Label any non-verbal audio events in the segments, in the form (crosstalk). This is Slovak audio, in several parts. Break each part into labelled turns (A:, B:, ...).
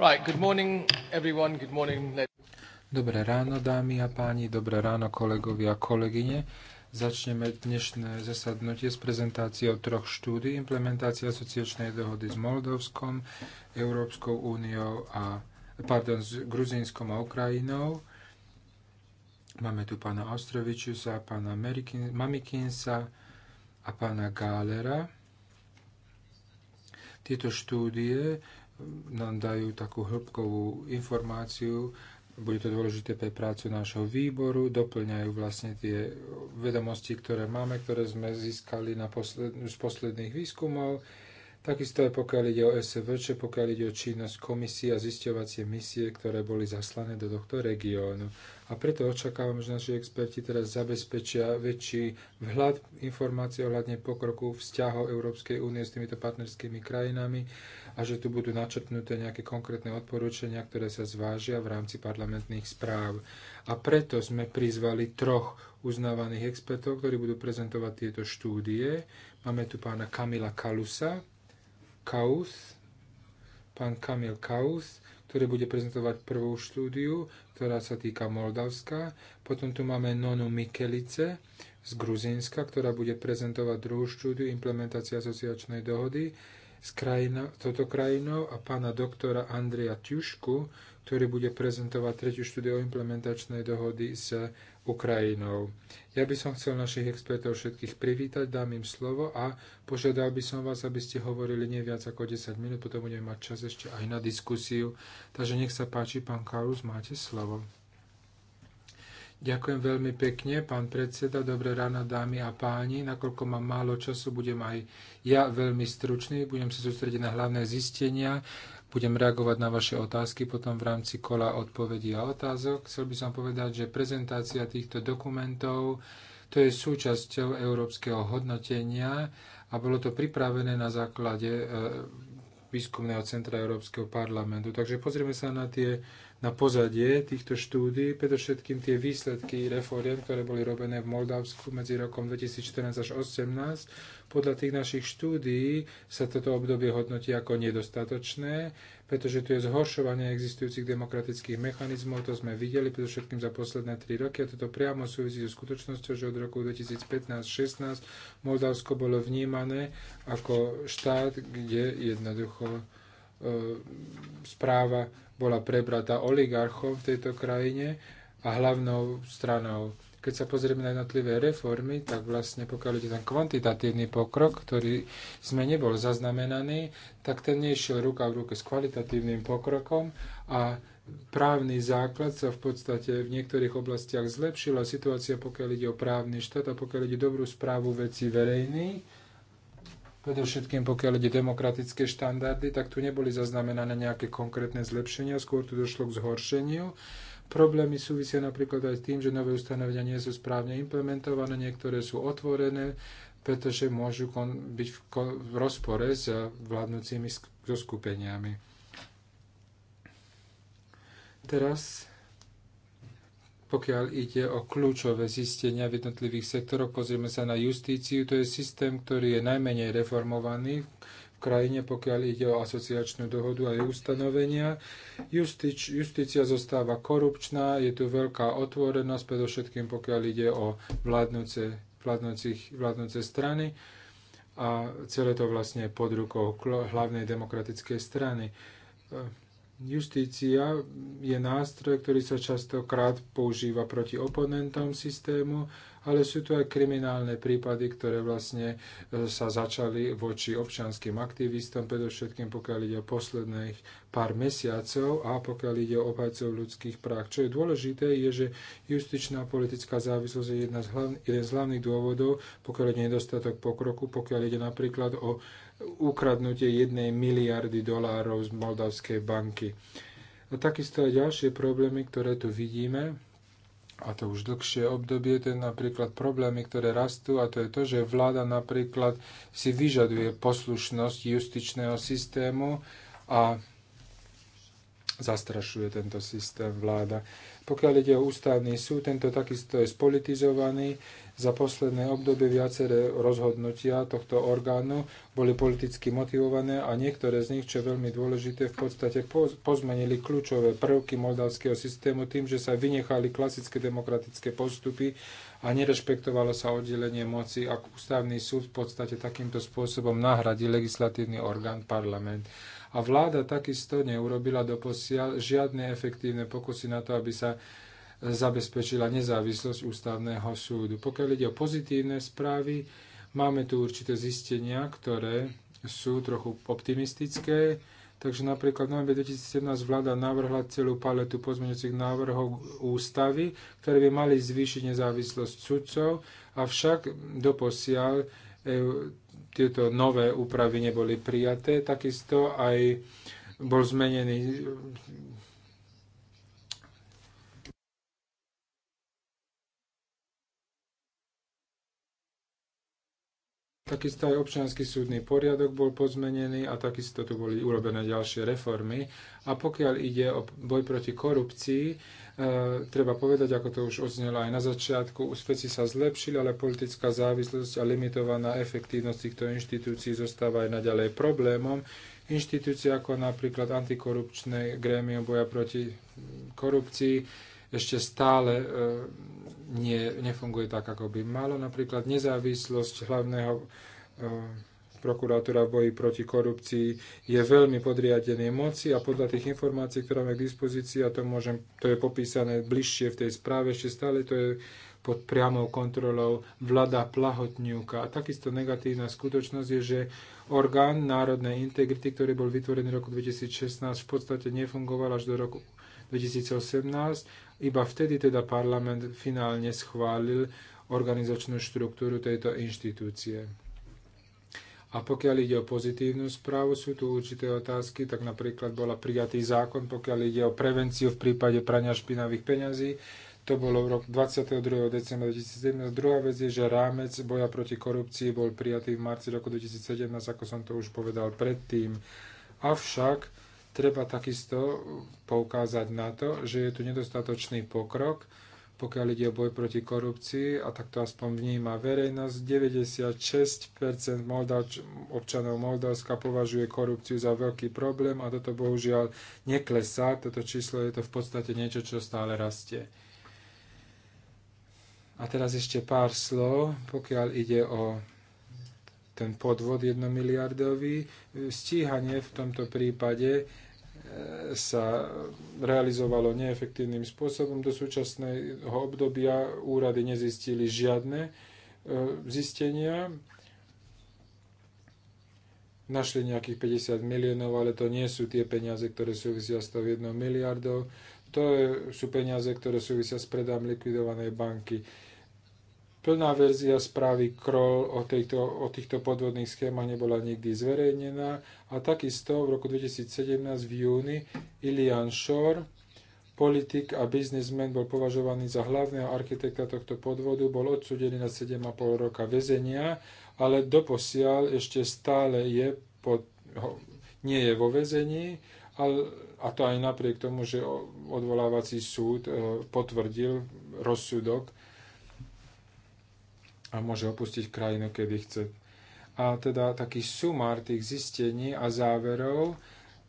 A: Right, good morning everyone, good morning.
B: Dobré ráno, dámy a páni, dobré ráno, kolegovia a kolegyne. Začneme dnešné zasadnutie s prezentáciou troch štúdí. Implementácia asociačnej dohody s Moldovskom, Európskou úniou a pardon, s Gruzínskom a Ukrajinou. Máme tu pána Ostrovičusa, pána Merikin, Mamikinsa a pána Gálera. Tieto štúdie nám dajú takú hĺbkovú informáciu, bude to dôležité pre prácu nášho výboru, doplňajú vlastne tie vedomosti, ktoré máme, ktoré sme získali na posled, z posledných výskumov Takisto aj pokiaľ ide o čo pokiaľ ide o činnosť komisie a zisťovacie misie, ktoré boli zaslané do tohto regiónu. A preto očakávam, že naši experti teraz zabezpečia väčší vhľad informácií ohľadne pokroku vzťahov Európskej únie s týmito partnerskými krajinami a že tu budú načrtnuté nejaké konkrétne odporúčania, ktoré sa zvážia v rámci parlamentných správ. A preto sme prizvali troch uznávaných expertov, ktorí budú prezentovať tieto štúdie. Máme tu pána Kamila Kalusa, Kaus, pán Kamil Kaus, ktorý bude prezentovať prvú štúdiu, ktorá sa týka Moldavska. Potom tu máme Nonu Mikelice z Gruzinska, ktorá bude prezentovať druhú štúdiu implementácie asociačnej dohody s krajino, toto krajinou a pána doktora Andreja Tiušku, ktorý bude prezentovať tretiu štúdiu o implementačnej dohody s Ukrajinou. Ja by som chcel našich expertov všetkých privítať, dám im slovo a požiadal by som vás, aby ste hovorili nie viac ako 10 minút, potom budeme mať čas ešte aj na diskusiu. Takže nech sa páči, pán Karus, máte slovo. Ďakujem veľmi pekne, pán predseda. Dobré ráno, dámy a páni. Nakoľko mám málo času, budem aj ja veľmi stručný. Budem sa sústrediť na hlavné zistenia budem reagovať na vaše otázky potom v rámci kola odpovedí a otázok. Chcel by som povedať, že prezentácia týchto dokumentov to je súčasťou európskeho hodnotenia a bolo to pripravené na základe e, výskumného centra Európskeho parlamentu. Takže pozrieme sa na tie na pozadie týchto štúdií, predovšetkým tie výsledky reforiem, ktoré boli robené v Moldavsku medzi rokom 2014 až 2018. Podľa tých našich štúdií sa toto obdobie hodnotí ako nedostatočné, pretože tu je zhoršovanie existujúcich demokratických mechanizmov, to sme videli predovšetkým za posledné tri roky a toto priamo súvisí so skutočnosťou, že od roku 2015-16 Moldavsko bolo vnímané ako štát, kde jednoducho e, správa bola prebratá oligarchom v tejto krajine a hlavnou stranou. Keď sa pozrieme na jednotlivé reformy, tak vlastne pokiaľ ide ten kvantitatívny pokrok, ktorý sme nebol zaznamenaný, tak ten nešiel ruka v ruke s kvalitatívnym pokrokom a právny základ sa v podstate v niektorých oblastiach zlepšila situácia, pokiaľ ide o právny štát a pokiaľ ide dobrú správu vecí verejných Predovšetkým, pokiaľ ide demokratické štandardy, tak tu neboli zaznamenané nejaké konkrétne zlepšenia, skôr tu došlo k zhoršeniu. Problémy súvisia napríklad aj s tým, že nové ustanovenia nie sú správne implementované, niektoré sú otvorené, pretože môžu byť v, rozpore s vládnúcimi zoskupeniami. Teraz pokiaľ ide o kľúčové zistenia v jednotlivých sektoroch. Pozrieme sa na justíciu, to je systém, ktorý je najmenej reformovaný v krajine, pokiaľ ide o asociačnú dohodu a jej ustanovenia. Justič, justícia zostáva korupčná, je tu veľká otvorenosť, predovšetkým pokiaľ ide o vládnuce, vládnuce strany a celé to vlastne pod rukou hlavnej demokratickej strany Justícia je nástroj, ktorý sa častokrát používa proti oponentom systému, ale sú tu aj kriminálne prípady, ktoré vlastne e, sa začali voči občanským aktivistom, predovšetkým pokiaľ ide o posledných pár mesiacov a pokiaľ ide o obhajcov ľudských práv. Čo je dôležité, je, že justičná politická závislosť je jedna z hlavn- jeden z hlavných dôvodov, pokiaľ ide nedostatok pokroku, pokiaľ ide napríklad o ukradnutie jednej miliardy dolárov z Moldavskej banky. A takisto aj ďalšie problémy, ktoré tu vidíme, a to už dlhšie obdobie, to je napríklad problémy, ktoré rastú a to je to, že vláda napríklad si vyžaduje poslušnosť justičného systému a zastrašuje tento systém vláda. Pokiaľ ide o ústavný súd, tento takisto je spolitizovaný, za posledné obdobie viaceré rozhodnutia tohto orgánu boli politicky motivované a niektoré z nich, čo je veľmi dôležité, v podstate pozmenili kľúčové prvky moldavského systému tým, že sa vynechali klasické demokratické postupy a nerešpektovalo sa oddelenie moci a ústavný súd v podstate takýmto spôsobom nahradí legislatívny orgán parlament a vláda takisto neurobila doposiaľ žiadne efektívne pokusy na to, aby sa zabezpečila nezávislosť ústavného súdu. Pokiaľ ide o pozitívne správy, máme tu určité zistenia, ktoré sú trochu optimistické. Takže napríklad v novembri 2017 vláda navrhla celú paletu pozmeňujúcich návrhov ústavy, ktoré by mali zvýšiť nezávislosť sudcov, avšak doposiaľ e, tieto nové úpravy neboli prijaté. Takisto aj bol zmenený Takisto aj občianský súdny poriadok bol pozmenený a takisto tu boli urobené ďalšie reformy. A pokiaľ ide o boj proti korupcii, e, treba povedať, ako to už odznelo aj na začiatku, úspeci sa zlepšili, ale politická závislosť a limitovaná efektívnosť týchto inštitúcií zostáva aj naďalej problémom. Inštitúcie ako napríklad antikorupčné grémium boja proti korupcii ešte stále e, nie, nefunguje tak, ako by malo. Napríklad nezávislosť hlavného e, prokurátora v boji proti korupcii je veľmi podriadený moci a podľa tých informácií, ktoré máme k dispozícii, a to, môžem, to je popísané bližšie v tej správe, ešte stále to je pod priamou kontrolou vlada plahotňuka A takisto negatívna skutočnosť je, že orgán národnej integrity, ktorý bol vytvorený v roku 2016, v podstate nefungoval až do roku 2018 iba vtedy teda parlament finálne schválil organizačnú štruktúru tejto inštitúcie. A pokiaľ ide o pozitívnu správu, sú tu určité otázky, tak napríklad bola prijatý zákon, pokiaľ ide o prevenciu v prípade prania špinavých peňazí, to bolo v roku 22. decembra 2017. Druhá vec je, že rámec boja proti korupcii bol prijatý v marci roku 2017, ako som to už povedal predtým. Avšak Treba takisto poukázať na to, že je tu nedostatočný pokrok, pokiaľ ide o boj proti korupcii, a takto aspoň vníma verejnosť, 96% Moldavč- občanov Moldavska považuje korupciu za veľký problém a toto bohužiaľ neklesá, toto číslo je to v podstate niečo, čo stále rastie. A teraz ešte pár slov, pokiaľ ide o ten podvod jednomiliardový. E, stíhanie v tomto prípade e, sa realizovalo neefektívnym spôsobom. Do súčasného obdobia úrady nezistili žiadne e, zistenia. Našli nejakých 50 miliónov, ale to nie sú tie peniaze, ktoré súvisia s tou 1 miliardou. To sú peniaze, ktoré súvisia s predám likvidovanej banky. Plná verzia správy Kroll o, tejto, o týchto podvodných schémach nebola nikdy zverejnená a takisto v roku 2017 v júni Ilian Shore, politik a biznismen, bol považovaný za hlavného architekta tohto podvodu, bol odsudený na 7,5 roka väzenia, ale doposiaľ ešte stále je pod, ho, nie je vo väzení, a, a to aj napriek tomu, že odvolávací súd e, potvrdil rozsudok a môže opustiť krajinu, kedy chce. A teda taký sumár tých zistení a záverov,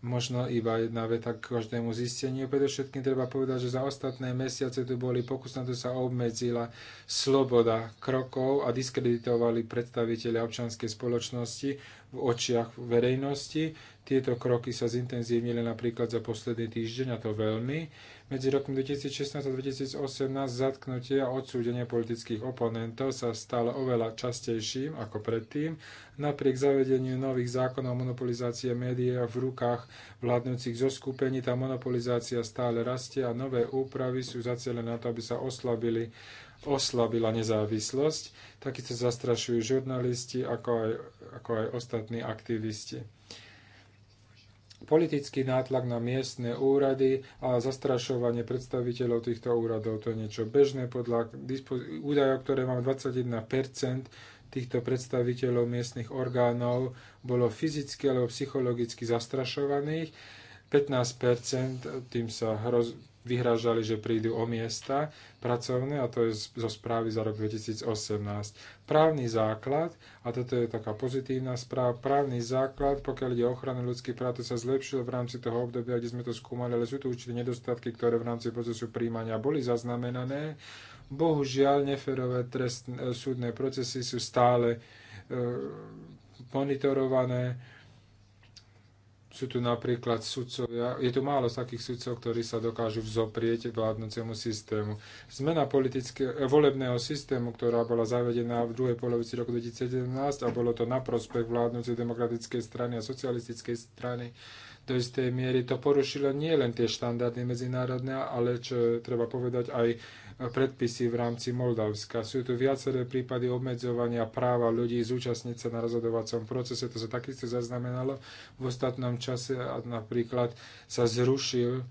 B: možno iba jedna veta k každému zisteniu. Predovšetkým treba povedať, že za ostatné mesiace tu boli pokus na to sa obmedzila sloboda krokov a diskreditovali predstaviteľe občanskej spoločnosti v očiach verejnosti. Tieto kroky sa zintenzívnili napríklad za posledný týždeň, a to veľmi. Medzi rokom 2016 a 2018 zatknutie a odsúdenie politických oponentov sa stalo oveľa častejším ako predtým. Napriek zavedeniu nových zákonov monopolizácie médií v rukách vládnúcich skupení, tá monopolizácia stále rastie a nové úpravy sú zacielené na to, aby sa oslabili oslabila nezávislosť, takisto zastrašujú žurnalisti, ako aj, ako aj ostatní aktivisti. Politický nátlak na miestne úrady a zastrašovanie predstaviteľov týchto úradov, to je niečo bežné podľa údajov, ktoré mám 21 týchto predstaviteľov miestnych orgánov bolo fyzicky alebo psychologicky zastrašovaných. 15 tým sa hroz, vyhražali, že prídu o miesta pracovné, a to je zo správy za rok 2018. Právny základ, a toto je taká pozitívna správa, právny základ, pokiaľ ide o ochranu ľudských práv, to sa zlepšilo v rámci toho obdobia, kde sme to skúmali, ale sú tu určité nedostatky, ktoré v rámci procesu príjmania boli zaznamenané. Bohužiaľ, neferové trestné, súdne procesy sú stále e, monitorované sú tu napríklad sudcovia, je tu málo takých sudcov, ktorí sa dokážu vzoprieť vládnúcemu systému. Zmena eh, volebného systému, ktorá bola zavedená v druhej polovici roku 2017 a bolo to na prospech vládnúcej demokratickej strany a socialistickej strany, do istej miery to porušilo nie len tie štandardy medzinárodné, ale čo treba povedať aj predpisy v rámci Moldavska. Sú tu viaceré prípady obmedzovania práva ľudí zúčastniť sa na rozhodovacom procese. To sa takisto zaznamenalo v ostatnom čase a napríklad sa zrušil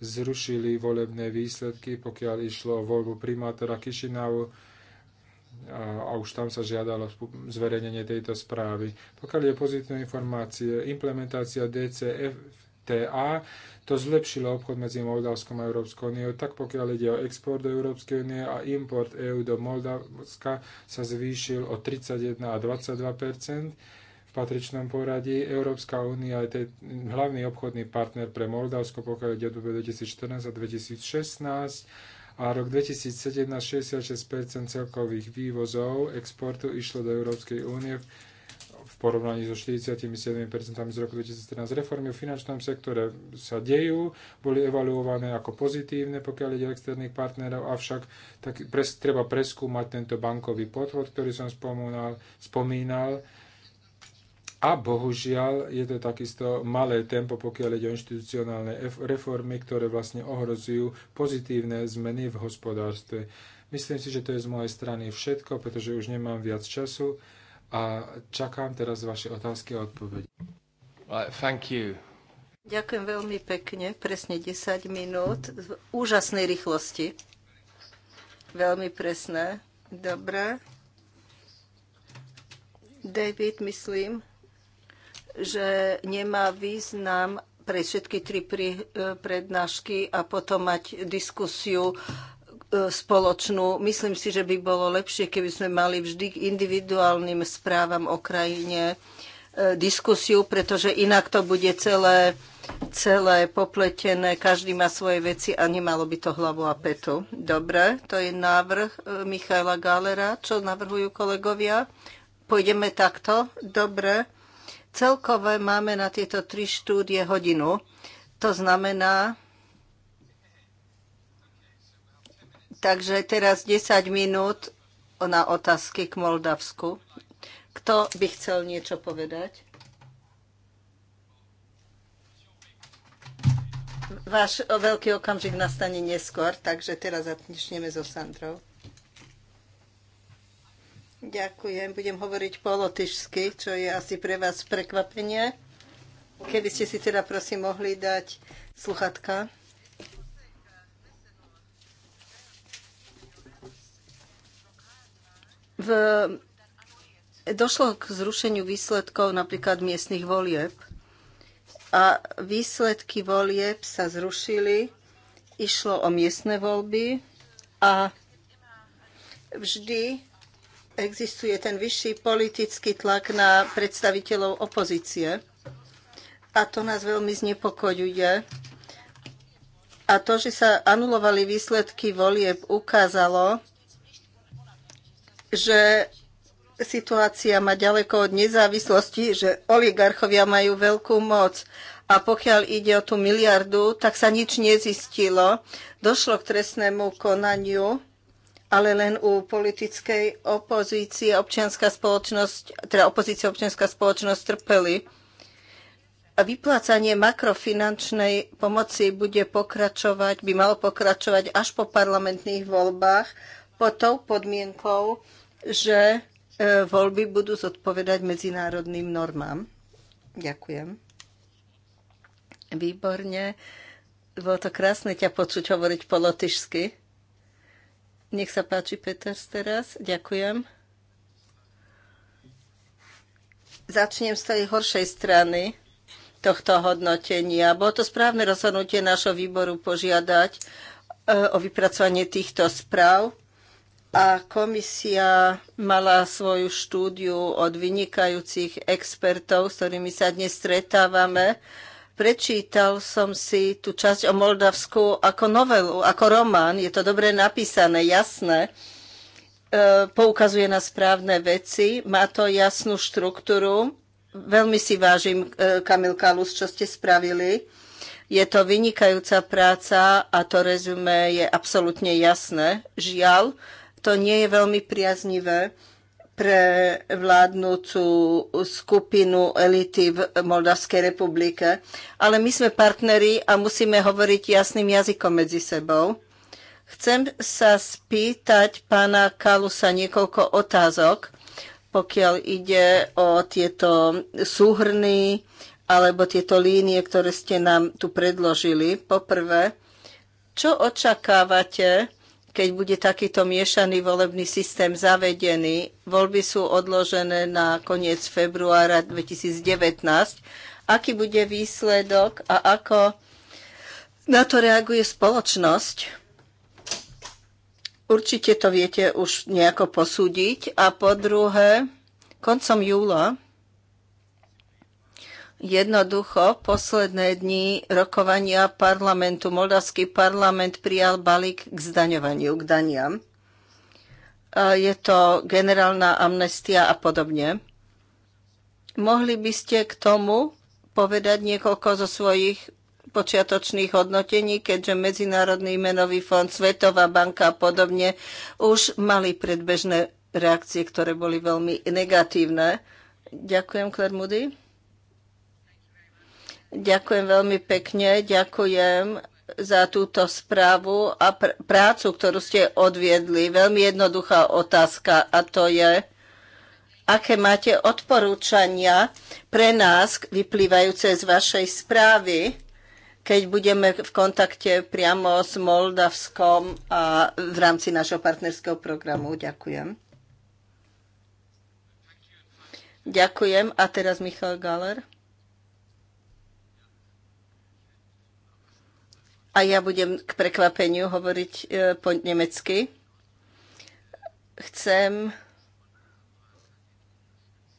B: zrušili volebné výsledky, pokiaľ išlo o voľbu primátora Kišinávu a už tam sa žiadalo zverejnenie tejto správy. Pokiaľ je pozitívne informácie, implementácia DCF TA. To zlepšilo obchod medzi Moldavskom a Európskou úniou, tak pokiaľ ide o export do Európskej únie a import EÚ do Moldavska sa zvýšil o 31 a 22 v patričnom poradí. Európska únia je ten hlavný obchodný partner pre Moldavsko, pokiaľ ide o 2014 a 2016. A rok 2017 66 celkových vývozov exportu išlo do Európskej únie porovnaní so 47% z roku 2013. Reformy v finančnom sektore sa dejú, boli evaluované ako pozitívne, pokiaľ ide externých partnerov, avšak tak pres, treba preskúmať tento bankový podvod, ktorý som spomínal, spomínal. A bohužiaľ je to takisto malé tempo, pokiaľ ide o inštitucionálne reformy, ktoré vlastne ohrozujú pozitívne zmeny v hospodárstve. Myslím si, že to je z mojej strany všetko, pretože už nemám viac času a čakám teraz vaše otázky a odpovede. thank you.
C: Ďakujem veľmi pekne, presne 10 minút, v úžasnej rýchlosti. Veľmi presné. Dobre. David, myslím, že nemá význam pre všetky tri eh, prednášky a potom mať diskusiu spoločnú. Myslím si, že by bolo lepšie, keby sme mali vždy k individuálnym správam o krajine e, diskusiu, pretože inak to bude celé, celé popletené, každý má svoje veci a nemalo by to hlavu a petu. Dobre, to je návrh e, Michaela Galera, čo navrhujú kolegovia. Pôjdeme takto? Dobre. Celkové máme na tieto tri štúdie hodinu. To znamená, Takže teraz 10 minút na otázky k Moldavsku. Kto by chcel niečo povedať? Váš veľký okamžik nastane neskôr, takže teraz začneme so Sandrou. Ďakujem, budem hovoriť po lotyšsky, čo je asi pre vás prekvapenie. Keby ste si teda prosím mohli dať sluchatka. V, došlo k zrušeniu výsledkov napríklad miestnych volieb a výsledky volieb sa zrušili, išlo o miestne voľby a vždy existuje ten vyšší politický tlak na predstaviteľov opozície. A to nás veľmi znepokojuje. A to, že sa anulovali výsledky volieb, ukázalo, že situácia má ďaleko od nezávislosti, že oligarchovia majú veľkú moc a pokiaľ ide o tú miliardu, tak sa nič nezistilo. Došlo k trestnému konaniu, ale len u politickej opozície občianská spoločnosť, teda opozícia občianská spoločnosť trpeli. A vyplácanie makrofinančnej pomoci bude pokračovať, by malo pokračovať až po parlamentných voľbách pod tou podmienkou, že e, voľby budú zodpovedať medzinárodným normám. Ďakujem. Výborne. Bolo to krásne ťa počuť hovoriť po lotyšsky. Nech sa páči, Peters, teraz. Ďakujem. Začnem z tej horšej strany tohto hodnotenia. Bolo to správne rozhodnutie našho výboru požiadať e, o vypracovanie týchto správ a komisia mala svoju štúdiu od vynikajúcich expertov, s ktorými sa dnes stretávame. Prečítal som si tú časť o Moldavsku ako novelu, ako román. Je to dobre napísané, jasné. E, poukazuje na správne veci, má to jasnú štruktúru. Veľmi si vážim, e, Kamil Kalus, čo ste spravili. Je to vynikajúca práca a to rezume je absolútne jasné. Žiaľ, to nie je veľmi priaznivé pre vládnúcu skupinu elity v Moldavskej republike. Ale my sme partneri a musíme hovoriť jasným jazykom medzi sebou. Chcem sa spýtať pána Kalusa niekoľko otázok, pokiaľ ide o tieto súhrny alebo tieto línie, ktoré ste nám tu predložili. Poprvé, čo očakávate keď bude takýto miešaný volebný systém zavedený. Voľby sú odložené na koniec februára 2019. Aký bude výsledok a ako na to reaguje spoločnosť? Určite to viete už nejako posúdiť. A po druhé, koncom júla Jednoducho, posledné dni rokovania parlamentu, Moldavský parlament prijal balík k zdaňovaniu, k daniam. Je to generálna amnestia a podobne. Mohli by ste k tomu povedať niekoľko zo svojich počiatočných hodnotení, keďže Medzinárodný menový fond, Svetová banka a podobne už mali predbežné reakcie, ktoré boli veľmi negatívne. Ďakujem, Claire Moody. Ďakujem veľmi pekne, ďakujem za túto správu a pr- prácu, ktorú ste odviedli. Veľmi jednoduchá otázka a to je, aké máte odporúčania pre nás vyplývajúce z vašej správy, keď budeme v kontakte priamo s Moldavskom a v rámci našho partnerského programu. Ďakujem. Ďakujem. A teraz Michal Galer. a ja budem k prekvapeniu hovoriť e, po nemecky. Chcem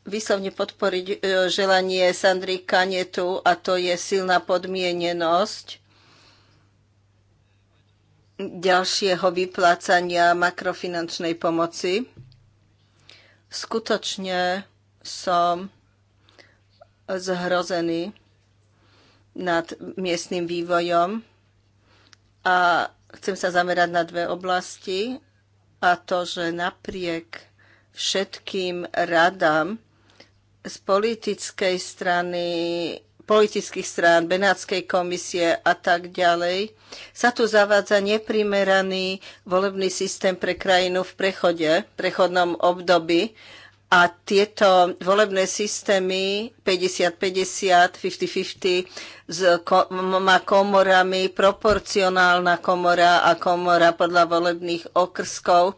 C: vyslovne podporiť e, želanie Sandry Kanetu a to je silná podmienenosť ďalšieho vyplácania makrofinančnej pomoci. Skutočne som zhrozený nad miestnym vývojom a chcem sa zamerať na dve oblasti a to, že napriek všetkým radám z politickej strany, politických strán, Benátskej komisie a tak ďalej, sa tu zavádza neprimeraný volebný systém pre krajinu v prechode, v prechodnom období, a tieto volebné systémy 50-50, 50-50 s ko- komorami, proporcionálna komora a komora podľa volebných okrskov,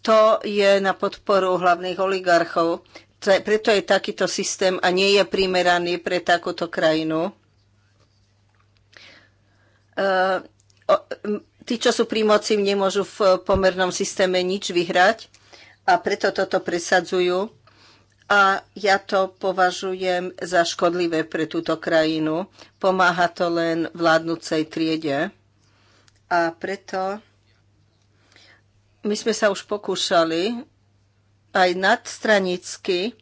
C: to je na podporu hlavných oligarchov. Je, preto je takýto systém a nie je primeraný pre takúto krajinu. E, o, tí, čo sú pri moci, nemôžu v pomernom systéme nič vyhrať a preto toto presadzujú a ja to považujem za škodlivé pre túto krajinu. Pomáha to len vládnúcej triede a preto my sme sa už pokúšali aj nadstranicky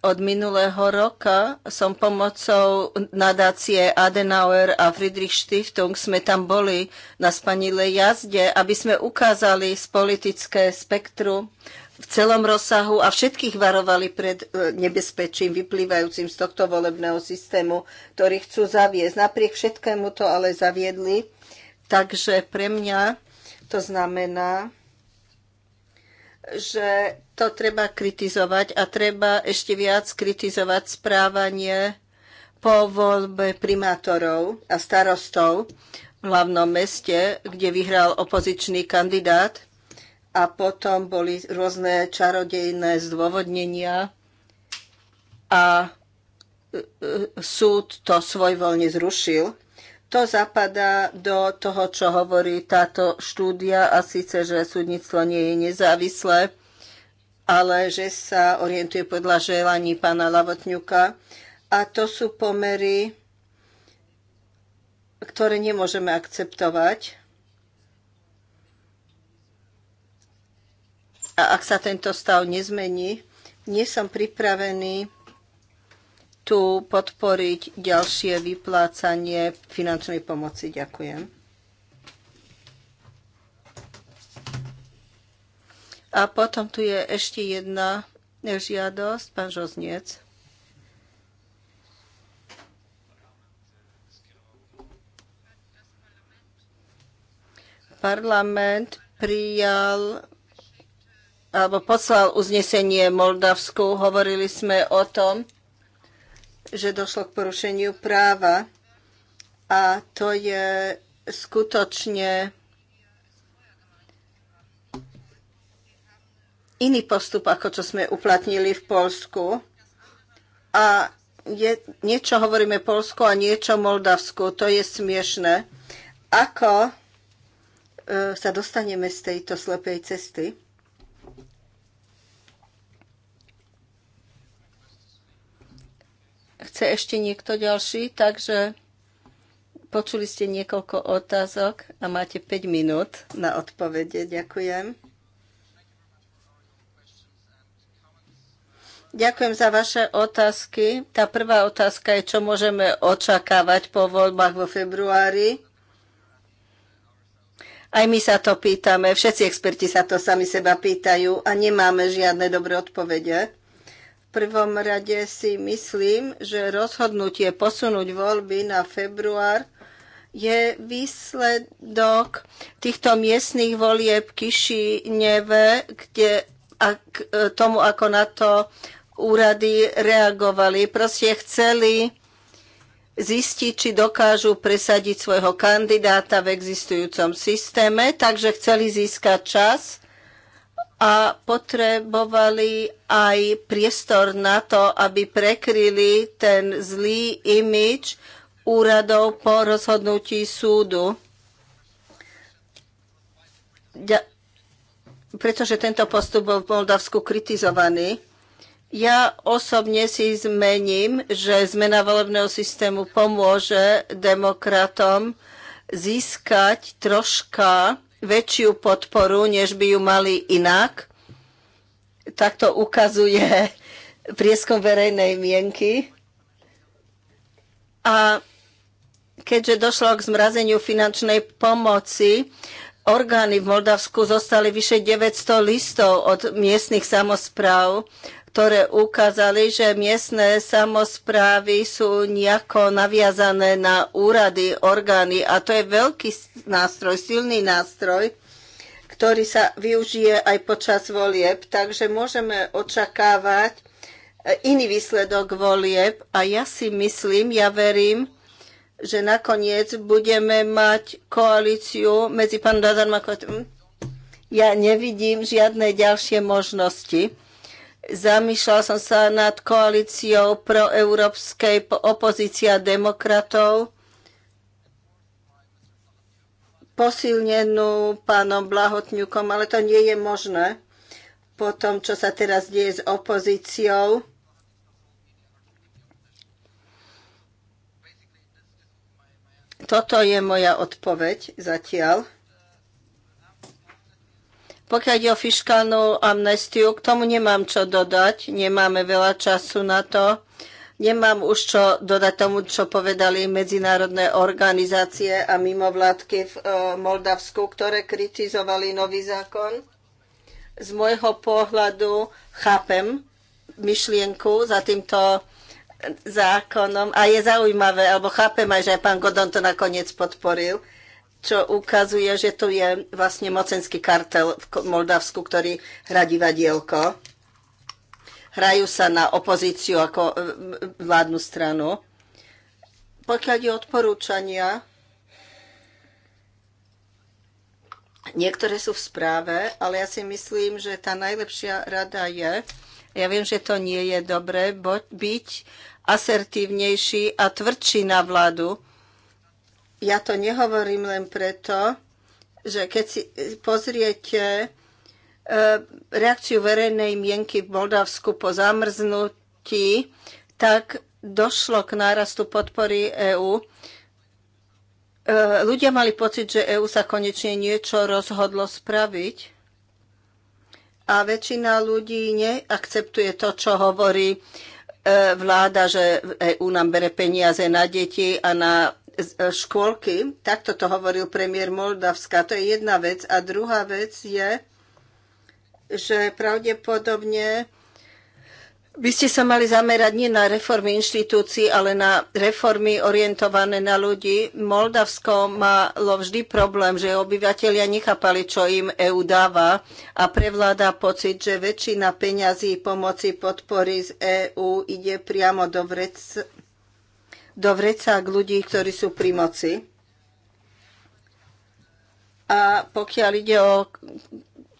C: od minulého roka som pomocou nadácie Adenauer a Friedrich Stiftung sme tam boli na spanilej jazde, aby sme ukázali z politické spektrum v celom rozsahu a všetkých varovali pred e, nebezpečím vyplývajúcim z tohto volebného systému, ktorý chcú zaviesť. Napriek všetkému to ale zaviedli. Takže pre mňa to znamená, že to treba kritizovať a treba ešte viac kritizovať správanie po voľbe primátorov a starostov v hlavnom meste, kde vyhral opozičný kandidát a potom boli rôzne čarodejné zdôvodnenia a e, e, súd to svojvoľne zrušil. To zapadá do toho, čo hovorí táto štúdia a síce, že súdnictvo nie je nezávislé, ale že sa orientuje podľa želaní pána Lavotňuka. A to sú pomery, ktoré nemôžeme akceptovať. A ak sa tento stav nezmení, nie som pripravený tu podporiť ďalšie vyplácanie finančnej pomoci. Ďakujem. A potom tu je ešte jedna žiadosť, pán Žozniec. Parlament prijal alebo poslal uznesenie Moldavsku. Hovorili sme o tom, že došlo k porušeniu práva a to je skutočne iný postup, ako čo sme uplatnili v Polsku. A je, niečo hovoríme Polsku a niečo Moldavsku. To je smiešne. Ako e, sa dostaneme z tejto slepej cesty? Chce ešte niekto ďalší? Takže počuli ste niekoľko otázok a máte 5 minút na odpovede. Ďakujem. Ďakujem za vaše otázky. Tá prvá otázka je, čo môžeme očakávať po voľbách vo februári. Aj my sa to pýtame, všetci experti sa to sami seba pýtajú a nemáme žiadne dobré odpovede prvom rade si myslím, že rozhodnutie posunúť voľby na február je výsledok týchto miestných volieb Kišineve, kde a k e, tomu, ako na to úrady reagovali. Proste chceli zistiť, či dokážu presadiť svojho kandidáta v existujúcom systéme, takže chceli získať čas a potrebovali aj priestor na to, aby prekryli ten zlý imič úradov po rozhodnutí súdu. Ja, pretože tento postup bol v Moldavsku kritizovaný. Ja osobne si zmením, že zmena volebného systému pomôže demokratom získať troška väčšiu podporu, než by ju mali inak. Tak to ukazuje (laughs) prieskom verejnej mienky. A keďže došlo k zmrazeniu finančnej pomoci, orgány v Moldavsku zostali vyše 900 listov od miestnych samozpráv ktoré ukázali, že miestne samozprávy sú nejako naviazané na úrady, orgány a to je veľký nástroj, silný nástroj, ktorý sa využije aj počas volieb, takže môžeme očakávať e, iný výsledok volieb a ja si myslím, ja verím, že nakoniec budeme mať koalíciu medzi pánom Dadarmakom. Ja nevidím žiadne ďalšie možnosti. Zamýšľal som sa nad koalíciou proeurópskej opozícia demokratov, posilnenú pánom Blahotňukom, ale to nie je možné po tom, čo sa teraz deje s opozíciou. Toto je moja odpoveď zatiaľ. Pokiaľ ide o fiskálnu amnestiu, k tomu nemám čo dodať, nemáme veľa času na to. Nemám už čo dodať tomu, čo povedali medzinárodné organizácie a mimovládky v e, Moldavsku, ktoré kritizovali nový zákon. Z môjho pohľadu chápem myšlienku za týmto zákonom a je zaujímavé, alebo chápem aj, že aj pán Godon to nakoniec podporil čo ukazuje, že tu je vlastne mocenský kartel v Moldavsku, ktorý hrá divadielko. Hrajú sa na opozíciu ako e, vládnu stranu. Pokiaľ je odporúčania, niektoré sú v správe, ale ja si myslím, že tá najlepšia rada je, ja viem, že to nie je dobré, byť asertívnejší a tvrdší na vládu, ja to nehovorím len preto, že keď si pozriete e, reakciu verejnej mienky v Moldavsku po zamrznutí, tak došlo k nárastu podpory EÚ. E, ľudia mali pocit, že EÚ sa konečne niečo rozhodlo spraviť a väčšina ľudí neakceptuje to, čo hovorí e, vláda, že EÚ nám bere peniaze na deti a na E, škôlky. Takto to hovoril premiér Moldavska. To je jedna vec. A druhá vec je, že pravdepodobne by ste sa mali zamerať nie na reformy inštitúcií, ale na reformy orientované na ľudí. Moldavsko malo vždy problém, že obyvateľia nechápali, čo im EU dáva a prevláda pocit, že väčšina peňazí pomoci podpory z EÚ ide priamo do vrec do k ľudí, ktorí sú pri moci. A pokiaľ ide o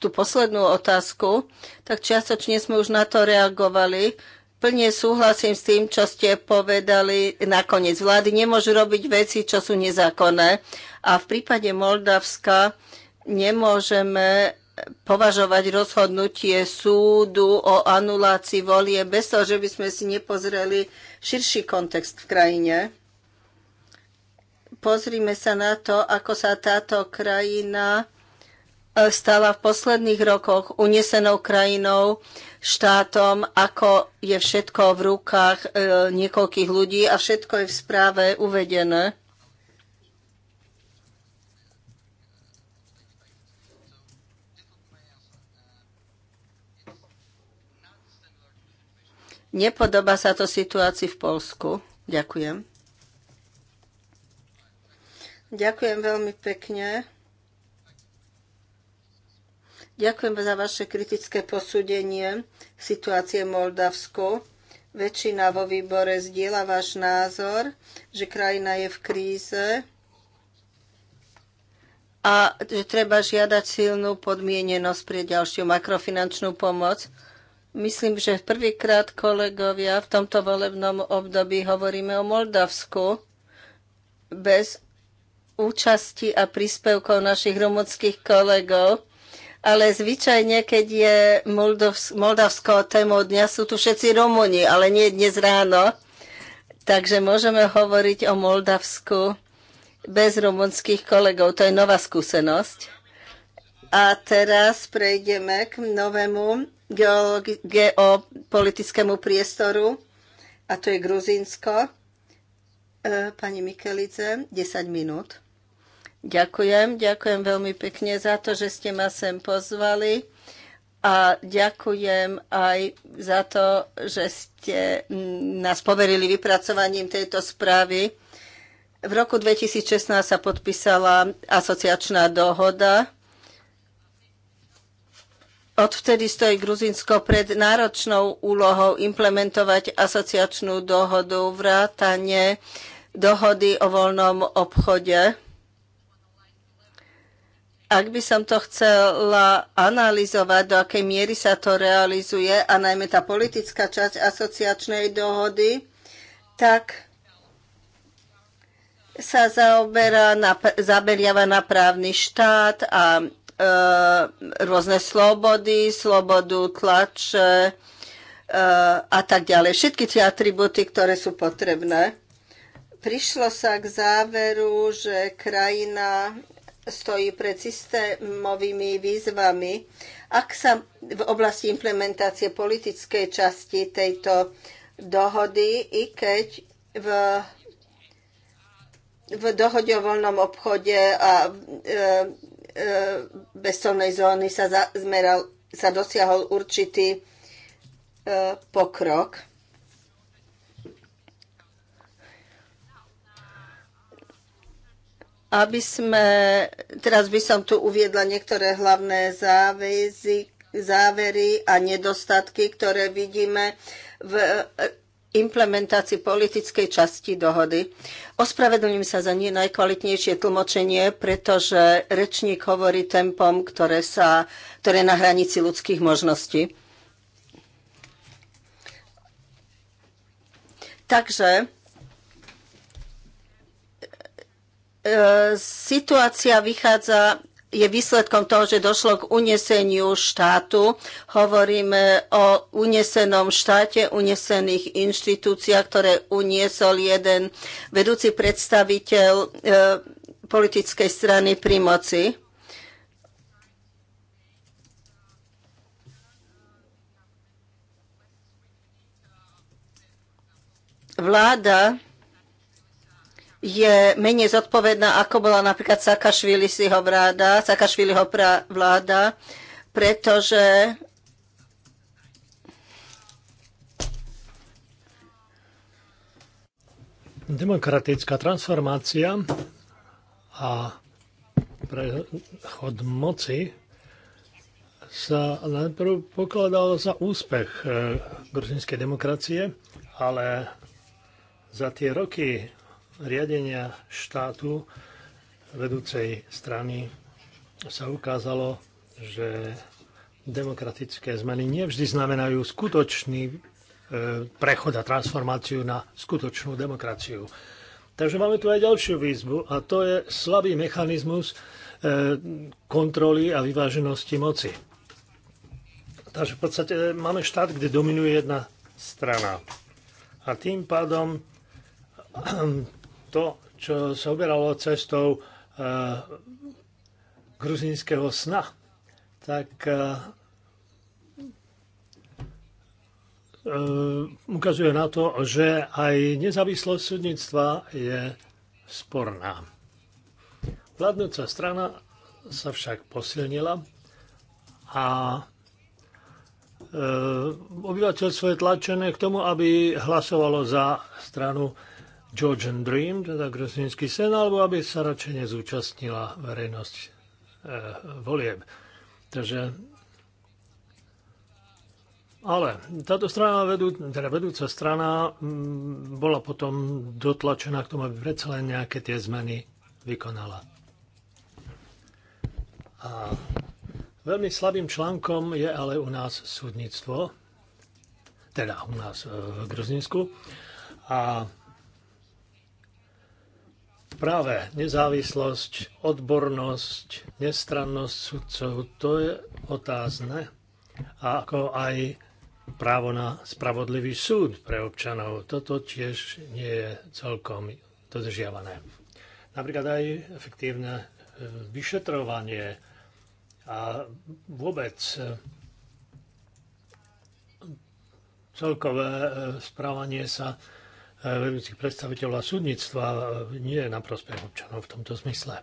C: tú poslednú otázku, tak čiastočne sme už na to reagovali. Plne súhlasím s tým, čo ste povedali nakoniec. Vlády nemôžu robiť veci, čo sú nezákonné. A v prípade Moldavska nemôžeme považovať rozhodnutie súdu o anulácii volie bez toho, že by sme si nepozreli širší kontext v krajine. Pozrime sa na to, ako sa táto krajina e, stala v posledných rokoch unesenou krajinou, štátom, ako je všetko v rukách e, niekoľkých ľudí a všetko je v správe uvedené. Nepodobá sa to situácii v Polsku. Ďakujem. Ďakujem veľmi pekne. Ďakujem za vaše kritické posúdenie situácie v Moldavsku. Väčšina vo výbore zdieľa váš názor, že krajina je v kríze a že treba žiadať silnú podmienenosť pre ďalšiu makrofinančnú pomoc. Myslím, že prvýkrát kolegovia v tomto volebnom období hovoríme o Moldavsku bez účasti a príspevkov našich rumunských kolegov. Ale zvyčajne, keď je Moldavsko tému dňa, sú tu všetci Rumúni, ale nie dnes ráno. Takže môžeme hovoriť o Moldavsku bez rumunských kolegov. To je nová skúsenosť. A teraz prejdeme k novému geopolitickému priestoru, a to je Gruzínsko. E, pani Mikelice, 10 minút. Ďakujem, ďakujem veľmi pekne za to, že ste ma sem pozvali a ďakujem aj za to, že ste mm, nás poverili vypracovaním tejto správy. V roku 2016 sa podpísala asociačná dohoda Odvtedy stojí Gruzinsko pred náročnou úlohou implementovať asociačnú dohodu vrátane dohody o voľnom obchode. Ak by som to chcela analyzovať, do akej miery sa to realizuje, a najmä tá politická časť asociačnej dohody, tak sa zaoberá na, zameriava na právny štát a E, rôzne slobody, slobodu tlače e, a tak ďalej. Všetky tie atributy, ktoré sú potrebné. Prišlo sa k záveru, že krajina stojí pred systémovými výzvami. Ak sa v oblasti implementácie politickej časti tejto dohody, i keď v v dohode o voľnom obchode a e, E, bezcolnej zóny sa, zmeral, sa dosiahol určitý e, pokrok. Aby sme, teraz by som tu uviedla niektoré hlavné záväzy, závery a nedostatky, ktoré vidíme v implementácii politickej časti dohody. Ospravedlním sa za nie najkvalitnejšie tlmočenie, pretože rečník hovorí tempom, ktoré, sa, ktoré na hranici ľudských možností. Takže e, e situácia vychádza je výsledkom toho, že došlo k uneseniu štátu. Hovoríme o unesenom štáte, unesených inštitúciách, ktoré uniesol jeden vedúci predstaviteľ e, politickej strany pri moci. Vláda je menej zodpovedná, ako bola napríklad Sakašviliho vláda, Sakašviliho vláda,
A: pretože demokratická transformácia a prechod moci sa najprv pokladal za úspech eh, gruzinskej demokracie, ale za tie roky riadenia štátu vedúcej strany sa ukázalo, že demokratické zmeny nevždy znamenajú skutočný e, prechod a transformáciu na skutočnú demokraciu. Takže máme tu aj ďalšiu výzvu a to je slabý mechanizmus e, kontroly a vyváženosti moci. Takže v podstate máme štát, kde dominuje jedna strana. A tým pádom to, čo sa uberalo cestou eh, gruzínskeho sna, tak eh, eh, ukazuje na to, že aj nezávislosť súdnictva je sporná. Vládnúca strana sa však posilnila a obyvateľstvo je tlačené k tomu, aby hlasovalo za stranu Georgian Dream, teda grosnínsky sen, alebo aby sa radšej nezúčastnila verejnosť e, volieb. Takže ale táto strana, vedú, teda vedúca strana, m, mm, bola potom dotlačená k tomu, aby predsa len nejaké tie zmeny vykonala. A veľmi slabým článkom je ale u nás súdnictvo, teda u nás eh, v Gruzinsku. A práve nezávislosť, odbornosť, nestrannosť sudcov, to je otázne. A ako aj právo na spravodlivý súd pre občanov, toto tiež nie je celkom dodržiavané. Napríklad aj efektívne e, vyšetrovanie a vôbec e, celkové e, správanie sa vedúcich predstaviteľov a súdnictva e, nie je na prospech občanov v tomto zmysle.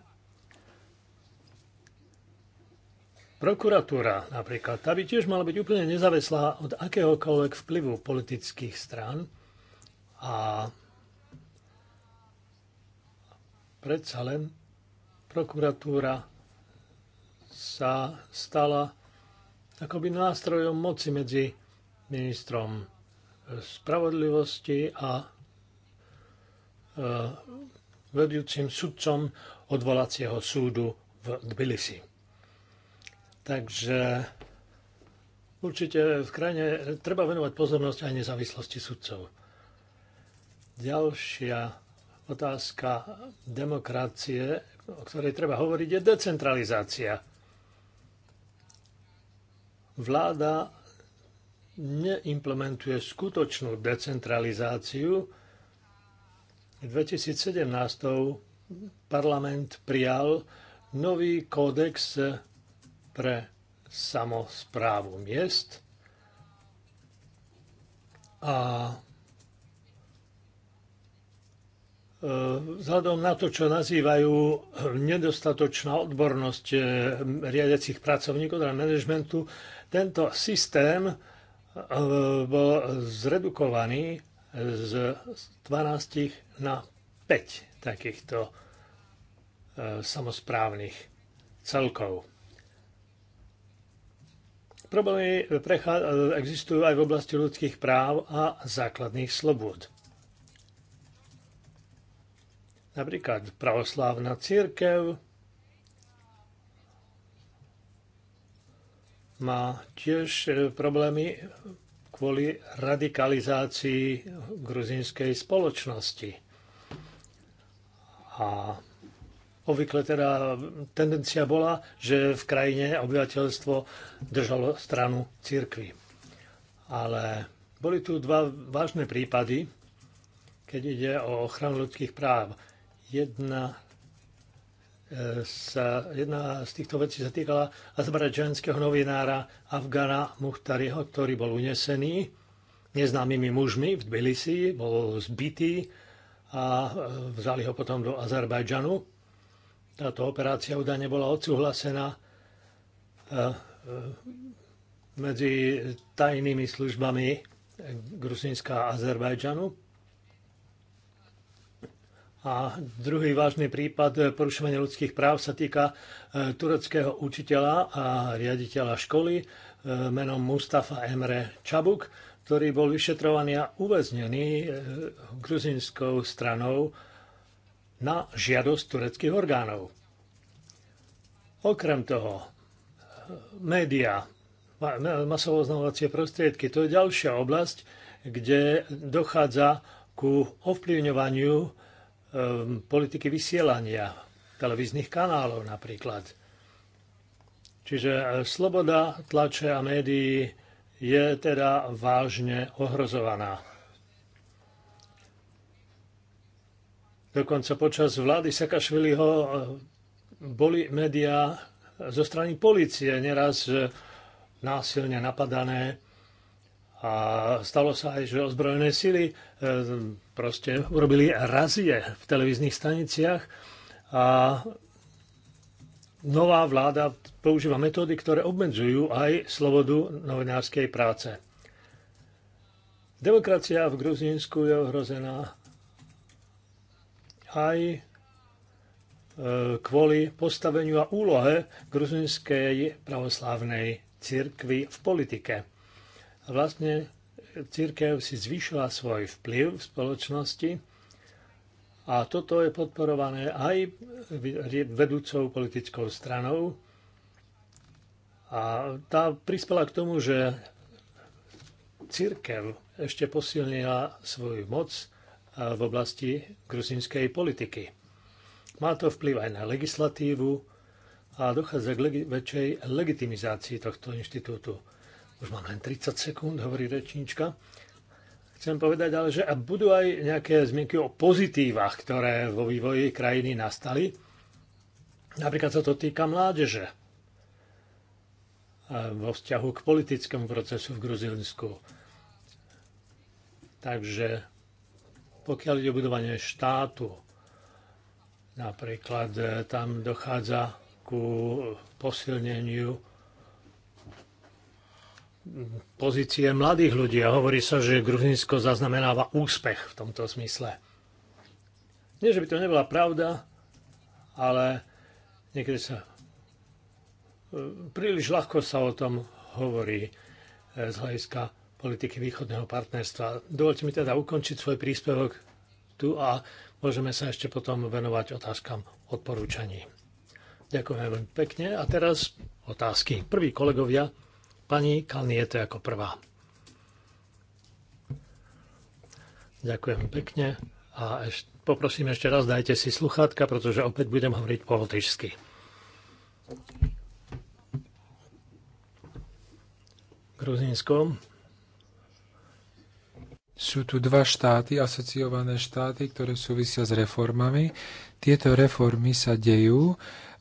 A: Prokuratúra napríklad, tá by tiež mala byť úplne nezávislá od akéhokoľvek vplyvu politických strán a predsa len prokuratúra sa stala akoby nástrojom moci medzi ministrom spravodlivosti a Eh, vedúcim sudcom odvolacieho súdu v Tbilisi. Takže určite v krajine treba venovať pozornosť aj nezávislosti sudcov. Ďalšia otázka demokracie, o ktorej treba hovoriť, je decentralizácia. Vláda neimplementuje skutočnú decentralizáciu, 2017 parlament prijal nový kódex pre samosprávu miest a e, vzhľadom na to, čo nazývajú nedostatočná odbornosť e, riadiacich pracovníkov, a teda manažmentu, tento systém e, bol zredukovaný z 12 na 5 takýchto e, samozprávnych celkov. Problémy existujú aj v oblasti ľudských práv a základných slobôd. Napríklad pravoslávna církev má tiež e, problémy kvôli radikalizácii gruzinskej spoločnosti. A obvykle teda tendencia bola, že v krajine obyvateľstvo držalo stranu církvy. Ale boli tu dva vážne prípady, keď ide o ochranu ľudských práv. Jedna, e, sa, jedna z týchto vecí sa týkala azerbajdžanského novinára Afgana Muhtariho, ktorý bol unesený neznámymi mužmi v Tbilisi, bol zbytý a e, vzali ho potom do Azerbajdžanu. Táto operácia údajne bola odsúhlasená e, e, medzi tajnými službami Gruzínska a Azerbajdžanu. A druhý vážny prípad porušovania ľudských práv sa týka tureckého učiteľa a riaditeľa školy menom Mustafa Emre Čabuk, ktorý bol vyšetrovaný a uväznený e, gruzinskou stranou na žiadosť tureckých orgánov. Okrem toho, e, média, masovo oznamovacie prostriedky, to je ďalšia oblasť, kde dochádza ku ovplyvňovaniu e, politiky vysielania televíznych kanálov napríklad. Čiže sloboda tlače a médií je teda vážne ohrozovaná. Dokonca počas vlády Sakašviliho eh, boli médiá zo strany policie neraz eh, násilne napadané a stalo sa aj, že ozbrojené sily eh, proste urobili razie v televíznych staniciach a nová vláda používa metódy, ktoré obmedzujú aj slobodu novinárskej práce. Demokracia v Gruzínsku je ohrozená aj e, kvôli postaveniu a úlohe gruzinskej pravoslávnej církvy v politike. Vlastne církev si zvýšila svoj vplyv v spoločnosti a toto je podporované aj vedúcou politickou stranou. A tá prispela k tomu, že církev ešte posilnila svoju moc e, v oblasti gruzinskej politiky. Má to vplyv aj na legislatívu a dochádza k legi- väčšej legitimizácii tohto inštitútu. Už mám len 30 sekúnd, hovorí rečníčka. Chcem povedať ale, že budú aj nejaké zmienky o pozitívach, ktoré vo vývoji krajiny nastali. Napríklad sa to týka mládeže e, vo vzťahu k politickému procesu v Gruzínsku. Takže pokiaľ ide o budovanie štátu, napríklad e, tam dochádza ku posilneniu pozície mladých ľudí a hovorí sa, že Gruzinsko zaznamenáva úspech v tomto smysle. Nie, že by to nebola pravda, ale niekedy sa e, príliš ľahko sa o tom hovorí e, z hľadiska politiky východného partnerstva. Dovolte mi teda ukončiť svoj príspevok tu a môžeme sa ešte potom venovať otázkam odporúčaní. Ďakujem veľmi pekne a teraz otázky. Prví kolegovia, Pani Kalniete ako prvá. Ďakujem pekne a ešte, poprosím ešte raz, dajte si sluchátka, pretože opäť budem hovoriť po lotyšsky. Gruzínsko. Sú
B: tu dva štáty, asociované štáty, ktoré súvisia s reformami. Tieto reformy sa dejú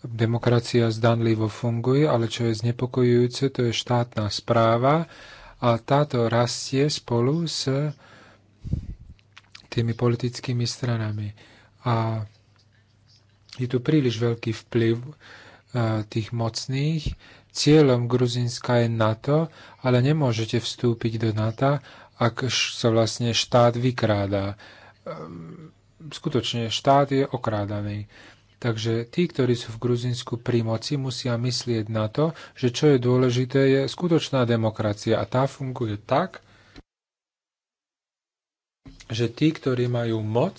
B: demokracia zdanlivo funguje, ale čo je znepokojujúce, to je štátna správa a táto rastie spolu s tými politickými stranami. A je tu príliš veľký vplyv e, tých mocných. Cieľom Gruzinska je NATO, ale nemôžete vstúpiť do NATO, ak sa vlastne štát vykrádá. Ehm, skutočne štát je okrádaný. Takže tí, ktorí sú v Gruzinsku pri moci, musia myslieť na to, že čo je dôležité, je skutočná demokracia. A tá funguje tak, že tí, ktorí majú moc,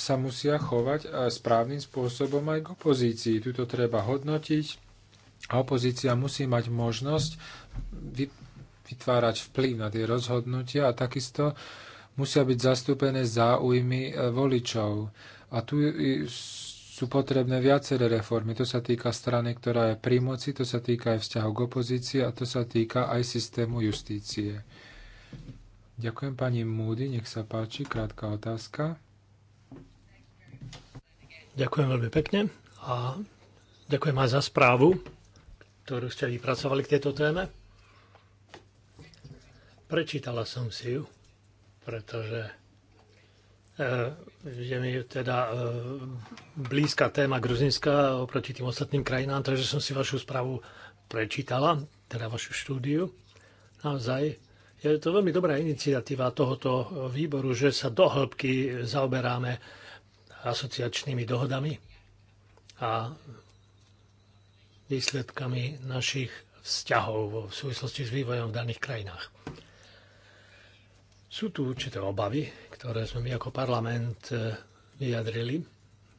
B: sa musia chovať eh, správnym spôsobom aj k opozícii. Tuto treba hodnotiť a opozícia musí mať možnosť vytvárať vplyv na tie rozhodnutia a takisto musia byť zastúpené záujmy eh, voličov. A tu sú potrebné viaceré reformy. To sa týka strany, ktorá je pri moci, to sa týka aj vzťahu k opozícii a to sa týka aj systému justície. Ďakujem pani Múdy,
A: nech sa páči, krátka otázka. Ďakujem veľmi pekne a ďakujem aj za správu, ktorú ste vypracovali k tejto téme. Prečítala som si ju, pretože Eh, že mi teda eh, blízka téma Gruzinska oproti tým ostatným krajinám, takže som si vašu správu prečítala, teda vašu štúdiu. Naozaj je to veľmi dobrá iniciatíva tohoto výboru, že sa do hĺbky zaoberáme asociačnými dohodami a výsledkami našich vzťahov v súvislosti s vývojom v daných krajinách. Sú tu určité obavy, ktoré sme my ako parlament e, vyjadrili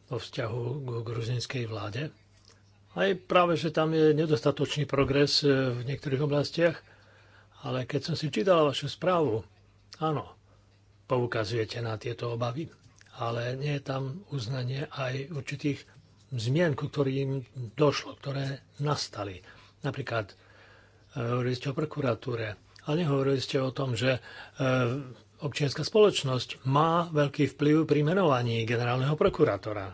A: vo vzťahu k gruzinskej vláde. Aj práve, že tam je nedostatočný progres e, v niektorých oblastiach, ale keď som si čítala vašu správu, áno, poukazujete na tieto obavy, ale nie je tam uznanie aj určitých zmien, ku ktorým došlo, ktoré nastali. Napríklad e, hovoríte o prokuratúre, ale nehovorili ste o tom, že e, občianská spoločnosť má veľký vplyv pri menovaní generálneho prokurátora.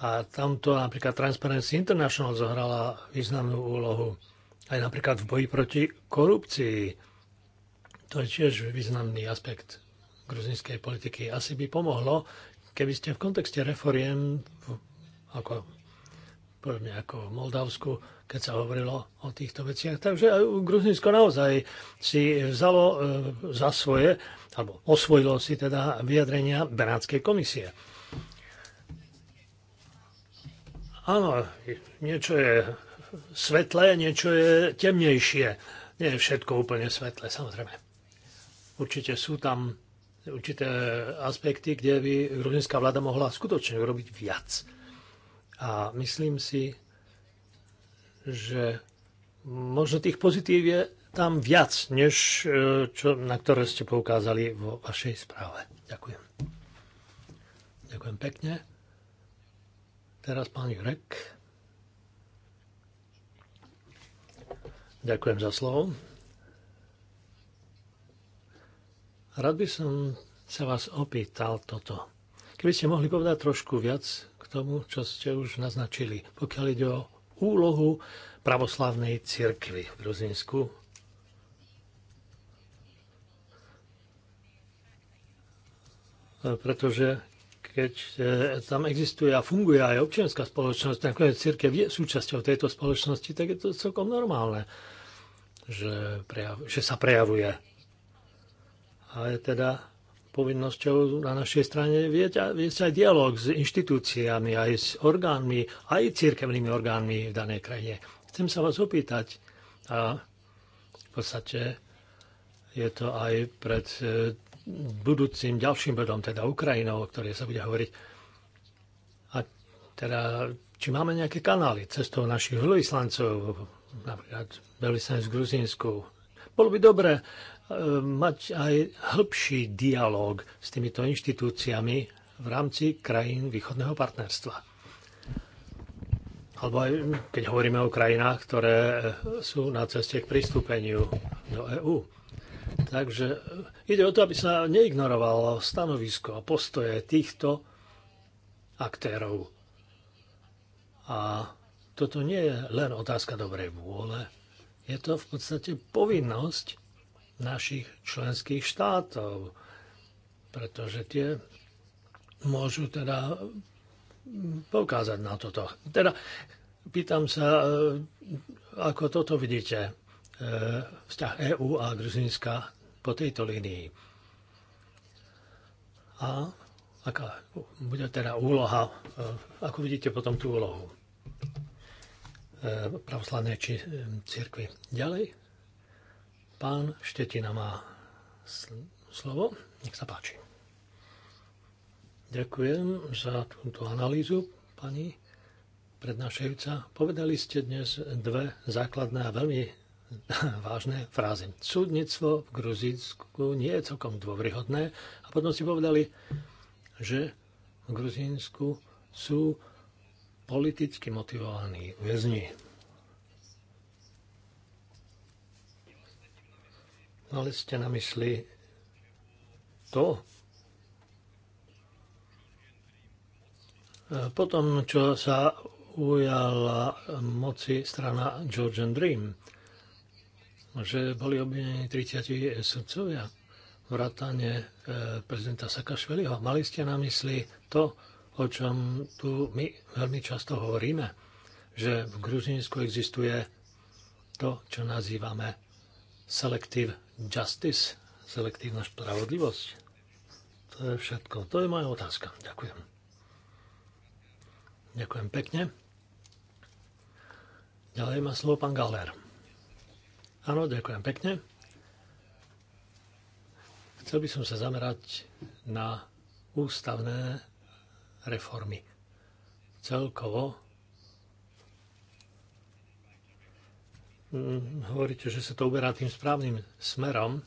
A: A tamto napríklad Transparency International zohrala významnú úlohu. Aj napríklad v boji proti korupcii. To je tiež významný aspekt gruzinskej politiky. Asi by pomohlo, keby ste v kontexte reforiem ako podobne ako v Moldavsku, keď sa hovorilo o týchto veciach. Takže Gruzinsko naozaj si vzalo e, za svoje, alebo osvojilo si teda vyjadrenia Benátskej komisie. Áno, niečo je svetlé, niečo je temnejšie. Nie je všetko úplne svetlé, samozrejme. Určite sú tam určité aspekty, kde by gruzinská vláda mohla skutočne urobiť viac a myslím si, že možno tých pozitív je tam viac, než e, čo, na ktoré ste poukázali vo vašej správe. Ďakujem. Ďakujem pekne. Teraz pán Jurek. Ďakujem za slovo. Rád by som sa vás opýtal toto. Keby ste mohli povedať trošku viac tomu, čo ste už naznačili, pokiaľ ide o úlohu pravoslavnej cirkvi v Gruzinsku. Pretože keď eh, tam existuje a funguje aj občianská spoločnosť, nakoniec církev je súčasťou tejto spoločnosti, tak je to celkom normálne, že, prejav, že sa prejavuje. Ale teda povinnosťou na našej strane viesť aj dialog s inštitúciami, aj s orgánmi, aj církevnými orgánmi v danej krajine. Chcem sa vás opýtať, a v podstate je to aj pred e, budúcim ďalším bodom, teda Ukrajinou, o ktorej sa bude hovoriť. A teda, či máme nejaké kanály cestou našich veľvyslancov, napríklad veľvyslanec v Gruzínsku. Bolo by dobré mať aj hĺbší dialog s týmito inštitúciami v rámci krajín východného partnerstva. Alebo aj keď hovoríme o krajinách, ktoré sú na ceste k pristúpeniu do EÚ. Takže ide o to, aby sa neignorovalo stanovisko a postoje týchto aktérov. A toto nie je len otázka dobrej vôle, je to v podstate povinnosť našich členských štátov, pretože tie môžu teda poukázať na toto. Teda pýtam sa, e, ako toto vidíte, e, vzťah EÚ a Gruzínska po tejto línii. A aká bude teda úloha, e, ako vidíte potom tú úlohu pravoslavnej církvy. Ďalej, Pán Štetina má slovo. Nech sa páči. Ďakujem za túto analýzu, pani prednášajúca. Povedali ste dnes dve základné a veľmi (laughs) vážne frázy. Súdnictvo v Gruzínsku nie je celkom dôvryhodné a potom si povedali, že v Gruzínsku sú politicky motivovaní väzni. Mali ste na mysli to, e, Potom, čo sa ujala moci strana and Dream, že boli obvinení 30 sudcovia, vrátane e, prezidenta Sakašveliho. Mali ste na mysli to, o čom tu my veľmi často hovoríme, že v Gruzínsku existuje to, čo nazývame Selective Justice, selektívna spravodlivosť. To je všetko. To je moja otázka. Ďakujem. Ďakujem pekne. Ďalej má slovo pán Galer. Áno, ďakujem pekne. Chcel by som sa zamerať na ústavné reformy. Celkovo Mm, hovoríte, že sa to uberá tým správnym smerom.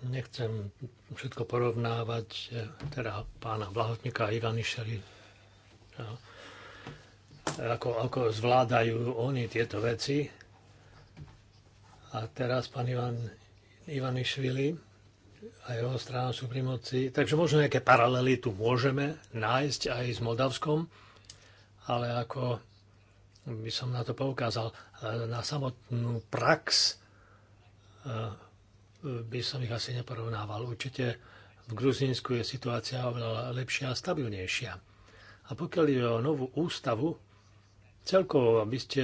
A: Nechcem všetko porovnávať, e, teda pána Blahotníka a Ivany Šeli, e, ako, ako zvládajú oni tieto veci. A teraz pán Ivan, Ivanišvili a jeho strana sú pri moci. Takže možno nejaké paralely tu môžeme nájsť aj s Moldavskom, ale ako by som na to poukázal, na samotnú prax e, e, by som ich asi neporovnával. Určite v Gruzínsku je situácia oveľa lepšia a stabilnejšia. A pokiaľ ide o novú ústavu, celkovo, aby ste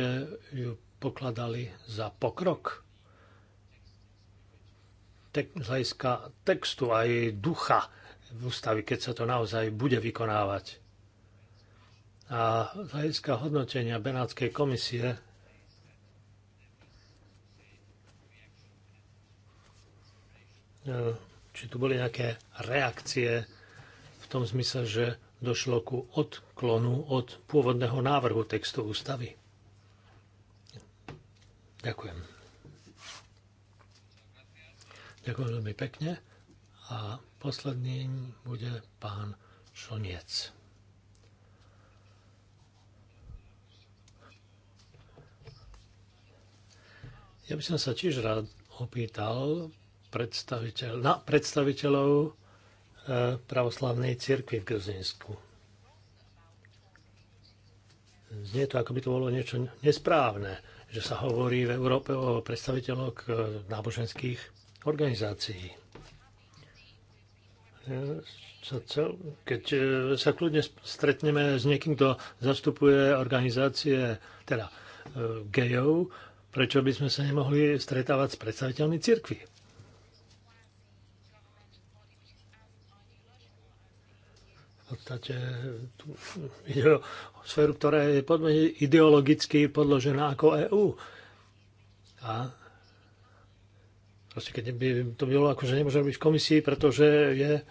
A: ju pokladali za pokrok, tek, z hľadiska textu aj ducha v ústavy, keď sa to naozaj bude vykonávať. A z hľadiska hodnotenia Benátskej komisie e, či tu boli nejaké reakcie v tom zmysle, že došlo ku odklonu od pôvodného návrhu textu ústavy. Ďakujem. Ďakujem veľmi pekne a posledným bude pán Šoniec. Ja by som sa tiež rád opýtal predstaviteľ, na predstaviteľov e, pravoslavnej cirkvi v Grzinsku. Znie to, ako by to bolo niečo nesprávne, že sa hovorí v Európe o predstaviteľoch e, náboženských organizácií. Keď e, sa kľudne stretneme s niekým, kto zastupuje organizácie, teda gejov, Prečo by sme sa nemohli stretávať s predstaviteľmi cirkvy? V podstate tu ide o sféru, ktorá je ideologicky podložená ako EÚ. A proste keď by to bolo ako, že nemôže byť v komisii, pretože je e,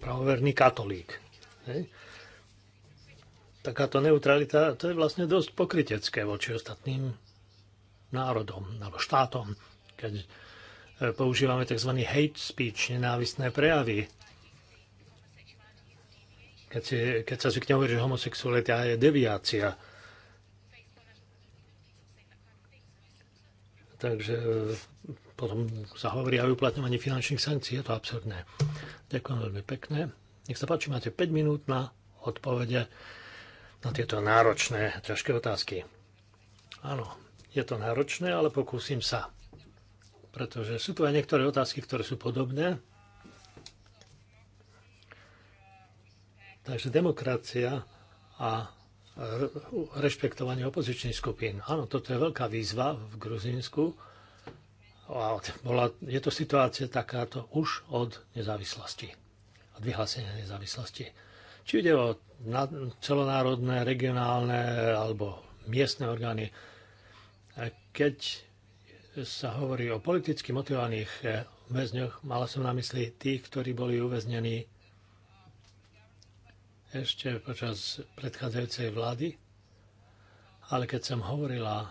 A: pravoverný katolík. Hej. Takáto neutralita, to je vlastne dosť pokrytecké voči ostatným národom alebo štátom, keď e, používame tzv. hate speech, nenávistné prejavy. Keď, si, keď sa zvykne hovoriť, že homosexualita je deviácia. Takže e, potom sa hovorí aj o uplatňovaní finančných sankcií. Je to absurdné. Ďakujem veľmi pekne. Nech sa páči, máte 5 minút na odpovede na tieto náročné, ťažké otázky. Áno, je to náročné, ale pokúsim sa. Pretože sú tu aj niektoré otázky, ktoré sú podobné. Takže demokracia a rešpektovanie opozičných skupín. Áno, toto je veľká výzva v Gruzínsku. bola, je to situácia takáto už od nezávislosti, od vyhlásenia nezávislosti. Či ide o celonárodné, regionálne alebo miestne orgány, keď sa hovorí o politicky motivovaných eh, väzňoch, mala som na mysli tých, ktorí boli uväznení ešte počas predchádzajúcej vlády, ale keď som hovorila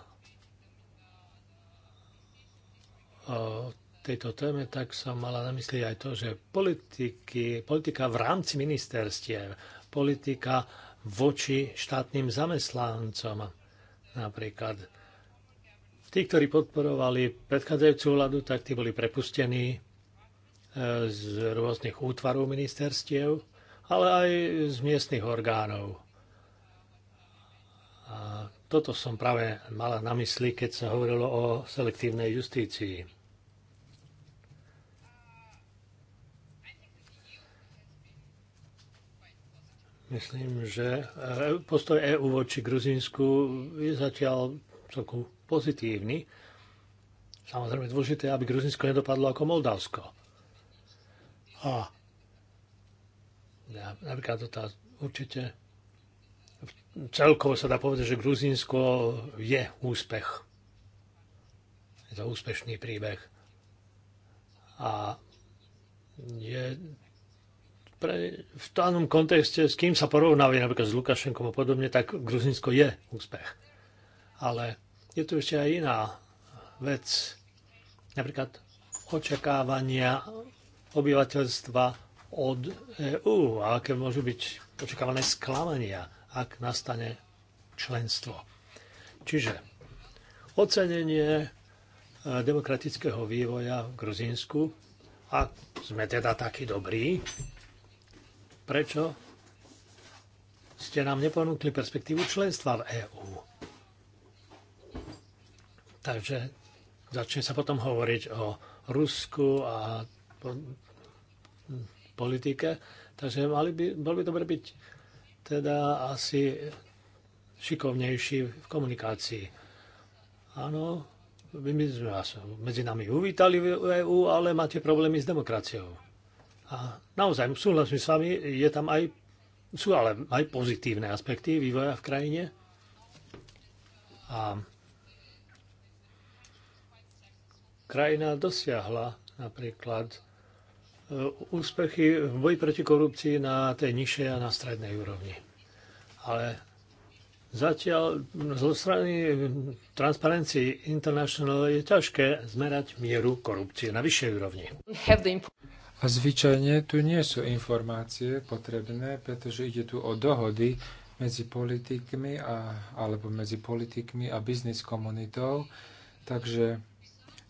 A: o tejto téme, tak som mala na mysli aj to, že politiky, politika v rámci ministerstiev, politika voči štátnym zamestnancom napríklad Tí, ktorí podporovali predchádzajúcu vládu, tak tí boli prepustení e, z rôznych útvarov ministerstiev, ale aj z miestnych orgánov. A toto som práve mala na mysli, keď sa hovorilo o selektívnej justícii. Myslím, že e, postoj EU voči Gruzínsku je zatiaľ celku pozitívny. Samozrejme dôležité, aby Gruzinsko nedopadlo ako Moldavsko. A ja, napríklad tá určite celkovo sa dá povedať, že Gruzinsko je úspech. Je to úspešný príbeh. A je pre, v tom kontexte, s kým sa porovnávajú napríklad s Lukašenkom a podobne, tak Gruzinsko je úspech. Ale je tu ešte aj iná vec. Napríklad očakávania obyvateľstva od EÚ a aké môžu byť očakávané sklamania, ak nastane členstvo. Čiže ocenenie e, demokratického vývoja v Gruzínsku. A sme teda takí dobrí. Prečo ste nám neponúkli perspektívu členstva v EÚ? Takže začne sa potom hovoriť o Rusku a politike. Takže mali by, bol by dobre byť teda asi šikovnejší v komunikácii. Áno, my sme vás medzi nami uvítali v EU, ale máte problémy s demokraciou. A naozaj, súhlasím s vami, je tam aj, sú ale aj pozitívne aspekty vývoja v krajine. A krajina dosiahla napríklad e, úspechy v boji proti korupcii na tej nižšej a na strednej úrovni. Ale zatiaľ zo strany Transparency International je ťažké zmerať mieru korupcie na vyššej úrovni.
B: A zvyčajne tu nie sú informácie potrebné, pretože ide tu o dohody medzi politikmi a, alebo medzi politikmi a biznis komunitou. Takže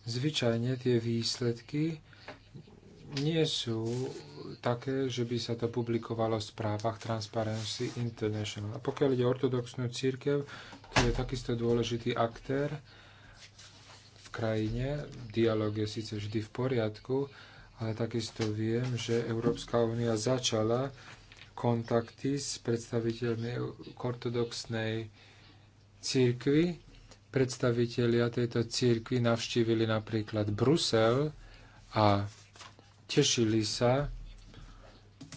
B: zvyčajne tie výsledky nie sú také, že by sa to publikovalo v správach Transparency International. A pokiaľ ide o ortodoxnú církev, to je takisto dôležitý aktér v krajine. Dialóg je síce vždy v poriadku, ale takisto viem, že Európska únia začala kontakty s predstaviteľmi ortodoxnej církvy predstavitelia tejto církvy navštívili napríklad Brusel a tešili sa,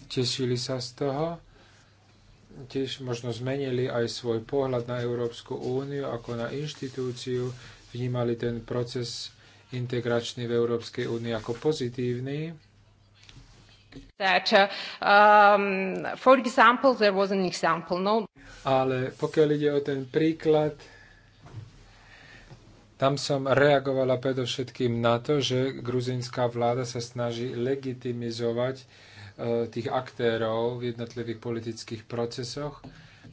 B: tešili sa z toho, tiež možno zmenili aj svoj pohľad na Európsku úniu ako na inštitúciu, vnímali ten proces integračný v Európskej únii ako pozitívny.
D: That, uh, um, for example, there was an example, no?
B: Ale pokiaľ ide o ten príklad, tam som reagovala predovšetkým na to, že gruzinská vláda sa snaží legitimizovať e, tých aktérov v jednotlivých politických procesoch.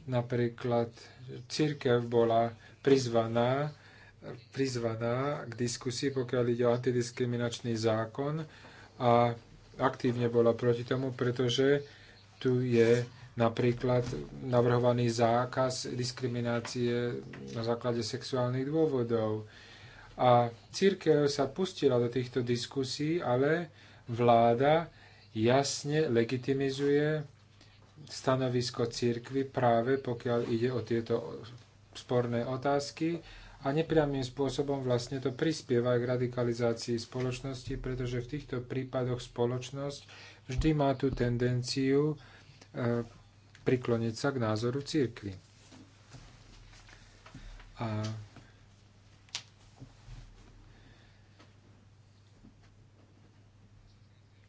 B: Napríklad církev bola prizvaná, prizvaná k diskusii, pokiaľ ide o antidiskriminačný zákon a aktívne bola proti tomu, pretože tu je Napríklad navrhovaný zákaz diskriminácie na základe sexuálnych dôvodov. A církev sa pustila do týchto diskusí, ale vláda jasne legitimizuje stanovisko církvy práve pokiaľ ide o tieto sporné otázky a nepriamým spôsobom vlastne to prispieva k radikalizácii spoločnosti, pretože v týchto prípadoch spoločnosť vždy má tú tendenciu e, prikloniť sa k názoru církvy. A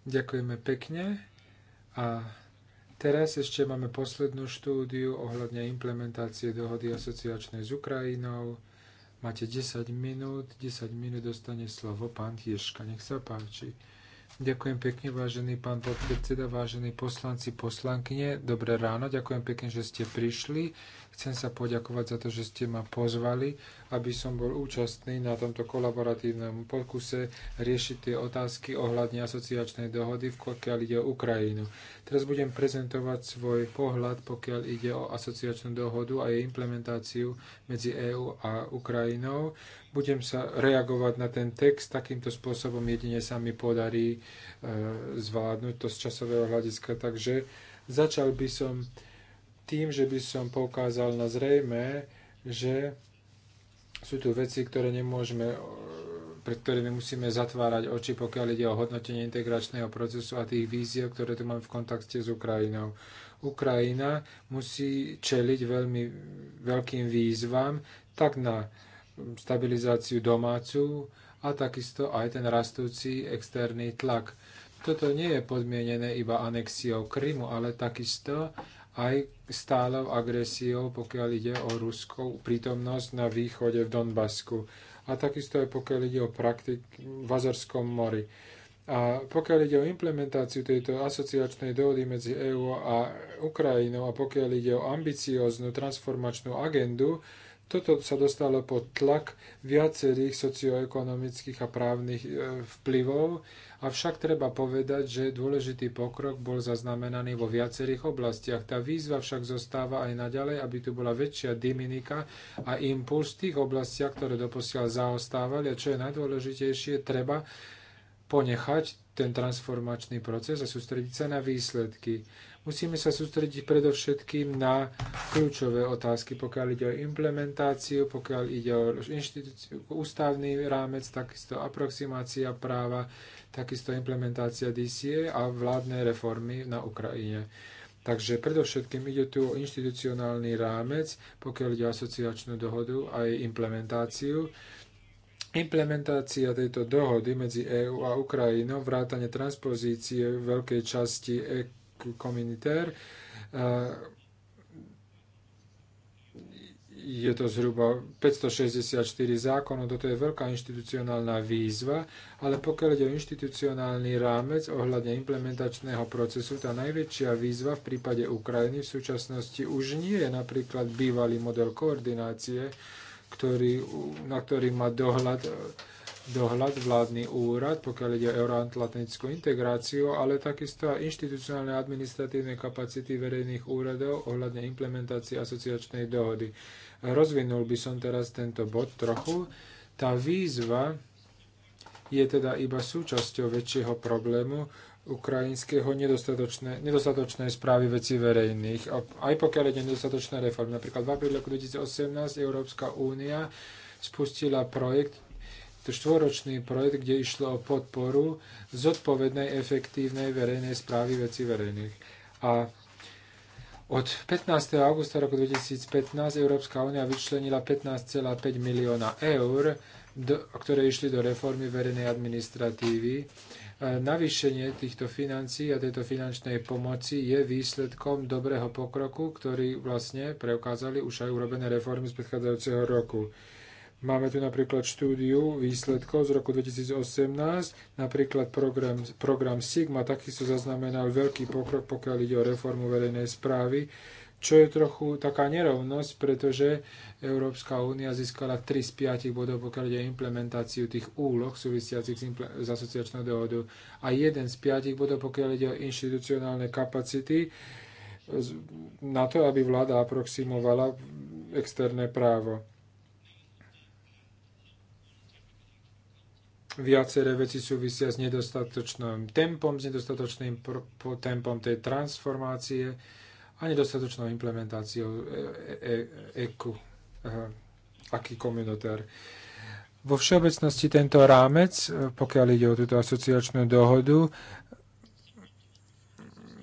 B: Ďakujeme pekne. A teraz ešte máme poslednú štúdiu ohľadne implementácie dohody asociačnej s Ukrajinou. Máte 10 minút, 10 minút dostane slovo pán Tieška, nech sa páči. Ďakujem pekne, vážený pán podpredseda, vážení poslanci, poslankyne. Dobré ráno, ďakujem pekne, že ste prišli. Chcem sa poďakovať za to, že ste ma pozvali, aby som bol účastný na tomto kolaboratívnom pokuse riešiť tie otázky ohľadne asociačnej dohody, pokiaľ ide o Ukrajinu. Teraz budem prezentovať svoj pohľad, pokiaľ ide o asociačnú dohodu a jej implementáciu medzi EÚ a Ukrajinou. Budem sa reagovať na ten text takýmto spôsobom, jedine sa mi podarí e, zvládnuť to z časového hľadiska. Takže začal by som tým, že by som poukázal na zrejme, že sú tu veci, ktoré nemôžeme, pred ktorými musíme zatvárať oči, pokiaľ ide o hodnotenie integračného procesu a tých víziev, ktoré tu máme v kontakte s Ukrajinou. Ukrajina musí čeliť veľmi veľkým výzvam, tak na stabilizáciu domácu a takisto aj ten rastúci externý tlak. Toto nie je podmienené iba anexiou Krymu, ale takisto aj stálou agresiou, pokiaľ ide o ruskú prítomnosť na východe v Donbasku. A takisto aj pokiaľ ide o praktik v Azorskom mori. A pokiaľ ide o implementáciu tejto asociačnej dohody medzi EÚ a Ukrajinou a pokiaľ ide o ambicióznu transformačnú agendu, toto sa dostalo pod tlak viacerých socioekonomických a právnych e, vplyvov, avšak treba povedať, že dôležitý pokrok bol zaznamenaný vo viacerých oblastiach. Tá výzva však zostáva aj naďalej, aby tu bola väčšia diminika a impuls v tých oblastiach, ktoré doposiaľ zaostávali. A čo je najdôležitejšie, treba ponechať ten transformačný proces a sústrediť sa na výsledky. Musíme sa sústrediť predovšetkým na kľúčové otázky, pokiaľ ide o implementáciu, pokiaľ ide o ústavný rámec, takisto aproximácia práva, takisto implementácia DCA a vládne reformy na Ukrajine. Takže predovšetkým ide tu o inštitucionálny rámec, pokiaľ ide o asociačnú dohodu a jej implementáciu. Implementácia tejto dohody medzi EÚ a Ukrajinou, vrátane transpozície veľkej časti komunitér. E, je to zhruba 564 zákonov, toto je veľká inštitucionálna výzva, ale pokiaľ ide o inštitucionálny rámec ohľadne implementačného procesu, tá najväčšia výzva v prípade Ukrajiny v súčasnosti už nie je napríklad bývalý model koordinácie, ktorý, na ktorý má dohľad dohľad, vládny úrad, pokiaľ ide o euroatlantickú integráciu, ale takisto aj inštitucionálne administratívne kapacity verejných úradov ohľadne implementácie asociačnej dohody. Rozvinul by som teraz tento bod trochu. Tá výzva je teda iba súčasťou väčšieho problému ukrajinského nedostatočnej správy veci verejných. A aj pokiaľ ide nedostatočné reformy. Napríklad v apríli roku 2018 Európska únia spustila projekt štvoročný projekt, kde išlo o podporu zodpovednej, efektívnej verejnej správy veci verejných. A od 15. augusta roku 2015 Európska únia vyčlenila 15,5 milióna eur, do, ktoré išli do reformy verejnej administratívy. E, navýšenie týchto financií a tejto finančnej pomoci je výsledkom dobrého pokroku, ktorý vlastne preukázali už aj urobené reformy z predchádzajúceho roku. Máme tu napríklad štúdiu výsledkov z roku 2018, napríklad program, program Sigma takisto zaznamenal veľký pokrok, pokiaľ ide o reformu verejnej správy, čo je trochu taká nerovnosť, pretože Európska únia získala 3 z 5 bodov, pokiaľ ide o implementáciu tých úloh súvisiacich s asociačnou dohodou a 1 z 5 bodov, pokiaľ ide o inštitucionálne kapacity na to, aby vláda aproximovala externé právo. viaceré veci súvisia s nedostatočným tempom, s nedostatočným tempom tej transformácie a nedostatočnou implementáciou e, e, e, EKU, aký komunitár. Vo všeobecnosti tento rámec, pokiaľ ide o túto asociačnú dohodu,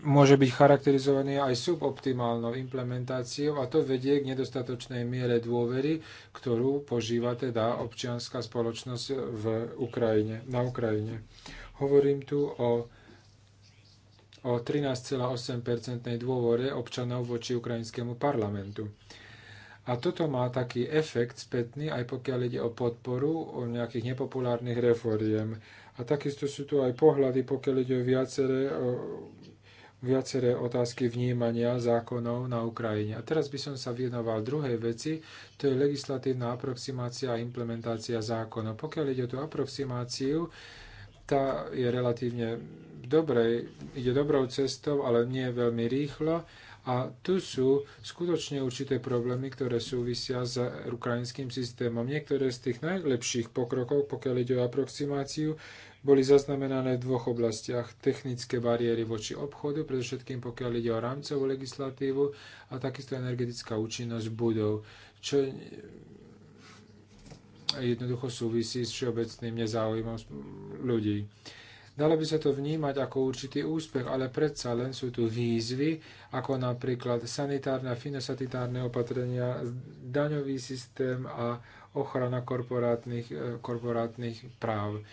B: môže byť charakterizovaný aj suboptimálnou implementáciou a to vedie k nedostatočnej miere dôvery, ktorú požíva teda občianská spoločnosť v Ukrajine, na Ukrajine. Hovorím tu o o 13,8% dôvore občanov voči ukrajinskému parlamentu. A toto má taký efekt spätný, aj pokiaľ ide o podporu o nejakých nepopulárnych reforiem. A takisto sú tu aj pohľady, pokiaľ ide o viaceré viaceré otázky vnímania zákonov na Ukrajine. A teraz by som sa venoval druhej veci, to je legislatívna aproximácia a implementácia zákonov. Pokiaľ ide o tú aproximáciu, tá je relatívne dobrej, ide dobrou cestou, ale nie veľmi rýchlo. A tu sú skutočne určité problémy, ktoré súvisia s ukrajinským systémom. Niektoré z tých najlepších pokrokov, pokiaľ ide o aproximáciu, boli zaznamenané v dvoch oblastiach. Technické bariéry voči obchodu, predovšetkým pokiaľ ide o rámcovú legislatívu a takisto energetická účinnosť budov, čo jednoducho súvisí s všeobecným nezáujmom ľudí. Dalo by sa to vnímať ako určitý úspech, ale predsa len sú tu výzvy, ako napríklad sanitárne a finosanitárne opatrenia, daňový systém a ochrana korporátnych, e, korporátnych práv.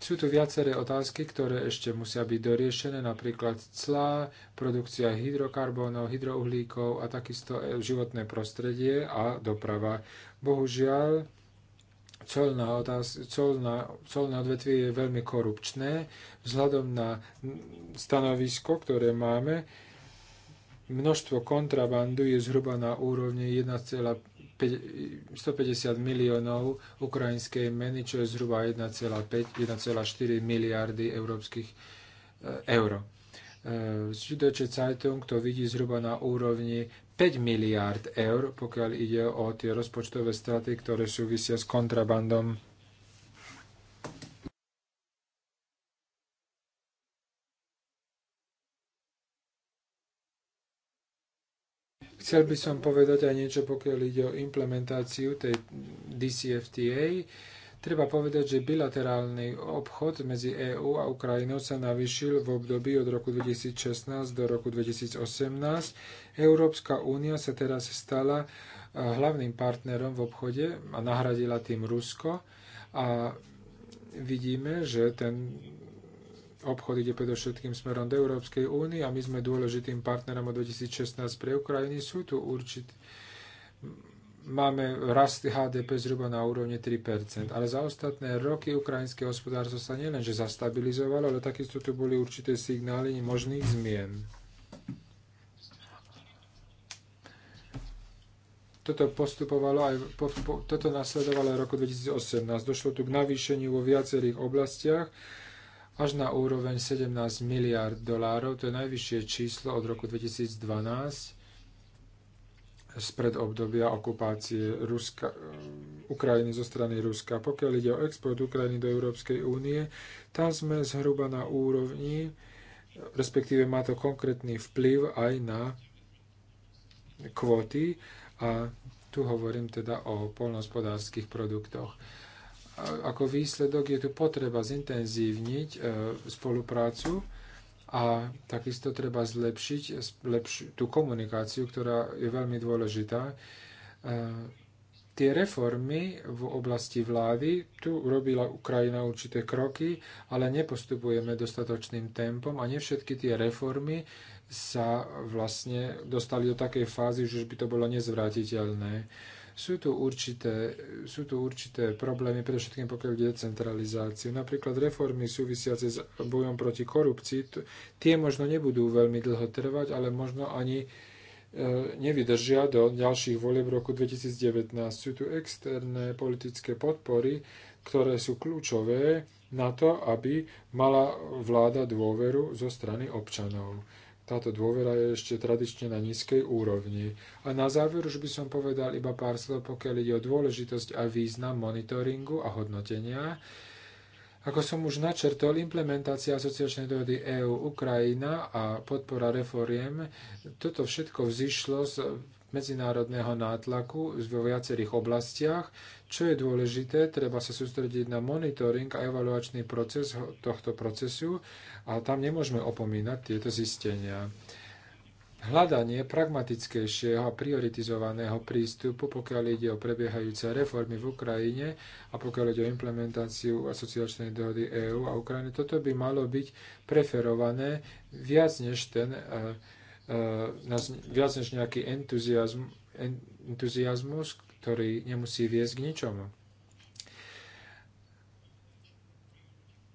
B: Sú tu viaceré otázky, ktoré ešte musia byť doriešené, napríklad clá, produkcia hydrokarbónov, hydrouhlíkov a takisto e, životné prostredie a doprava. Bohužiaľ, colná, otáz- colná, colná odvetvie je veľmi korupčné. Vzhľadom na stanovisko, ktoré máme, množstvo kontrabandu je zhruba na úrovni 1,5 150 miliónov ukrajinskej meny, čo je zhruba 1,5-1,4 miliardy európskych eh, eur. Eh, Süddeutsche Zeitung to vidí zhruba na úrovni 5 miliard eur, pokiaľ ide o tie rozpočtové straty, ktoré súvisia s kontrabandom Chcel by som povedať aj niečo, pokiaľ ide o implementáciu tej DCFTA. Treba povedať, že bilaterálny obchod medzi EÚ a Ukrajinou sa navýšil v období od roku 2016 do roku 2018. Európska únia sa teraz stala eh, hlavným partnerom v obchode a nahradila tým Rusko. A vidíme, že ten obchod ide predovšetkým smerom do Európskej únie a my sme dôležitým partnerom od 2016 pre Ukrajiny. Sú tu určité máme rast HDP zhruba na úrovni 3%, ale za ostatné roky ukrajinské hospodárstvo sa nielenže zastabilizovalo, ale takisto tu boli určité signály možných zmien. Toto, postupovalo aj, po, po, toto nasledovalo aj roku 2018. Došlo tu k navýšeniu vo viacerých oblastiach až na úroveň 17 miliard dolárov. To je najvyššie číslo od roku 2012 spred obdobia okupácie Ruska, eh, Ukrajiny zo strany Ruska. Pokiaľ ide o export Ukrajiny do Európskej únie, tá sme zhruba na úrovni, respektíve má to konkrétny vplyv aj na kvóty a tu hovorím teda o polnohospodárskych produktoch ako výsledok je tu potreba zintenzívniť e, spoluprácu a takisto treba zlepšiť lepš- tú komunikáciu, ktorá je veľmi dôležitá. E, tie reformy v oblasti vlády, tu robila Ukrajina určité kroky, ale nepostupujeme dostatočným tempom a nevšetky tie reformy sa vlastne dostali do takej fázy, že by to bolo nezvratiteľné. Sú tu určité, sú tu určité problémy, predovšetkým pokiaľ ide decentralizáciu. Napríklad reformy súvisiace s bojom proti korupcii, tie možno nebudú veľmi dlho trvať, ale možno ani e, nevydržia do ďalších volieb roku 2019. Sú tu externé politické podpory, ktoré sú kľúčové na to, aby mala vláda dôveru zo strany občanov. Táto dôvera je ešte tradične na nízkej úrovni. A na záver už by som povedal iba pár slov, pokiaľ ide o dôležitosť a význam monitoringu a hodnotenia. Ako som už načrtol, implementácia asociačnej dohody EU-Ukrajina a podpora reforiem, toto všetko vzýšlo z medzinárodného nátlaku vo viacerých oblastiach. Čo je dôležité, treba sa sústrediť na monitoring a evaluačný proces tohto procesu a tam nemôžeme opomínať tieto zistenia. Hľadanie pragmatickejšieho a prioritizovaného prístupu, pokiaľ ide o prebiehajúce reformy v Ukrajine a pokiaľ ide o implementáciu asociačnej dohody EÚ a Ukrajiny, toto by malo byť preferované viac než, ten, eh, eh, viac než nejaký entuziasm, entuziasmus, ktorý nemusí viesť k ničomu.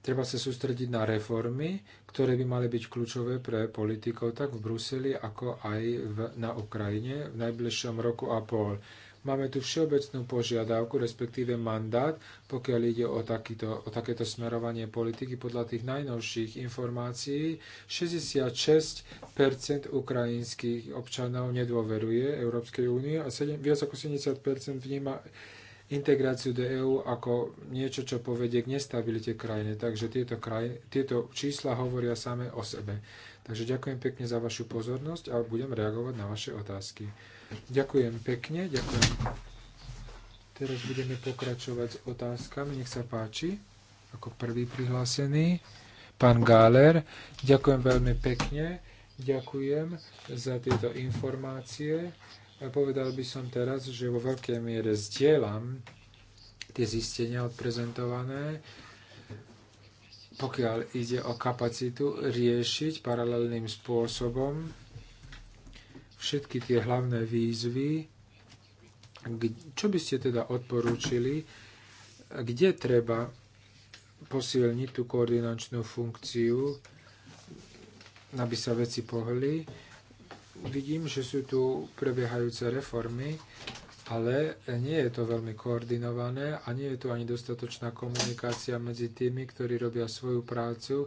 B: Treba sa sústrediť na reformy, ktoré by mali byť kľúčové pre politikov tak v Bruseli, ako aj v, na Ukrajine v najbližšom roku a pol. Máme tu všeobecnú požiadavku, respektíve mandát, pokiaľ ide o, takýto, o takéto smerovanie politiky. Podľa tých najnovších informácií 66 ukrajinských občanov nedôveruje Európskej únie a 7, viac ako 70 vníma integráciu do EÚ ako niečo, čo povedie k nestabilite krajiny. Takže tieto, kraj, tieto čísla hovoria same o sebe. Takže ďakujem pekne za vašu pozornosť a budem reagovať na vaše otázky. Ďakujem pekne, ďakujem. Teraz budeme pokračovať s otázkami. Nech sa páči, ako prvý prihlásený, pán Gáler. Ďakujem veľmi pekne, ďakujem za tieto informácie. a povedal by som teraz, že vo veľkej miere zdieľam tie zistenia odprezentované, pokiaľ ide o kapacitu riešiť paralelným spôsobom všetky tie hlavné výzvy, čo by ste teda odporúčili, kde treba posilniť tú koordinačnú funkciu, aby sa veci pohli. Vidím, že sú tu prebiehajúce reformy, ale nie je to veľmi koordinované a nie je tu ani dostatočná komunikácia medzi tými, ktorí robia svoju prácu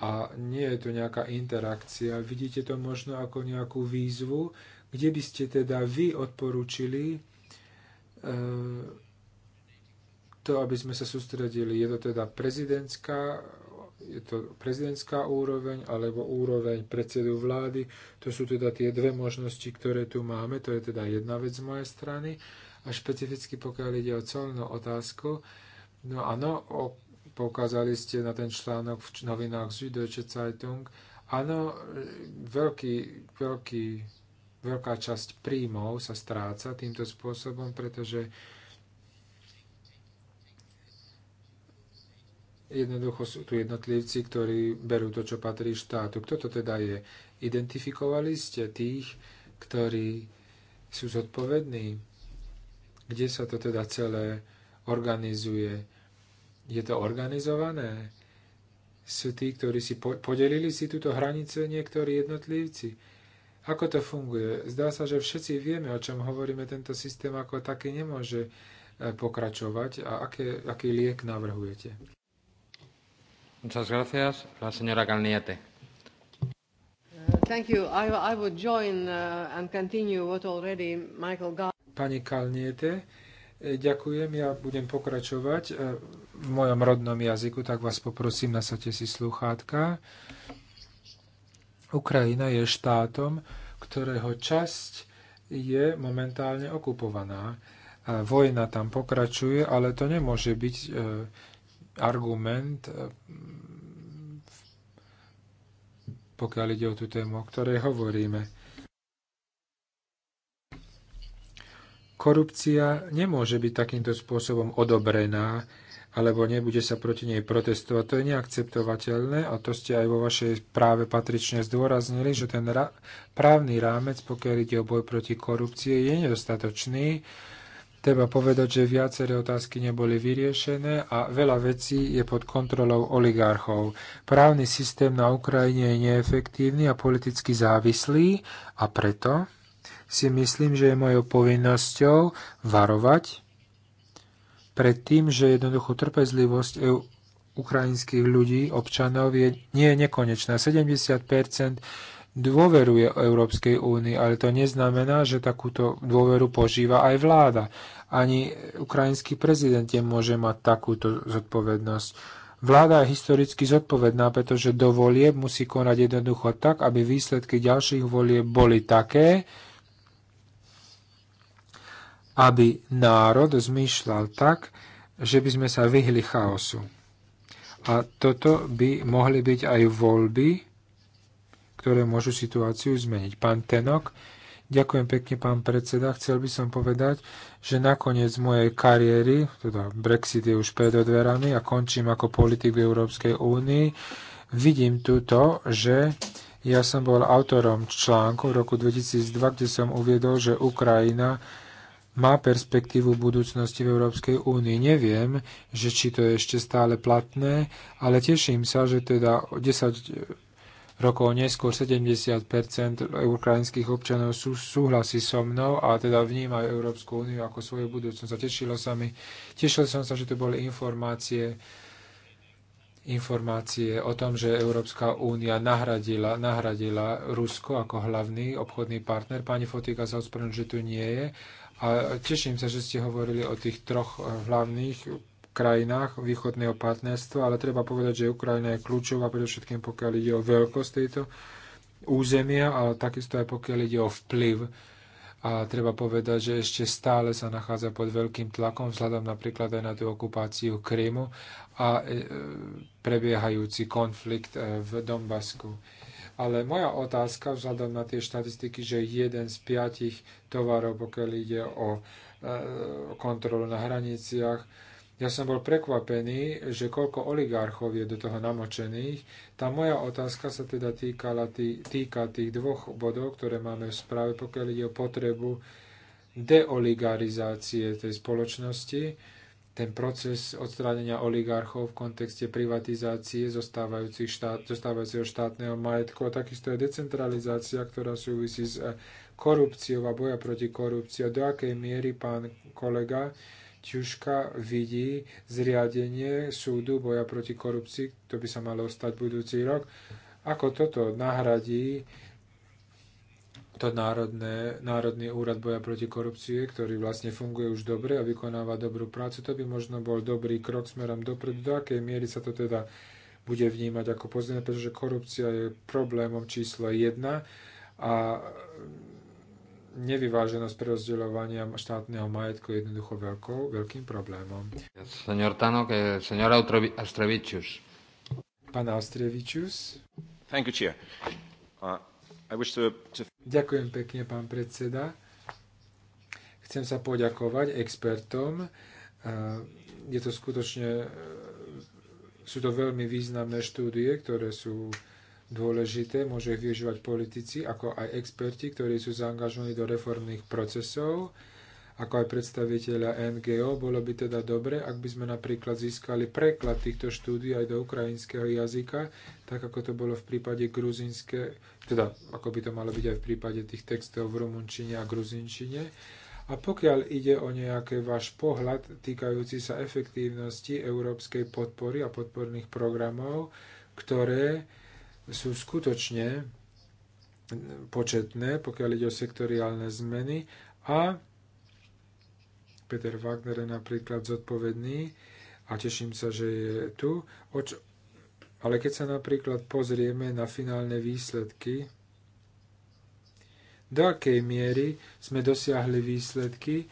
B: a nie je to nejaká interakcia. Vidíte to možno ako nejakú výzvu, kde by ste teda vy odporúčili e, to, aby sme sa sústredili. Je to teda prezidentská je to prezidentská úroveň alebo úroveň predsedu vlády. To sú teda tie dve možnosti, ktoré tu máme. To je teda jedna vec z mojej strany. A špecificky pokiaľ ide o celnú otázku, no áno, o Poukázali ste na ten článok v novinách Süddeutsche Zeitung. Áno, veľký, veľký, veľká časť príjmov sa stráca týmto spôsobom, pretože jednoducho sú tu jednotlivci, ktorí berú to, čo patrí štátu. Kto to teda je? Identifikovali ste tých, ktorí sú zodpovední? Kde sa to teda celé organizuje? Je to organizované? Sú tí, ktorí si po- podelili si túto hranicu niektorí jednotlivci? Ako to funguje? Zdá sa, že všetci vieme, o čom hovoríme. Tento systém ako taký nemôže e, pokračovať. A aké, aký liek navrhujete?
D: Muchas gracias,
B: la señora Calniete.
C: Thank you. I, I would join uh, and continue what already Michael Gall...
B: Pani Kalniete, e, ďakujem, ja budem pokračovať Uh, v mojom rodnom jazyku, tak vás poprosím, nasadte si sluchátka. Ukrajina je štátom, ktorého časť je momentálne okupovaná. Vojna tam pokračuje, ale to nemôže byť e, argument, e, pokiaľ ide o tú tému, o ktorej hovoríme. Korupcia nemôže byť takýmto spôsobom odobrená alebo nebude sa proti nej protestovať. To je neakceptovateľné a to ste aj vo vašej práve patrične zdôraznili, že ten ra- právny rámec, pokiaľ ide o boj proti korupcie, je nedostatočný. Treba povedať, že viaceré otázky neboli vyriešené a veľa vecí je pod kontrolou oligarchov. Právny systém na Ukrajine je neefektívny a politicky závislý a preto si myslím, že je mojou povinnosťou varovať pred tým, že jednoducho trpezlivosť EU, ukrajinských ľudí, občanov je, nie je nekonečná. 70 dôveruje Európskej únii, ale to neznamená, že takúto dôveru požíva aj vláda. Ani ukrajinský prezident nemôže mať takúto zodpovednosť. Vláda je historicky zodpovedná, pretože do volieb musí konať jednoducho tak, aby výsledky ďalších volieb boli také, aby národ zmýšľal tak, že by sme sa vyhli chaosu. A toto by mohli byť aj voľby, ktoré môžu situáciu zmeniť. Pán Tenok, ďakujem pekne, pán predseda. Chcel by som povedať, že nakoniec mojej kariéry, teda Brexit je už pred dverami a končím ako politik v Európskej únii, vidím tu to, že ja som bol autorom článku v roku 2002, kde som uviedol, že Ukrajina má perspektívu budúcnosti v Európskej únii. Neviem, že či to je ešte stále platné, ale teším sa, že teda 10 rokov neskôr 70 ukrajinských občanov sú, súhlasí so mnou a teda vnímajú Európsku úniu ako svoju budúcnosť. A tešilo sa mi, tešil som sa, že to boli informácie, informácie o tom, že Európska únia nahradila, nahradila Rusko ako hlavný obchodný partner. Pani Fotika sa ospravedlňuje, že tu nie je, a teším sa, že ste hovorili o tých troch eh, hlavných krajinách východného partnerstva, ale treba povedať, že Ukrajina je kľúčová, predovšetkým pokiaľ ide o veľkosť tejto územia, ale takisto aj pokiaľ ide o vplyv. A treba povedať, že ešte stále sa nachádza pod veľkým tlakom, vzhľadom napríklad aj na tú okupáciu Krymu a eh, prebiehajúci konflikt eh, v Donbasku. Ale moja otázka vzhľadom na tie štatistiky, že jeden z piatich tovarov, pokiaľ ide o e, kontrolu na hraniciach, ja som bol prekvapený, že koľko oligarchov je do toho namočených. Tá moja otázka sa teda týkala tý, týka tých dvoch bodov, ktoré máme v správe, pokiaľ ide o potrebu deoligarizácie tej spoločnosti ten proces odstránenia oligarchov v kontexte privatizácie štát, zostávajúceho štátneho majetku a takisto je decentralizácia, ktorá súvisí s eh, korupciou a boja proti korupcii. Do akej miery pán kolega Ťuška vidí zriadenie súdu boja proti korupcii, to by sa malo stať budúci rok, ako toto nahradí to národné, Národný úrad boja proti korupcii, ktorý vlastne funguje už dobre a vykonáva dobrú prácu, to by možno bol dobrý krok smerom dopredu. Do akej miery sa to teda bude vnímať ako pozitívne, pretože korupcia je problémom číslo jedna a nevyváženosť rozdeľovania štátneho majetku je jednoducho veľkou, veľkým problémom.
D: Senior Tanok, eh, senior Astrevičius.
B: Pán Astrevičius. Thank you, chair. Uh, Ďakujem pekne, pán predseda. Chcem sa poďakovať expertom. Je to skutočne, e, sú to veľmi významné štúdie, ktoré sú dôležité, môžu ich využívať politici, ako aj experti, ktorí sú zaangažovaní do reformných procesov ako aj predstaviteľa NGO. Bolo by teda dobre, ak by sme napríklad získali preklad týchto štúdí aj do ukrajinského jazyka, tak ako to bolo v prípade gruzinské, teda ako by to malo byť aj v prípade tých textov v rumunčine a gruzinčine. A pokiaľ ide o nejaký váš pohľad týkajúci sa efektívnosti európskej podpory a podporných programov, ktoré sú skutočne početné, pokiaľ ide o sektoriálne zmeny a Peter Wagner je napríklad zodpovedný a teším sa, že je tu. Oč... Ale keď sa napríklad pozrieme na finálne výsledky, do akej miery sme dosiahli výsledky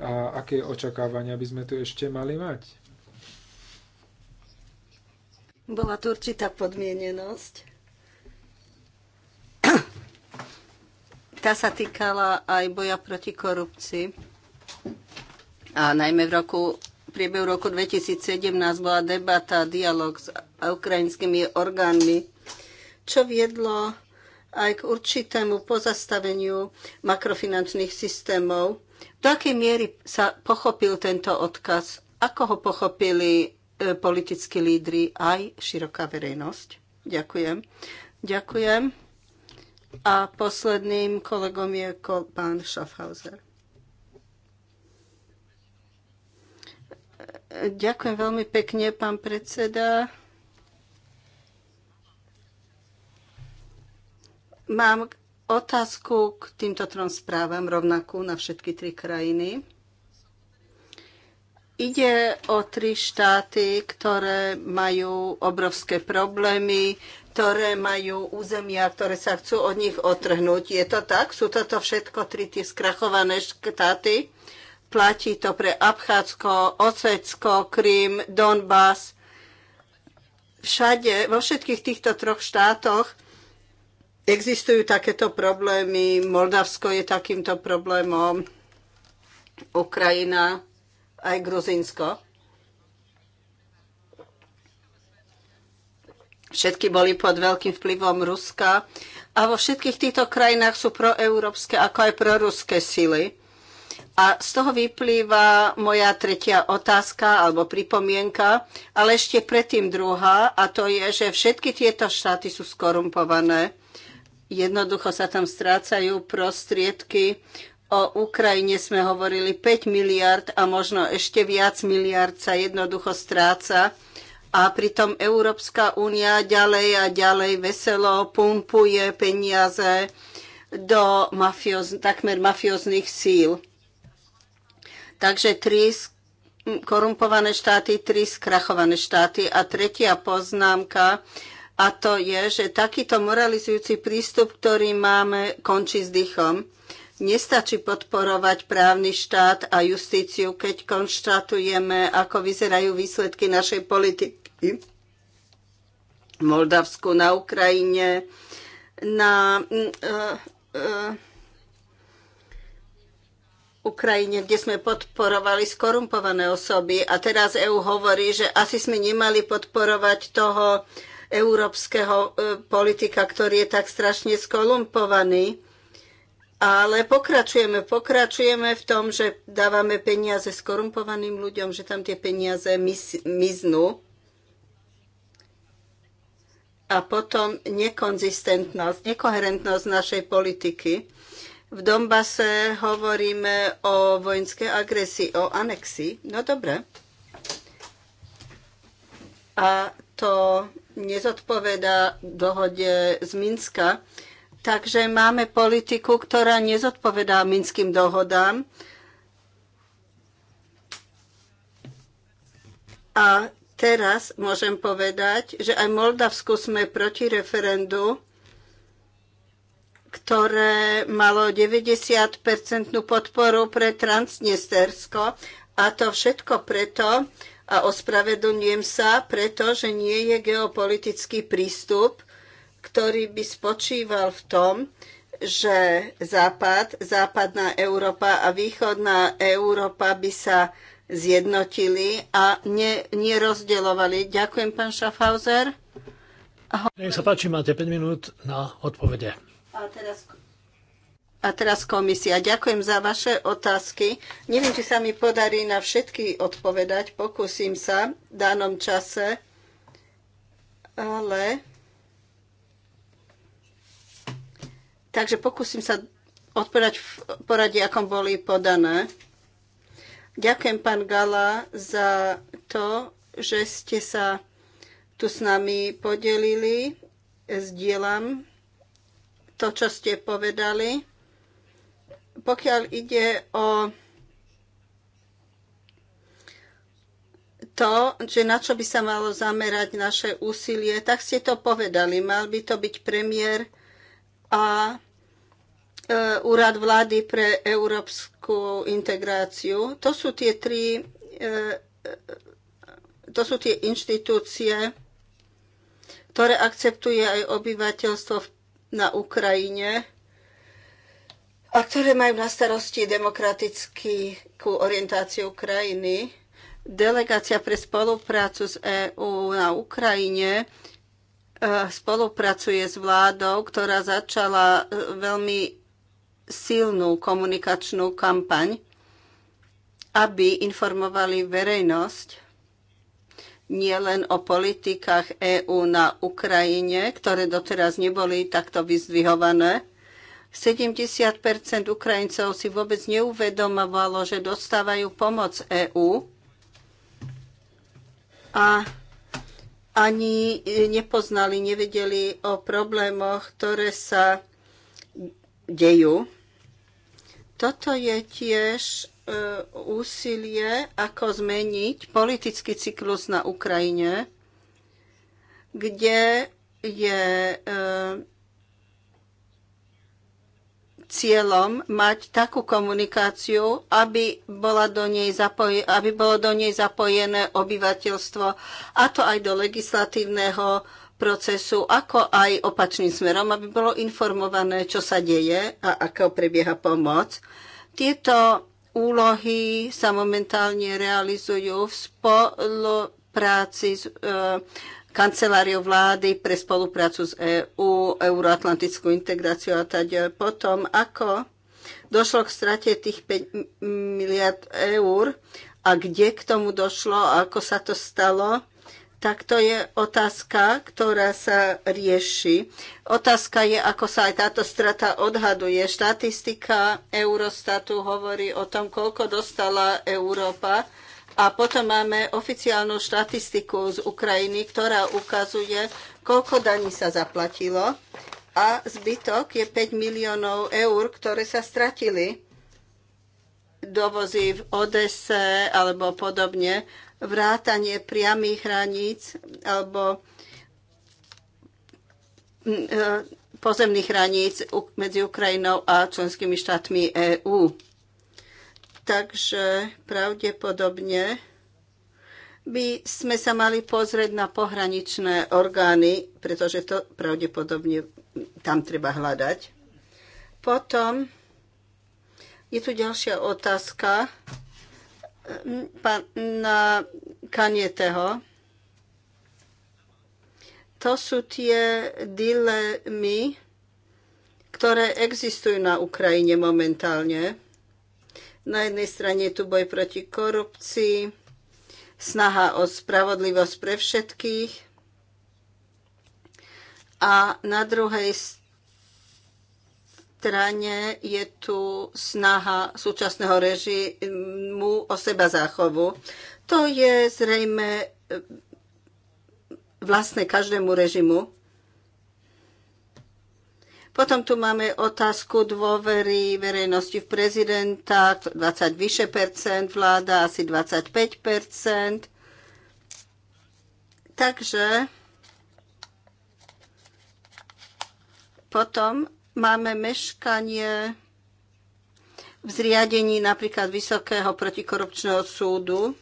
B: a aké očakávania by sme tu ešte mali mať?
C: Bola tu určitá podmienenosť. Tá sa týkala aj boja proti korupcii. A najmä v roku, v priebehu roku 2017 bola debata, dialog s ukrajinskými orgánmi, čo viedlo aj k určitému pozastaveniu makrofinančných systémov. Do akej miery sa pochopil tento odkaz? Ako ho pochopili e, politickí lídry aj široká verejnosť? Ďakujem. Ďakujem. A posledným kolegom je pán Schaffhauser. Ďakujem veľmi pekne, pán predseda. Mám otázku k týmto trom správam, rovnakú na všetky tri krajiny. Ide o tri štáty, ktoré majú obrovské problémy, ktoré majú územia, ktoré sa chcú od nich otrhnúť. Je to tak? Sú toto všetko tri tie skrachované štáty? Platí to pre Abchádzko, Osecko, Krym, Donbass. Všade, vo všetkých týchto troch štátoch existujú takéto problémy. Moldavsko je takýmto problémom, Ukrajina, aj Gruzinsko. Všetky boli pod veľkým vplyvom Ruska a vo všetkých týchto krajinách sú proeurópske ako aj proruské sily. A z toho vyplýva moja tretia otázka alebo pripomienka, ale ešte predtým druhá, a to je, že všetky tieto štáty sú skorumpované. Jednoducho sa tam strácajú prostriedky. O Ukrajine sme hovorili 5 miliard a možno ešte viac miliard sa jednoducho stráca. A pritom Európska únia ďalej a ďalej veselo pumpuje peniaze do mafioz, takmer mafiozných síl Takže tri korumpované štáty, tri skrachované štáty. A tretia poznámka, a to je, že takýto moralizujúci prístup, ktorý máme, končí s dýchom. Nestačí podporovať právny štát a justíciu, keď konštatujeme, ako vyzerajú výsledky našej politiky v Moldavsku, na Ukrajine, na uh, uh, Ukrajine, kde sme podporovali skorumpované osoby a teraz EÚ hovorí, že asi sme nemali podporovať toho európskeho e, politika, ktorý je tak strašne skorumpovaný. Ale pokračujeme, pokračujeme v tom, že dávame peniaze skorumpovaným ľuďom, že tam tie peniaze miznú. A potom nekonzistentnosť, nekoherentnosť našej politiky v Dombase hovoríme o vojenskej agresii, o anexii. No dobre. A to nezodpoveda dohode z Minska. Takže máme politiku, ktorá nezodpovedá minským dohodám. A teraz môžem povedať, že aj Moldavsku sme proti referendu ktoré malo 90-percentnú podporu pre Transnestersko a to všetko preto, a ospravedlňujem sa, pretože nie je geopolitický prístup, ktorý by spočíval v tom, že Západ, Západná Európa a Východná Európa by sa zjednotili a ne, nerozdelovali. Ďakujem, pán Schaffhauser.
A: Nech sa páči, máte 5 minút na odpovede.
C: A teraz a teraz komisia. Ďakujem za vaše otázky. Neviem, či sa mi podarí na všetky odpovedať. Pokúsim sa v danom čase. Ale... Takže pokúsim sa odpovedať v poradí, akom boli podané. Ďakujem, pán Gala, za to, že ste sa tu s nami podelili. Zdieľam to, čo ste povedali. Pokiaľ ide o to, že na čo by sa malo zamerať naše úsilie, tak ste to povedali. Mal by to byť premiér a e, úrad vlády pre európsku integráciu. To sú tie tri e, e, to sú tie inštitúcie, ktoré akceptuje aj obyvateľstvo v na Ukrajine a ktoré majú na starosti demokratickú orientáciu krajiny. Delegácia pre spoluprácu s EÚ na Ukrajine e, spolupracuje s vládou, ktorá začala e, veľmi silnú komunikačnú kampaň, aby informovali verejnosť nielen o politikách EÚ na Ukrajine, ktoré doteraz neboli takto vyzdvihované. 70 Ukrajincov si vôbec neuvedomovalo, že dostávajú pomoc EÚ a ani nepoznali, nevedeli o problémoch, ktoré sa dejú. Toto je tiež E, úsilie, ako zmeniť politický cyklus na Ukrajine, kde je e, cieľom mať takú komunikáciu, aby, bola do nej zapoje, aby bolo do nej zapojené obyvateľstvo, a to aj do legislatívneho procesu, ako aj opačným smerom, aby bolo informované, čo sa deje a ako prebieha pomoc. Tieto úlohy sa momentálne realizujú v spolupráci s e, kanceláriou vlády pre spoluprácu s EÚ, EU, euroatlantickú integráciu a tak potom, ako došlo k strate tých 5 miliard eur a kde k tomu došlo a ako sa to stalo tak to je otázka, ktorá sa rieši. Otázka je, ako sa aj táto strata odhaduje. Štatistika Eurostatu hovorí o tom, koľko dostala Európa. A potom máme oficiálnu štatistiku z Ukrajiny, ktorá ukazuje, koľko daní sa zaplatilo. A zbytok je 5 miliónov eur, ktoré sa stratili dovozy v Odese alebo podobne vrátanie priamých hraníc alebo e, pozemných hraníc medzi Ukrajinou a členskými štátmi EÚ. Takže pravdepodobne by sme sa mali pozrieť na pohraničné orgány, pretože to pravdepodobne tam treba hľadať. Potom je tu ďalšia otázka, pána Kanieteho. To sú tie dilemy, ktoré existujú na Ukrajine momentálne. Na jednej strane je tu boj proti korupcii, snaha o spravodlivosť pre všetkých a na druhej strane strane je tu snaha súčasného režimu o seba záchovu. To je zrejme eh, vlastné každému režimu. Potom tu máme otázku dôvery verejnosti v prezidenta, 20 vyše percent, vláda asi 25 percent. Takže potom Máme meškanie v zriadení napríklad Vysokého protikorupčného súdu.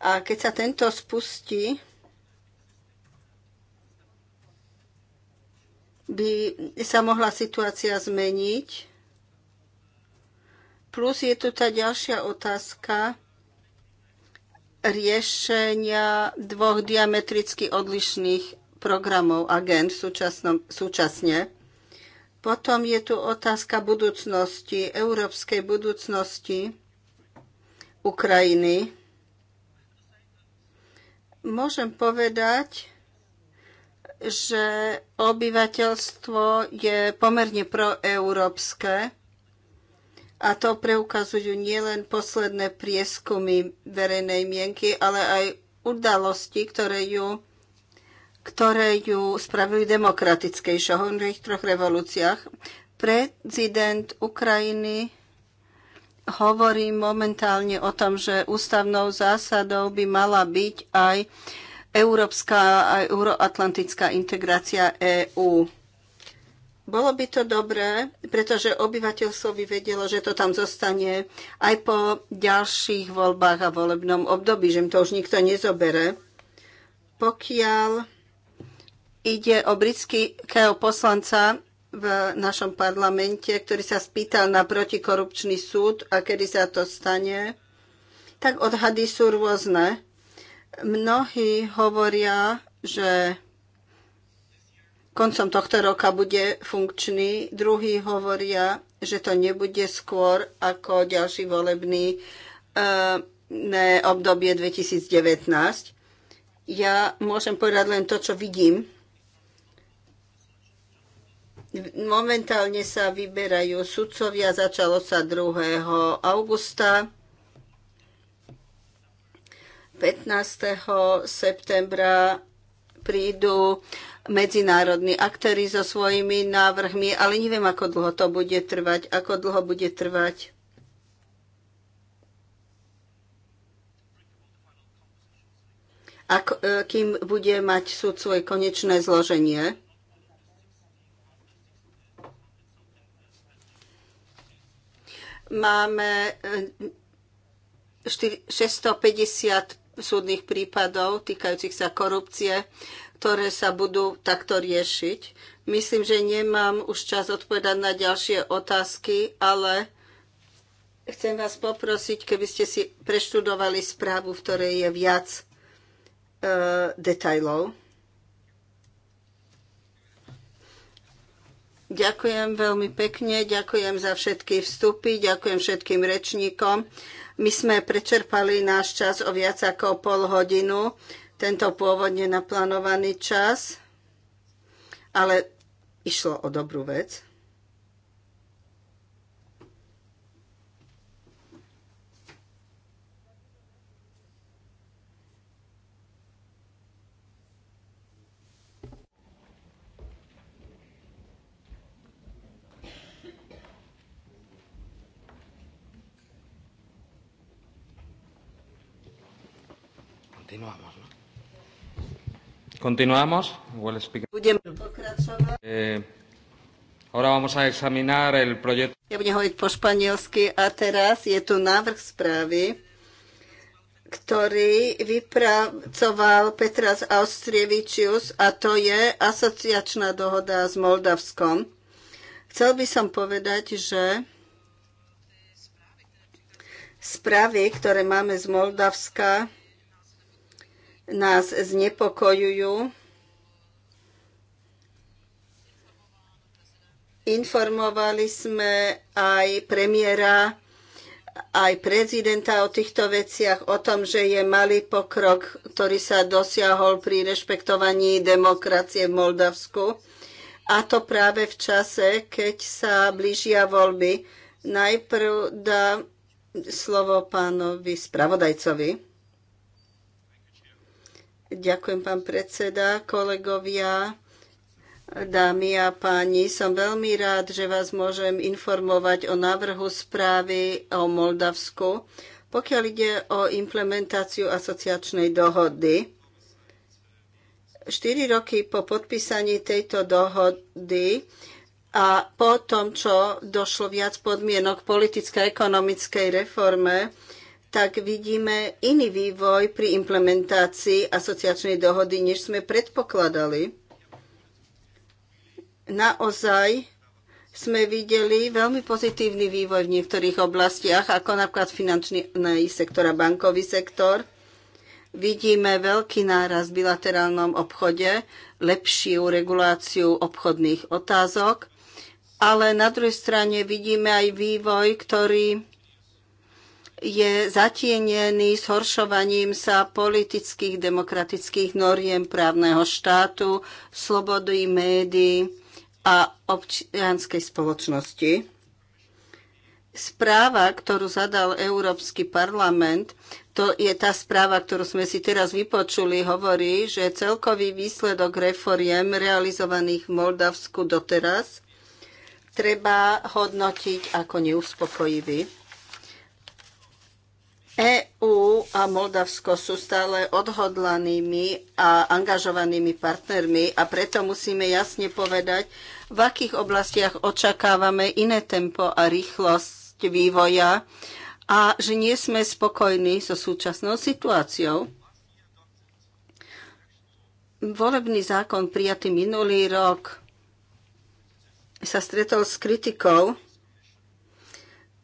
C: A keď sa tento spustí, by sa mohla situácia zmeniť. Plus je tu tá ďalšia otázka riešenia dvoch diametricky odlišných programov agent súčasne. Potom je tu otázka budúcnosti, európskej budúcnosti Ukrajiny. Môžem povedať, že obyvateľstvo je pomerne proeurópske a to preukazujú nielen posledné prieskumy verejnej mienky, ale aj udalosti, ktoré ju ktoré ju spravili Hovorím v ich troch revolúciách. Prezident Ukrajiny hovorí momentálne o tom, že ústavnou zásadou by mala byť aj európska a euroatlantická integrácia EÚ. Bolo by to dobré, pretože obyvateľstvo by vedelo, že to tam zostane aj po ďalších voľbách a volebnom období, že im to už nikto nezobere. Pokiaľ Ide o britského poslanca v našom parlamente, ktorý sa spýtal na protikorupčný súd a kedy sa to stane, tak odhady sú rôzne. Mnohí hovoria, že koncom tohto roka bude funkčný, druhí hovoria, že to nebude skôr ako ďalší volebný uh, obdobie 2019. Ja môžem povedať len to, čo vidím Momentálne sa vyberajú sudcovia, začalo sa 2. augusta. 15. septembra prídu medzinárodní aktéry so svojimi návrhmi, ale neviem, ako dlho to bude trvať, ako dlho bude trvať. Ak, e, kým bude mať súd svoje konečné zloženie. Máme 650 e, súdnych prípadov týkajúcich sa korupcie, ktoré sa budú takto riešiť. Myslím, že nemám už čas odpovedať na ďalšie otázky, ale chcem vás poprosiť, keby ste si preštudovali správu, v ktorej je viac e, detajlov. Ďakujem veľmi pekne, ďakujem za všetky vstupy, ďakujem všetkým rečníkom. My sme prečerpali náš čas o viac ako pol hodinu, tento pôvodne naplánovaný čas, ale išlo o dobrú vec.
D: Continuamos. Well speaker. Budem
C: pokračovať.
D: Eh, ahora vamos a examinar el proyecto.
C: Ja budem hovoriť po španielsky a teraz je tu návrh správy, ktorý vypracoval Petras Austrievičius a to je asociačná dohoda s Moldavskom. Chcel by som povedať, že správy, ktoré máme z Moldavska, nás znepokojujú. Informovali sme aj premiéra, aj prezidenta o týchto veciach, o tom, že je malý pokrok, ktorý sa dosiahol pri rešpektovaní demokracie v Moldavsku. A to práve v čase, keď sa blížia voľby. Najprv dá slovo pánovi spravodajcovi. Ďakujem, pán predseda, kolegovia, dámy a páni. Som veľmi rád, že vás môžem informovať o návrhu správy o Moldavsku, pokiaľ ide o implementáciu asociačnej dohody. 4 roky po podpísaní tejto dohody a po tom, čo došlo viac podmienok politickej a ekonomickej reforme, tak vidíme iný vývoj pri implementácii asociačnej dohody, než sme predpokladali. Naozaj sme videli veľmi pozitívny vývoj v niektorých oblastiach, ako napríklad finančný sektor a bankový sektor. Vidíme veľký náraz v bilaterálnom obchode, lepšiu reguláciu obchodných otázok, ale na druhej strane vidíme aj vývoj, ktorý je zatienený zhoršovaním sa politických demokratických noriem právneho štátu, slobody médií a občianskej spoločnosti. Správa, ktorú zadal Európsky parlament, to je tá správa, ktorú sme si teraz vypočuli, hovorí, že celkový výsledok reforiem realizovaných v Moldavsku doteraz treba hodnotiť ako neuspokojivý EÚ a Moldavsko sú stále odhodlanými a angažovanými partnermi a preto musíme jasne povedať, v akých oblastiach očakávame iné tempo a rýchlosť vývoja a že nie sme spokojní so súčasnou situáciou. Volebný zákon prijatý minulý rok sa stretol s kritikou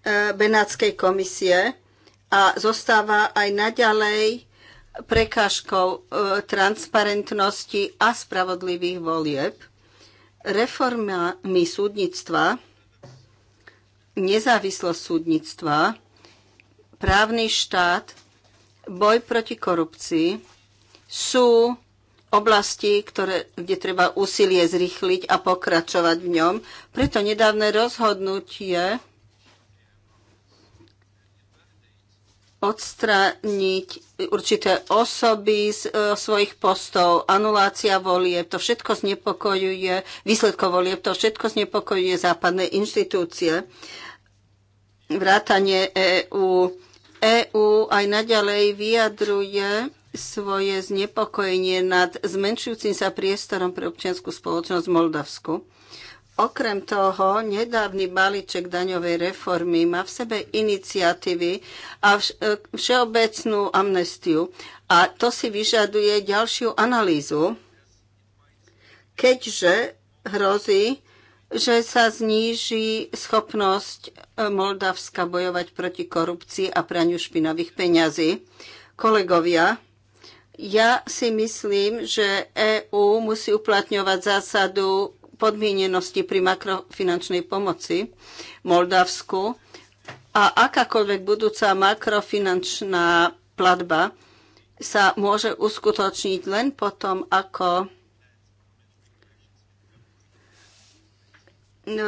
C: e, Benátskej komisie, a zostáva aj naďalej prekážkou e, transparentnosti a spravodlivých volieb. Reformami súdnictva, nezávislosť súdnictva, právny štát, boj proti korupcii sú oblasti, ktoré, kde treba úsilie zrýchliť a pokračovať v ňom. Preto nedávne rozhodnutie odstrániť určité osoby z e, svojich postov, anulácia volieb, to všetko znepokojuje, výsledkov volieb, to všetko znepokojuje západné inštitúcie. Vrátanie EÚ. EÚ aj naďalej vyjadruje svoje znepokojenie nad zmenšujúcim sa priestorom pre občianskú spoločnosť v Moldavsku. Okrem toho, nedávny balíček daňovej reformy má v sebe iniciatívy a e, všeobecnú amnestiu. A to si vyžaduje ďalšiu analýzu, keďže hrozí, že sa zníži schopnosť e, Moldavska bojovať proti korupcii a praniu špinavých peňazí. Kolegovia, ja si myslím, že EÚ musí uplatňovať zásadu podmienenosti pri makrofinančnej pomoci Moldavsku a akákoľvek budúca makrofinančná platba sa môže uskutočniť len potom, ako e,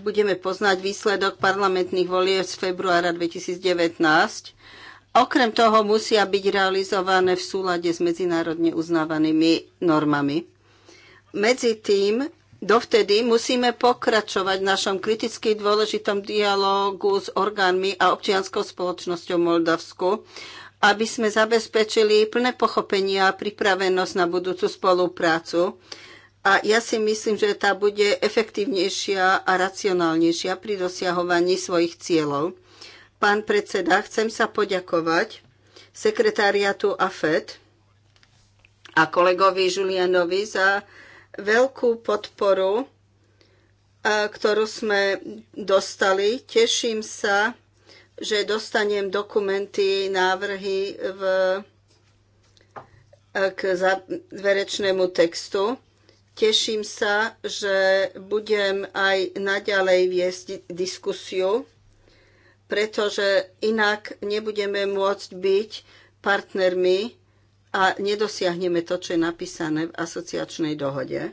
C: budeme poznať výsledok parlamentných volieb z februára 2019. Okrem toho musia byť realizované v súlade s medzinárodne uznávanými normami. Medzi tým Dovtedy musíme pokračovať v našom kriticky dôležitom dialógu s orgánmi a občianskou spoločnosťou Moldavsku, aby sme zabezpečili plné pochopenie a pripravenosť na budúcu spoluprácu. A ja si myslím, že tá bude efektívnejšia a racionálnejšia pri dosiahovaní svojich cieľov. Pán predseda, chcem sa poďakovať sekretariatu AFED a kolegovi Julianovi za veľkú podporu, e, ktorú sme dostali. Teším sa, že dostanem dokumenty, návrhy v, e, k záverečnému textu. Teším sa, že budem aj naďalej viesť diskusiu, pretože inak nebudeme môcť byť partnermi a nedosiahneme to, čo je napísané v asociačnej dohode.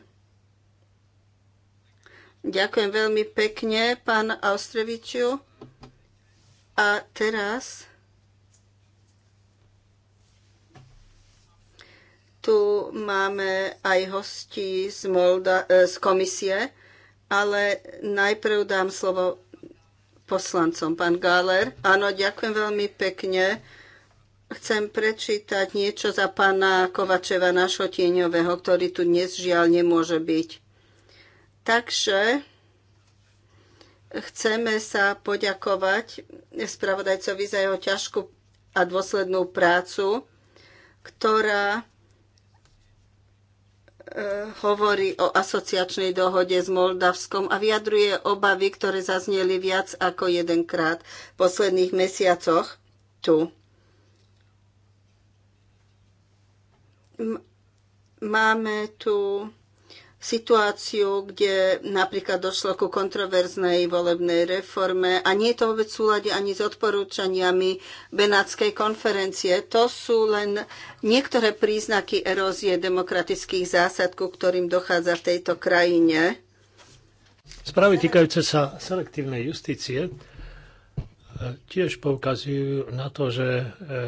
C: Ďakujem veľmi pekne, pán Austreviču. A teraz tu máme aj hosti z, Molda, eh, z komisie, ale najprv dám slovo poslancom. Pán Gáler, áno, ďakujem veľmi pekne Chcem prečítať niečo za pána Kovačeva, našho tieňového, ktorý tu dnes žiaľ nemôže byť. Takže chceme sa poďakovať spravodajcovi za jeho ťažkú a dôslednú prácu, ktorá e, hovorí o asociačnej dohode s Moldavskom a vyjadruje obavy, ktoré zazneli viac ako jedenkrát v posledných mesiacoch tu. máme tu situáciu, kde napríklad došlo ku kontroverznej volebnej reforme a nie je to vôbec súlade ani s odporúčaniami Benátskej konferencie. To sú len niektoré príznaky erózie demokratických zásad, ku ktorým dochádza v tejto krajine.
A: Správy týkajúce sa selektívnej justície tiež poukazujú na to, že e,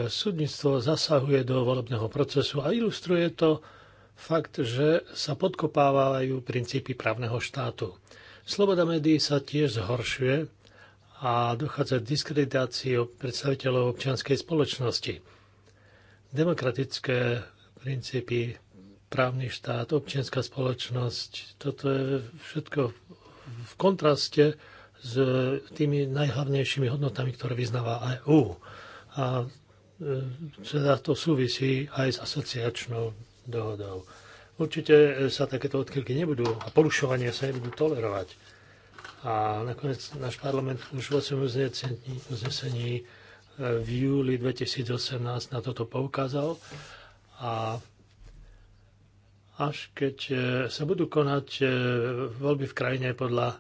A: súdnictvo zasahuje do volebného procesu a ilustruje to fakt, že sa podkopávajú princípy právneho štátu. Sloboda médií sa tiež zhoršuje a dochádza k diskreditácii predstaviteľov občianskej spoločnosti. Demokratické princípy, právny štát, občianská spoločnosť, toto je všetko v kontraste s tými najhlavnejšími hodnotami, ktoré vyznáva EU. A e, teda to súvisí aj s asociačnou dohodou. Určite e, sa takéto odchylky nebudú a porušovania sa nebudú tolerovať. A nakoniec náš parlament už v 8 uznesení e, v júli 2018 na toto poukázal a až keď sa budú konať voľby v krajine podľa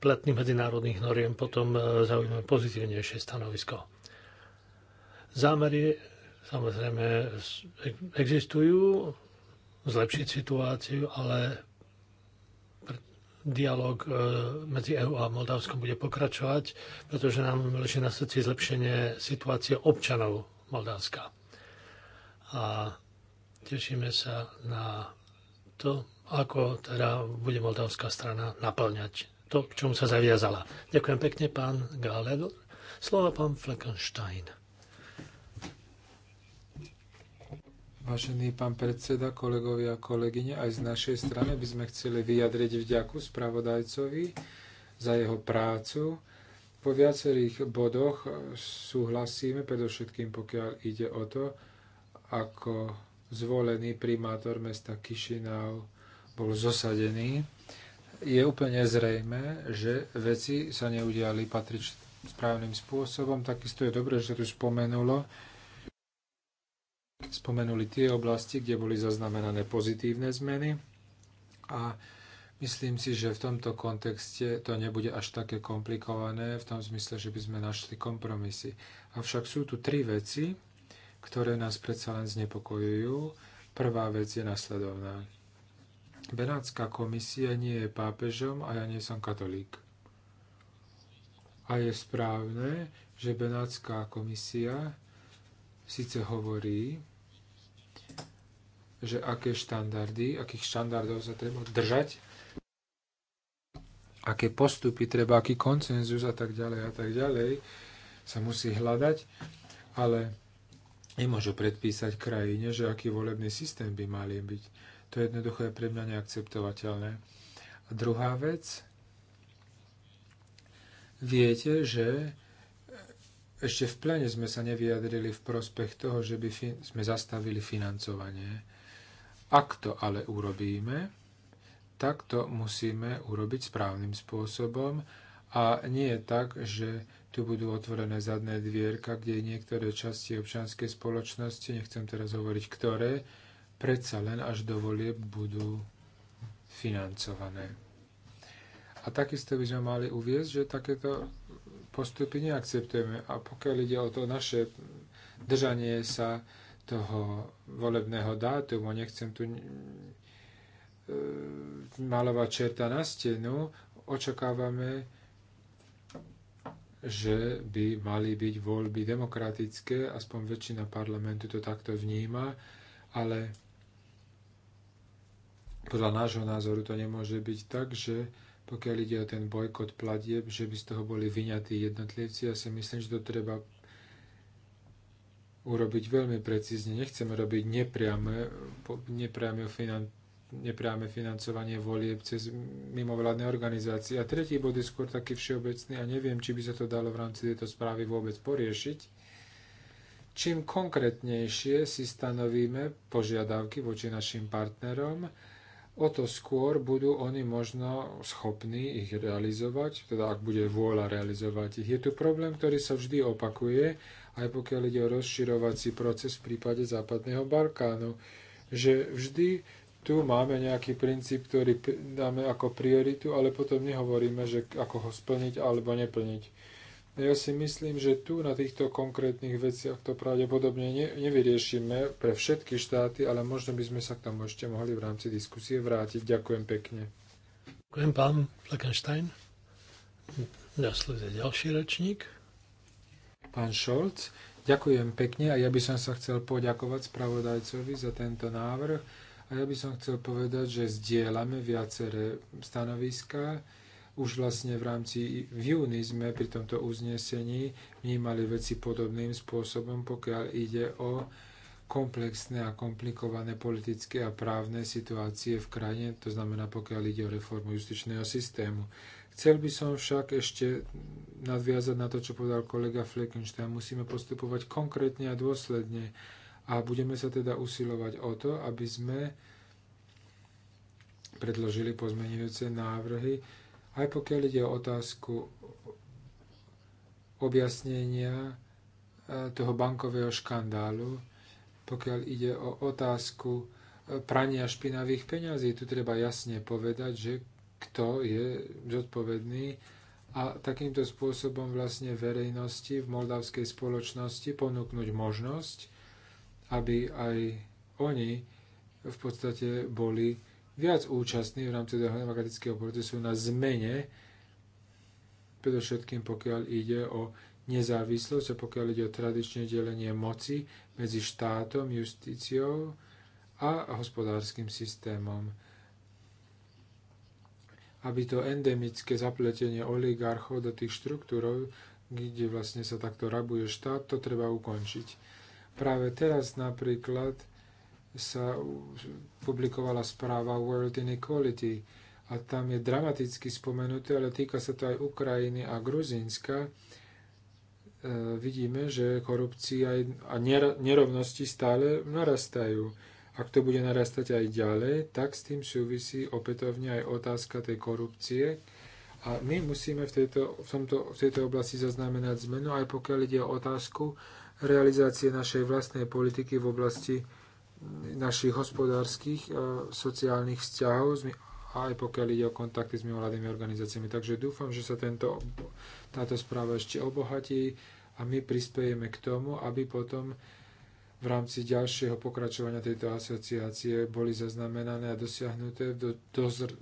A: platných medzinárodných noriem potom e, zaujíme pozitívnejšie stanovisko. Zámery samozrejme e- existujú, zlepšiť situáciu, ale dialog e, medzi EU a Moldavskom bude pokračovať, pretože nám leží na srdci zlepšenie situácie občanov Moldavska. A tešíme sa na to, ako teda bude moldavská strana naplňať to, k čomu sa zaviazala. Ďakujem pekne, pán Gáler. Slova pán Fleckenstein.
B: Vážený pán predseda, kolegovia a kolegyne, aj z našej strany by sme chceli vyjadriť vďaku spravodajcovi za jeho prácu. Po viacerých bodoch súhlasíme, predovšetkým pokiaľ ide o to, ako zvolený primátor mesta Kišinau bol zosadený je úplne zrejme, že veci sa neudiali patrič správnym spôsobom. Takisto je dobré, že sa tu spomenulo, spomenuli tie oblasti, kde boli zaznamenané pozitívne zmeny a myslím si, že v tomto kontexte to nebude až také komplikované v tom zmysle, že by sme našli kompromisy. Avšak sú tu tri veci, ktoré nás predsa len znepokojujú. Prvá vec je nasledovná Benátska komisia nie je pápežom a ja nie som katolík. A je správne, že Benátska komisia síce hovorí, že aké štandardy, akých štandardov sa treba držať, aké postupy treba, aký koncenzus a tak ďalej a tak ďalej sa musí hľadať, ale nemôžu predpísať krajine, že aký volebný systém by mali byť. To jednoducho je pre mňa neakceptovateľné. A druhá vec, viete, že ešte v plene sme sa nevyjadrili v prospech toho, že by sme zastavili financovanie. Ak to ale urobíme, tak to musíme urobiť správnym spôsobom a nie je tak, že tu budú otvorené zadné dvierka, kde niektoré časti občianskej spoločnosti, nechcem teraz hovoriť ktoré, predsa len až do volieb budú financované. A takisto by sme mali uviezť, že takéto postupy neakceptujeme. A pokiaľ ide o to naše držanie sa toho volebného dátumu, nechcem tu e, malovať čerta na stenu, očakávame, že by mali byť voľby demokratické, aspoň väčšina parlamentu to takto vníma, ale podľa nášho názoru to nemôže byť tak, že pokiaľ ide o ten bojkot platieb, že by z toho boli vyňatí jednotlivci. Ja si myslím, že to treba urobiť veľmi precízne. Nechceme robiť nepriame, nepriame, finan, nepriame financovanie volieb cez mimovládne organizácie. A tretí bod je skôr taký všeobecný a neviem, či by sa to dalo v rámci tejto správy vôbec poriešiť. Čím konkrétnejšie si stanovíme požiadavky voči našim partnerom, o to skôr budú oni možno schopní ich realizovať, teda ak bude vôľa realizovať ich. Je tu problém, ktorý sa vždy opakuje, aj pokiaľ ide o rozširovací proces v prípade Západného Balkánu, že vždy tu máme nejaký princíp, ktorý dáme ako prioritu, ale potom nehovoríme, že ako ho splniť alebo neplniť. Ja si myslím, že tu na týchto konkrétnych veciach to pravdepodobne ne, nevyriešime pre všetky štáty, ale možno by sme sa k tomu ešte mohli v rámci diskusie vrátiť. Ďakujem pekne.
A: Ďakujem pán Fleckenstein. Nasleduje ďalší rečník.
B: Pán Šolc, ďakujem pekne a ja by som sa chcel poďakovať spravodajcovi za tento návrh a ja by som chcel povedať, že zdieľame viaceré stanoviská, už vlastne v rámci v júni sme pri tomto uznesení vnímali veci podobným spôsobom, pokiaľ ide o komplexné a komplikované politické a právne situácie v krajine, to znamená pokiaľ ide o reformu justičného systému. Chcel by som však ešte nadviazať na to, čo povedal kolega Fleckenstein. Musíme postupovať konkrétne a dôsledne a budeme sa teda usilovať o to, aby sme predložili pozmenujúce návrhy, aj pokiaľ ide o otázku objasnenia e, toho bankového škandálu, pokiaľ ide o otázku e, prania špinavých peňazí, tu treba jasne povedať, že kto je zodpovedný a takýmto spôsobom vlastne verejnosti v moldavskej spoločnosti ponúknuť možnosť, aby aj oni v podstate boli viac účastní v rámci toho demokratického procesu na zmene, predovšetkým pokiaľ ide o nezávislosť a pokiaľ ide o tradičné delenie moci medzi štátom, justíciou a hospodárskym systémom. Aby to endemické zapletenie oligarchov do tých štruktúrov, kde vlastne sa takto rabuje štát, to treba ukončiť. Práve teraz napríklad sa publikovala správa World Inequality a tam je dramaticky spomenuté, ale týka sa to aj Ukrajiny a Gruzínska. E, vidíme, že korupcia a nerovnosti stále narastajú. Ak to bude narastať aj ďalej, tak s tým súvisí opätovne aj otázka tej korupcie. A my musíme v tejto, v, tomto, v tejto oblasti zaznamenať zmenu, aj pokiaľ ide o otázku realizácie našej vlastnej politiky v oblasti našich hospodárskych, sociálnych vzťahov a aj pokiaľ ide o kontakty s mimovládnymi organizáciami. Takže dúfam, že sa tento, táto správa ešte obohatí a my prispejeme k tomu, aby potom v rámci ďalšieho pokračovania tejto asociácie boli zaznamenané a dosiahnuté v do, dozr,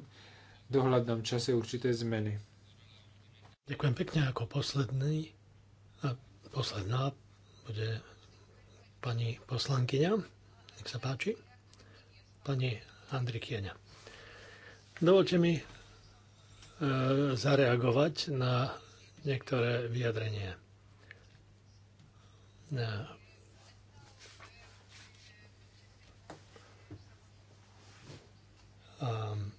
B: dohľadnom čase určité zmeny.
A: Ďakujem pekne ako posledný a posledná bude pani poslankyňa. Nech sa páči. Pani Andri Kieňa. Dovolte mi e, zareagovať na niektoré vyjadrenie. Na e, Um,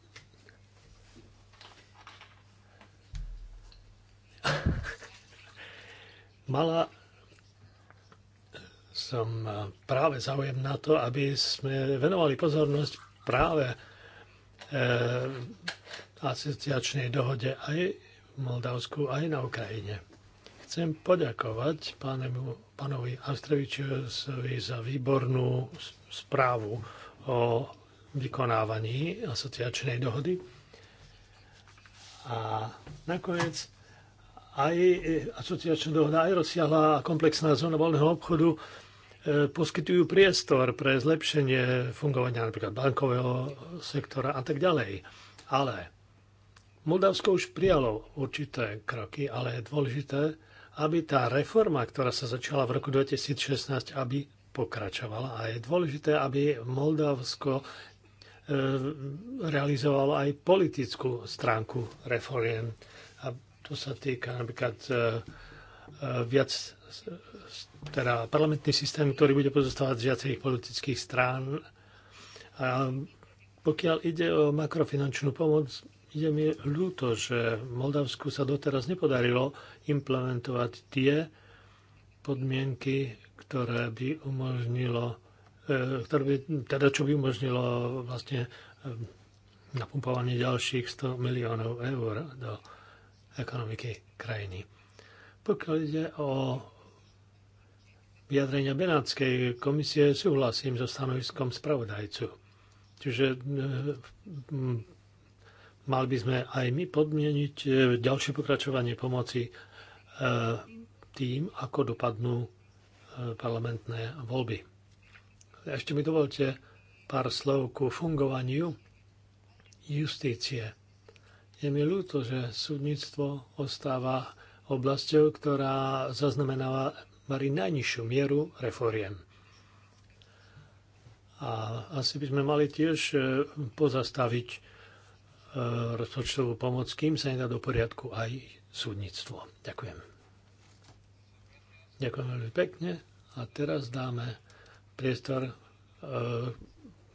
A: (laughs) mala som e, práve záujem na to, aby sme venovali pozornosť práve e, asociačnej dohode aj v Moldavsku, aj na Ukrajine. Chcem poďakovať pánemu, pánovi Astrovičovi za výbornú správu o vykonávaní asociačnej dohody. A nakoniec aj asociačná dohoda aj rozsiahla komplexná zóna voľného obchodu E, poskytujú priestor pre zlepšenie fungovania napríklad bankového sektora a tak ďalej. Ale Moldavsko už prijalo určité kroky, ale je dôležité, aby tá reforma, ktorá sa začala v roku 2016, aby pokračovala. A je dôležité, aby Moldavsko e, realizovalo aj politickú stránku reforiem. A to sa týka napríklad e, Eh, viac teda parlamentný systém, ktorý bude pozostávať z viacerých politických strán. A pokiaľ ide o makrofinančnú pomoc, je mi ľúto, že Moldavsku sa doteraz nepodarilo implementovať tie podmienky, ktoré by umožnilo, eh, ktoré by, teda čo by umožnilo vlastne eh, napumpovanie ďalších 100 miliónov eur do ekonomiky krajiny. Pokiaľ ide o vyjadrenia Benátskej komisie, súhlasím so stanoviskom spravodajcu. Čiže e, mali by sme aj my podmieniť e, ďalšie pokračovanie pomoci e, tým, ako dopadnú parlamentné voľby. Ešte mi dovolte pár slov ku fungovaniu justície. Je mi ľúto, že súdnictvo ostáva oblasťou, ktorá zaznamenáva mari najnižšiu mieru reforiem. A asi by sme mali tiež e, pozastaviť e, rozpočtovú pomoc, kým sa nedá do poriadku aj súdnictvo. Ďakujem. Ďakujem veľmi pekne a teraz dáme priestor e,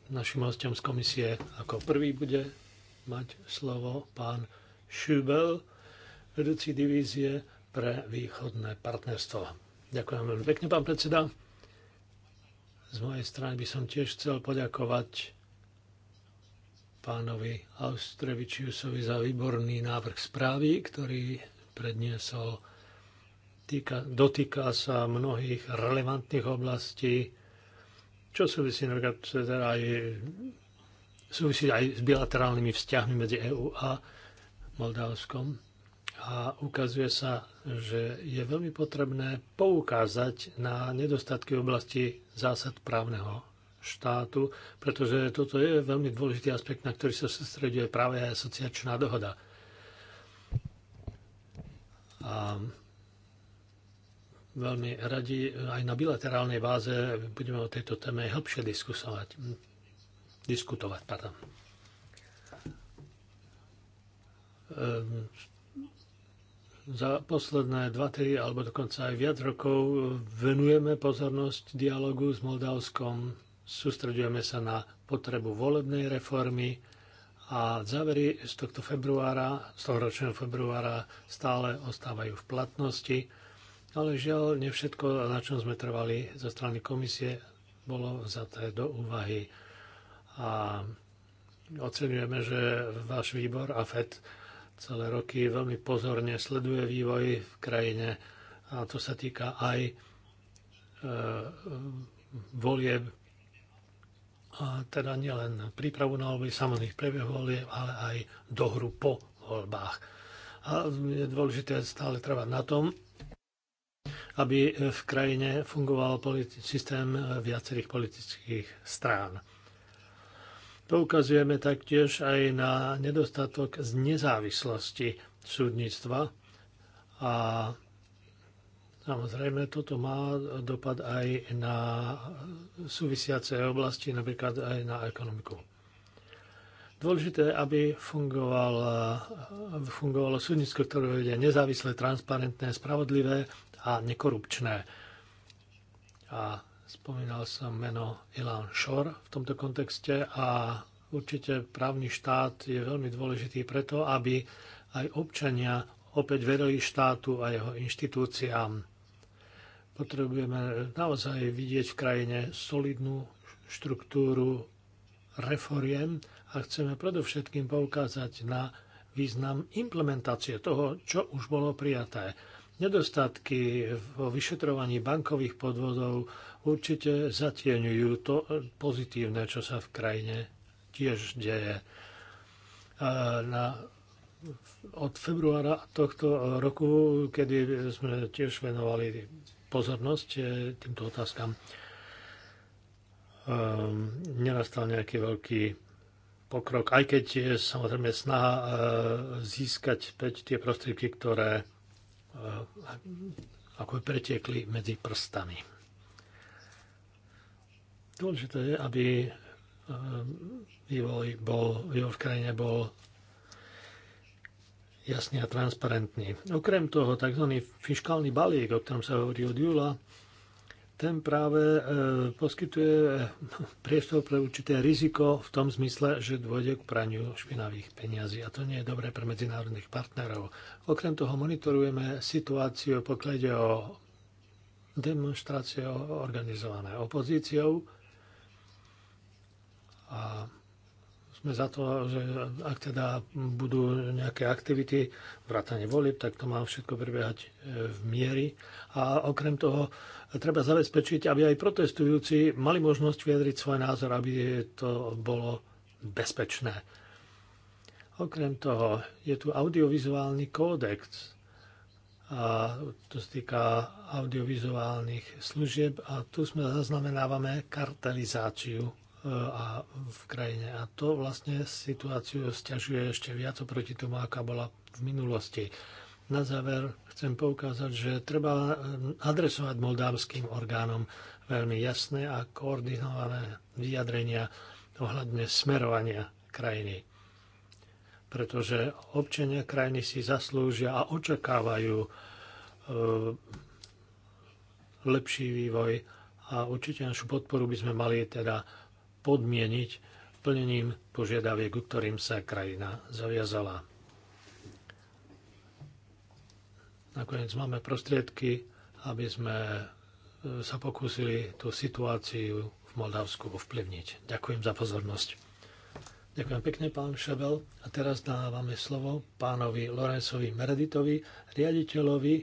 A: našim hostiam z komisie. Ako prvý bude mať slovo pán Šubel, vedúci divízie pre východné partnerstvo. Ďakujem veľmi pekne, pán predseda. Z mojej strany by som tiež chcel poďakovať pánovi Austrevičiusovi za výborný návrh správy, ktorý predniesol. Týka, dotýka sa mnohých relevantných oblastí, čo súvisí napríklad teda aj, súvisí aj s bilaterálnymi vzťahmi medzi EÚ a Moldavskom a ukazuje sa, že je veľmi potrebné poukázať na nedostatky v oblasti zásad právneho štátu, pretože toto je veľmi dôležitý aspekt, na ktorý sa sústreduje práve aj asociačná dohoda. A veľmi radi aj na bilaterálnej báze budeme o tejto téme hĺbšie diskusovať. Diskutovať, pardon ehm, za posledné 2-3 alebo dokonca aj viac rokov venujeme pozornosť dialogu s Moldavskom, sústredujeme sa na potrebu volebnej reformy a závery z tohto februára, z toho ročného februára stále ostávajú v platnosti, ale žiaľ, nevšetko, na čom sme trvali zo strany komisie, bolo vzaté do úvahy. A oceňujeme, že váš výbor a FED celé roky veľmi pozorne sleduje vývoj v krajine a to sa týka aj e, volieb a teda nielen prípravu na voľby, samotných prebieh volieb, ale aj dohru po voľbách. A je dôležité stále trvať na tom, aby v krajine fungoval systém viacerých politických strán. Poukazujeme taktiež aj na nedostatok z nezávislosti súdnictva a samozrejme toto má dopad aj na súvisiace oblasti, napríklad aj na ekonomiku. Dôležité, aby fungovalo, fungovalo súdnictvo, ktoré bude nezávislé, transparentné, spravodlivé a nekorupčné. A Spomínal som meno Ilan Shore v tomto kontexte a určite právny štát je veľmi dôležitý preto, aby aj občania opäť verili štátu a jeho inštitúciám. Potrebujeme naozaj vidieť v krajine solidnú štruktúru reforiem a chceme predovšetkým poukázať na význam implementácie toho, čo už bolo prijaté. Nedostatky vo vyšetrovaní bankových podvodov určite zatieňujú to pozitívne, čo sa v krajine tiež deje. Na, od februára tohto roku, kedy sme tiež venovali pozornosť e, týmto otázkam, ehm, nenastal nejaký veľký pokrok, aj keď je samozrejme snaha e, získať späť tie prostriedky, ktoré e, ako pretiekli medzi prstami. Dôležité je, aby eh, vývoj bol, vývoj v krajine bol jasný a transparentný. Okrem toho, tzv. fiskálny balík, o ktorom sa hovorí od júla, ten práve eh, poskytuje priestor pre určité riziko v tom zmysle, že dôjde k praniu špinavých peňazí a to nie je dobré pre medzinárodných partnerov. Okrem toho monitorujeme situáciu, pokiaľ ide o demonstrácie organizované opozíciou, a sme za to, že ak teda budú nejaké aktivity, vrátanie volieb, tak to má všetko prebiehať e, v miery. A okrem toho treba zabezpečiť, aby aj protestujúci mali možnosť vyjadriť svoj názor, aby to bolo bezpečné. Okrem toho je tu audiovizuálny kódex, a to sa týka audiovizuálnych služieb a tu sme zaznamenávame kartelizáciu a v krajine. A to vlastne situáciu stiažuje ešte viac oproti tomu, aká bola v minulosti. Na záver chcem poukázať, že treba adresovať moldávským orgánom veľmi jasné a koordinované vyjadrenia ohľadne smerovania krajiny. Pretože občania krajiny si zaslúžia a očakávajú e, lepší vývoj a určite našu podporu by sme mali teda podmieniť plnením požiadaviek, ku ktorým sa krajina zaviazala. Nakoniec máme prostriedky, aby sme e, sa pokúsili tú situáciu v Moldavsku ovplyvniť. Ďakujem za pozornosť. Ďakujem pekne, pán Šebel. A teraz dávame slovo pánovi Lorenzovi Mereditovi, riaditeľovi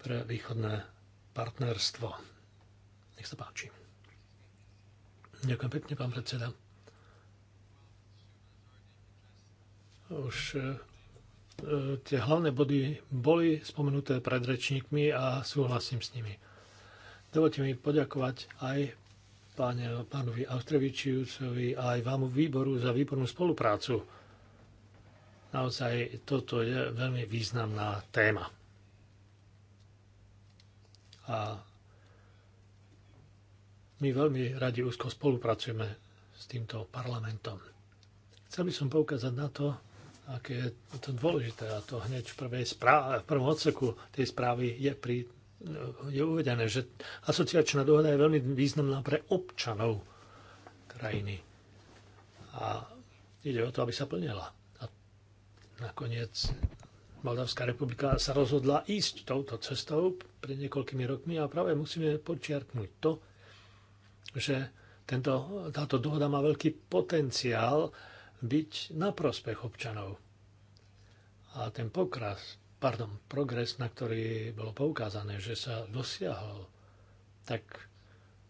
A: pre východné partnerstvo. Nech sa páči. Ďakujem pekne, pán predseda. Už e, e, tie hlavné body boli spomenuté pred rečníkmi a súhlasím s nimi. Dovolte mi poďakovať aj páne, pánovi Austrevičiusovi a aj vám výboru za výbornú spoluprácu. Naozaj toto je veľmi významná téma. A my veľmi radi úzko spolupracujeme s týmto parlamentom. Chcel by som poukázať na to, aké je to dôležité a to hneď v, prvej správe, v prvom odseku tej správy je, pri, je uvedené, že asociačná dohoda je veľmi významná pre občanov krajiny. A ide o to, aby sa plnila. A nakoniec Moldavská republika sa rozhodla ísť touto cestou pred niekoľkými rokmi a práve musíme počiarknúť to, že tento, táto dohoda má veľký potenciál byť na prospech občanov. A ten pokras, pardon, progres, na ktorý bolo poukázané, že sa dosiahol, tak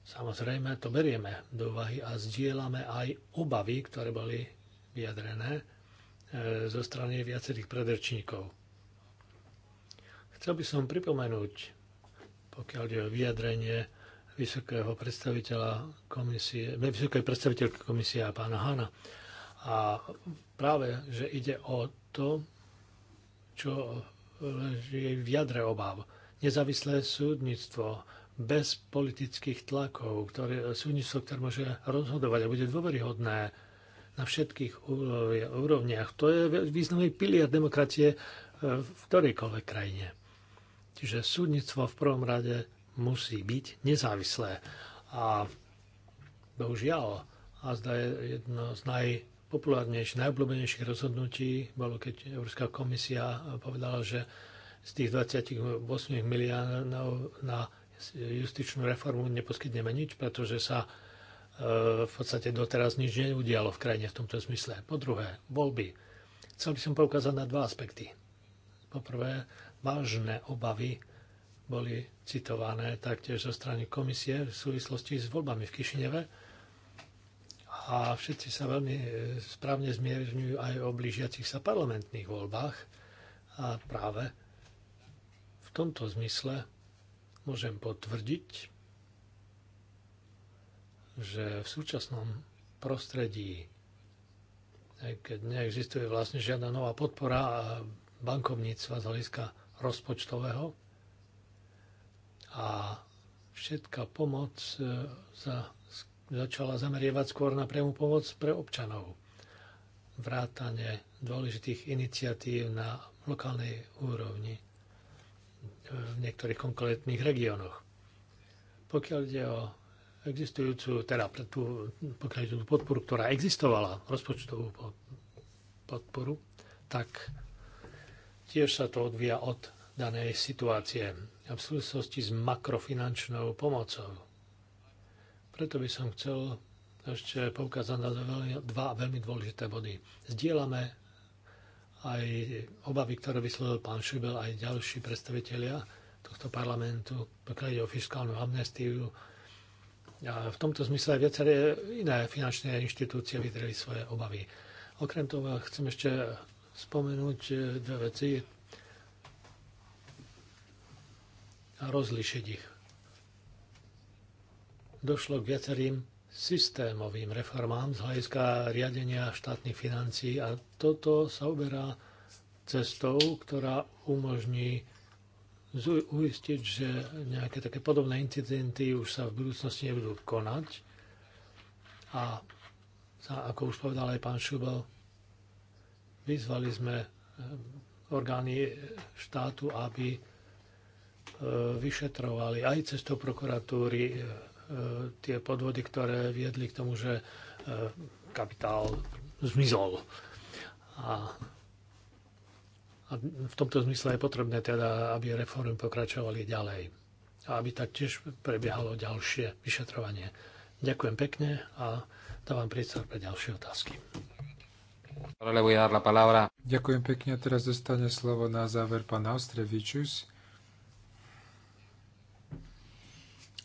A: samozrejme to berieme do úvahy a zdieľame aj obavy, ktoré boli vyjadrené e, zo strany viacerých predrečníkov. Chcel by som pripomenúť, pokiaľ je o vyjadrenie vysokého predstaviteľa komisie, vysokej predstaviteľky komisie a pána Hana. A práve, že ide o to, čo leží v jadre obáv. Nezávislé súdnictvo, bez politických tlakov, ktoré, súdnictvo, ktoré môže rozhodovať a bude dôveryhodné na všetkých úrovniach. To je významný pilier demokracie eh, v ktorejkoľvek krajine. Čiže súdnictvo v prvom rade musí byť nezávislé. A bohužiaľ, a zda je jedno z najpopulárnejších, najobľúbenejších rozhodnutí bolo, keď Európska komisia povedala, že z tých 28 miliónov na justičnú reformu neposkytneme nič, pretože sa e, v podstate doteraz nič neudialo v krajine v tomto zmysle. Po druhé, voľby. Chcel by som poukázať na dva aspekty. Po prvé, vážne obavy boli citované taktiež zo strany komisie v súvislosti s voľbami v Kišineve a všetci sa veľmi e, správne zmierňujú aj o blížiacich sa parlamentných voľbách a práve v tomto zmysle môžem potvrdiť, že v súčasnom prostredí, keď neexistuje vlastne žiadna nová podpora bankovníctva z hľadiska rozpočtového, a všetká pomoc sa e, začala zamerievať skôr na priamu pomoc pre občanov. Vrátanie dôležitých iniciatív na lokálnej úrovni e, v niektorých konkrétnych regiónoch. Pokiaľ ide o existujúcu, teda pokiaľ ide o podporu, ktorá existovala, rozpočtovú podporu, tak tiež sa to odvíja od danej situácie a v súvislosti s makrofinančnou pomocou. Preto by som chcel ešte poukázať na dva veľmi dôležité body. Zdieľame aj obavy, ktoré vyslovil pán Šubel aj ďalší predstavitelia tohto parlamentu, pokiaľ ide o fiskálnu amnestiu. A v tomto zmysle aj viaceré iné finančné inštitúcie vydreli svoje obavy. Okrem toho chcem ešte spomenúť dve veci a rozlišiť ich. Došlo k viacerým systémovým reformám z hľadiska riadenia štátnych financií a toto sa uberá cestou, ktorá umožní uistiť, že nejaké také podobné incidenty už sa v budúcnosti nebudú konať. A sa, ako už povedal aj pán Šubel, vyzvali sme eh, orgány eh, štátu, aby E, vyšetrovali aj cestou prokuratúry e, tie podvody, ktoré viedli k tomu, že e, kapitál zmizol. A a v tomto zmysle je potrebné teda, aby reformy pokračovali ďalej a aby taktiež prebiehalo ďalšie vyšetrovanie. Ďakujem pekne a dávam priestor pre ďalšie otázky.
B: Ďakujem pekne a teraz dostane slovo na záver pán Austrevičus.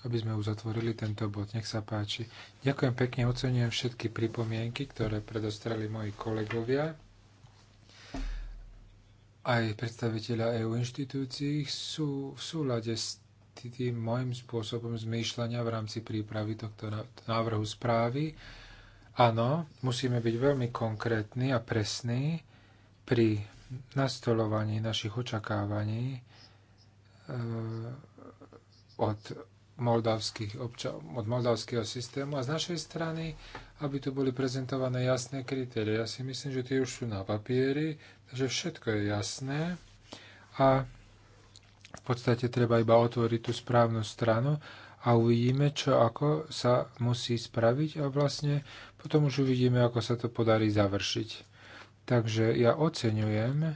B: aby sme uzatvorili tento bod. Nech sa páči. Ďakujem pekne, ocenujem všetky pripomienky, ktoré predostreli moji kolegovia, aj predstaviteľa EU inštitúcií sú v súlade s tým môjim spôsobom zmýšľania v rámci prípravy tohto návrhu správy. Áno, musíme byť veľmi konkrétni a presní pri nastolovaní našich očakávaní e, od moldavských obča- od moldavského systému a z našej strany, aby tu boli prezentované jasné kritéria. Ja si myslím, že tie už sú na papieri, takže všetko je jasné a v podstate treba iba otvoriť tú správnu stranu a uvidíme, čo ako sa musí spraviť a vlastne potom už uvidíme, ako sa to podarí završiť. Takže ja oceňujem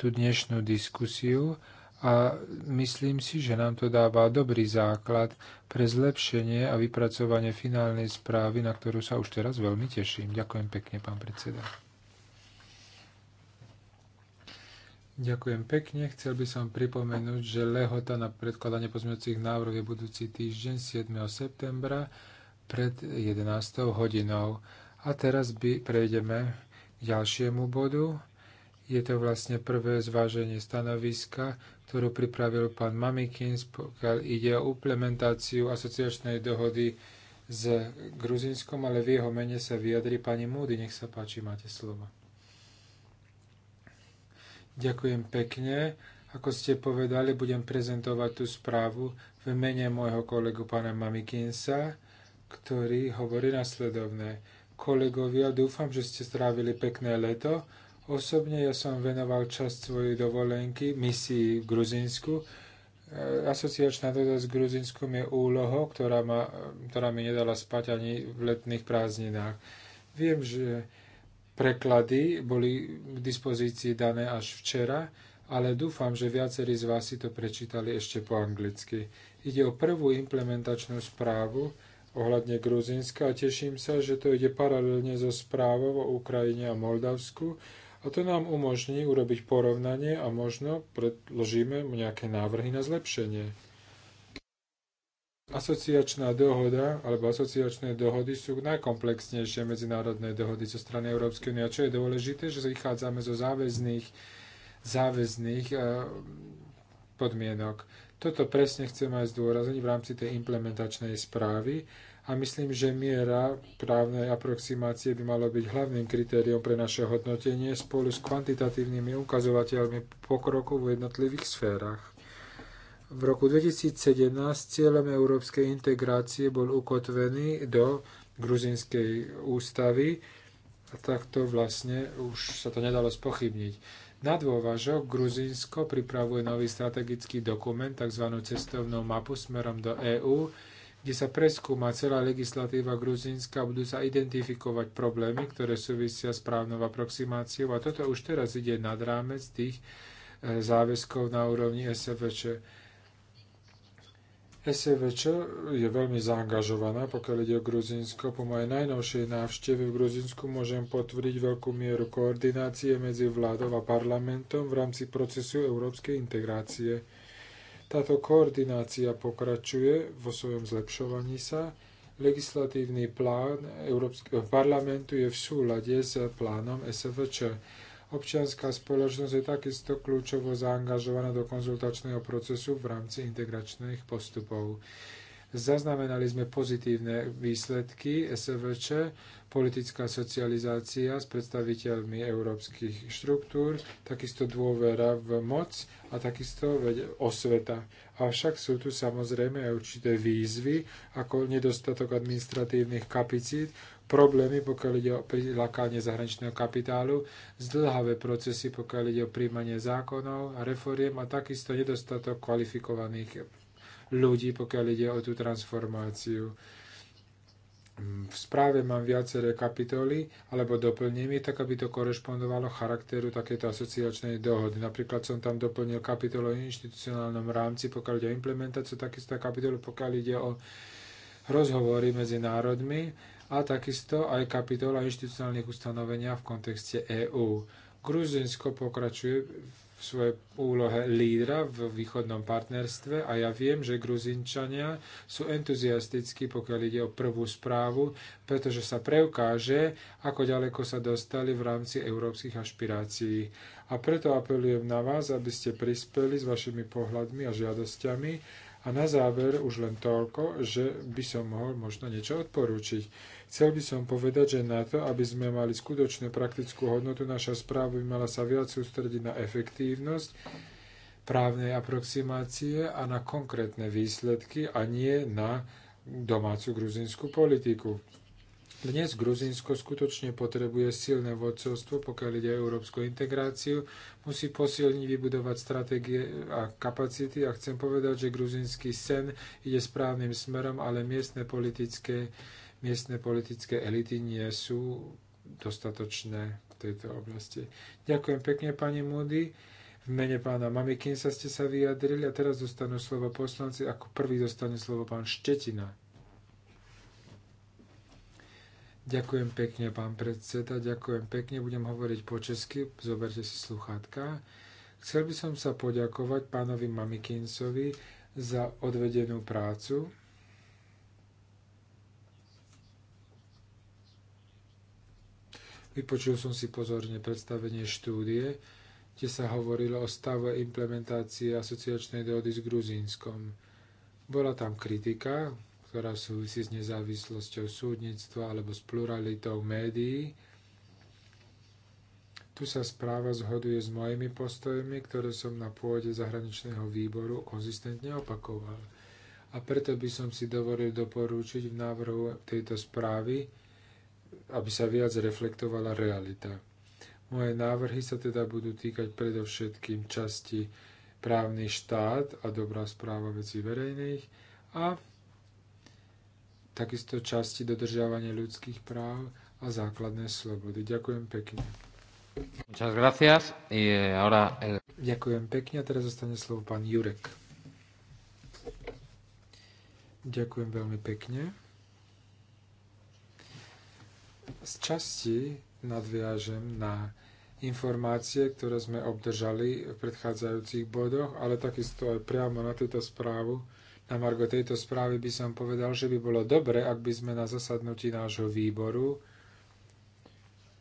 B: tú dnešnú diskusiu a myslím si, že nám to dáva dobrý základ pre zlepšenie a vypracovanie finálnej správy, na ktorú sa už teraz veľmi teším. Ďakujem pekne, pán predseda. Ďakujem pekne. Chcel by som pripomenúť, že lehota na predkladanie pozmeňujúcich návrhov je budúci týždeň 7. septembra pred 11. hodinou. A teraz by prejdeme k ďalšiemu bodu. Je to vlastne prvé zváženie stanoviska ktorú pripravil pán Mamikins, pokiaľ ide o implementáciu asociačnej dohody s Gruzinskom, ale v jeho mene sa vyjadri pani Múdy. Nech sa páči, máte slovo. Ďakujem pekne. Ako ste povedali, budem prezentovať tú správu v mene môjho kolegu pána Mamikinsa, ktorý hovorí nasledovné. Kolegovia, dúfam, že ste strávili pekné leto Osobne ja som venoval časť svojej dovolenky misii v Gruzinsku. E, asociačná doda s Gruzinskom je úloho, ktorá, ma, ktorá mi nedala spať ani v letných prázdninách. Viem, že preklady boli k dispozícii dané až včera, ale dúfam, že viacerí z vás si to prečítali ešte po anglicky. Ide o prvú implementačnú správu ohľadne Gruzinska a teším sa, že to ide paralelne so správou o Ukrajine a Moldavsku, a to nám umožní urobiť porovnanie a možno predložíme nejaké návrhy na zlepšenie. Asociačná dohoda alebo asociačné dohody sú najkomplexnejšie medzinárodné dohody zo strany Európskej únie. A čo je dôležité, že vychádzame zo záväzných, záväzných eh, podmienok. Toto presne chcem aj zdôrazniť v rámci tej implementačnej správy a myslím, že miera právnej aproximácie by malo byť hlavným kritériom pre naše hodnotenie spolu s kvantitatívnymi ukazovateľmi pokroku v jednotlivých sférach. V roku 2017 cieľom európskej integrácie bol ukotvený do gruzinskej ústavy a takto vlastne už sa to nedalo spochybniť. Na dôvažok Gruzínsko pripravuje nový strategický dokument, tzv. cestovnú mapu smerom do EÚ, kde sa preskúma celá legislatíva gruzínska a budú sa identifikovať problémy, ktoré súvisia s právnou aproximáciou. A toto už teraz ide nad rámec tých eh, záväzkov na úrovni SVČ. SVČ je veľmi zaangažovaná, pokiaľ ide o Gruzínsko. Po mojej najnovšej návšteve v Gruzínsku môžem potvrdiť veľkú mieru koordinácie medzi vládou a parlamentom v rámci procesu európskej integrácie. Táto koordinácia pokračuje vo svojom zlepšovaní sa. Legislatívny plán Európskeho parlamentu je v súlade s plánom SVČ. Občianská spoločnosť je takisto kľúčovo zaangažovaná do konzultačného procesu v rámci integračných postupov. Zaznamenali sme pozitívne výsledky SVČ, politická socializácia s predstaviteľmi európskych štruktúr, takisto dôvera v moc a takisto osveta. Avšak sú tu samozrejme aj určité výzvy, ako nedostatok administratívnych kapacít, problémy, pokiaľ ide o prilákanie zahraničného kapitálu, zdlhavé procesy, pokiaľ ide o príjmanie zákonov a refóriem a takisto nedostatok kvalifikovaných ľudí, pokiaľ ide o tú transformáciu. Mm, v správe mám viaceré kapitoly alebo doplním je tak, aby to korešpondovalo charakteru takéto asociačnej dohody. Napríklad som tam doplnil kapitolu o inštitucionálnom rámci, pokiaľ ide o implementáciu, takisto kapitolu, pokiaľ ide o rozhovory medzi národmi a takisto aj kapitola inštitucionálnych ustanovenia v kontexte EÚ. Gruzinsko pokračuje v svojej úlohe lídra v východnom partnerstve a ja viem, že Gruzinčania sú entuziastickí, pokiaľ ide o prvú správu, pretože sa preukáže, ako ďaleko sa dostali v rámci európskych ašpirácií. A preto apelujem na vás, aby ste prispeli s vašimi pohľadmi a žiadosťami a na záver už len toľko, že by som mohol možno niečo odporúčiť. Chcel by som povedať, že na to, aby sme mali skutočnú praktickú hodnotu, naša správa by mala sa viac sústrediť na efektívnosť právnej aproximácie a na konkrétne výsledky a nie na domácu gruzinskú politiku. Dnes Gruzinsko skutočne potrebuje silné vodcovstvo, pokiaľ ide o európsku integráciu. Musí posilniť, vybudovať stratégie a kapacity a chcem povedať, že gruzinský sen ide správnym smerom, ale miestne politické miestne politické elity nie sú dostatočné v tejto oblasti. Ďakujem pekne, pani Moody. V mene pána Mamikinsa ste sa vyjadrili a teraz dostanú slovo poslanci. Ako prvý dostane slovo pán Štetina. Ďakujem pekne, pán predseda, ďakujem pekne, budem hovoriť po česky, zoberte si sluchátka. Chcel by som sa poďakovať pánovi Mamikinsovi za odvedenú prácu, Vypočul som si pozorne predstavenie štúdie, kde sa hovorilo o stave implementácie asociačnej dohody s Gruzínskom. Bola tam kritika, ktorá súvisí s nezávislosťou súdnictva alebo s pluralitou médií. Tu sa správa zhoduje s mojimi postojmi, ktoré som na pôde zahraničného výboru konzistentne opakoval. A preto by som si dovolil doporúčiť v návrhu tejto správy aby sa viac reflektovala realita. Moje návrhy sa teda budú týkať predovšetkým časti právny štát a dobrá správa veci verejných a takisto časti dodržiavania ľudských práv a základné slobody. Ďakujem pekne. Muchas gracias. Y eh, ahora el... Ďakujem pekne a teraz zostane slovo pán Jurek. Ďakujem veľmi pekne z časti nadviažem na informácie, ktoré sme obdržali v predchádzajúcich bodoch, ale takisto aj priamo na túto správu. Na margo tejto správy by som povedal, že by bolo dobre, ak by sme na zasadnutí nášho výboru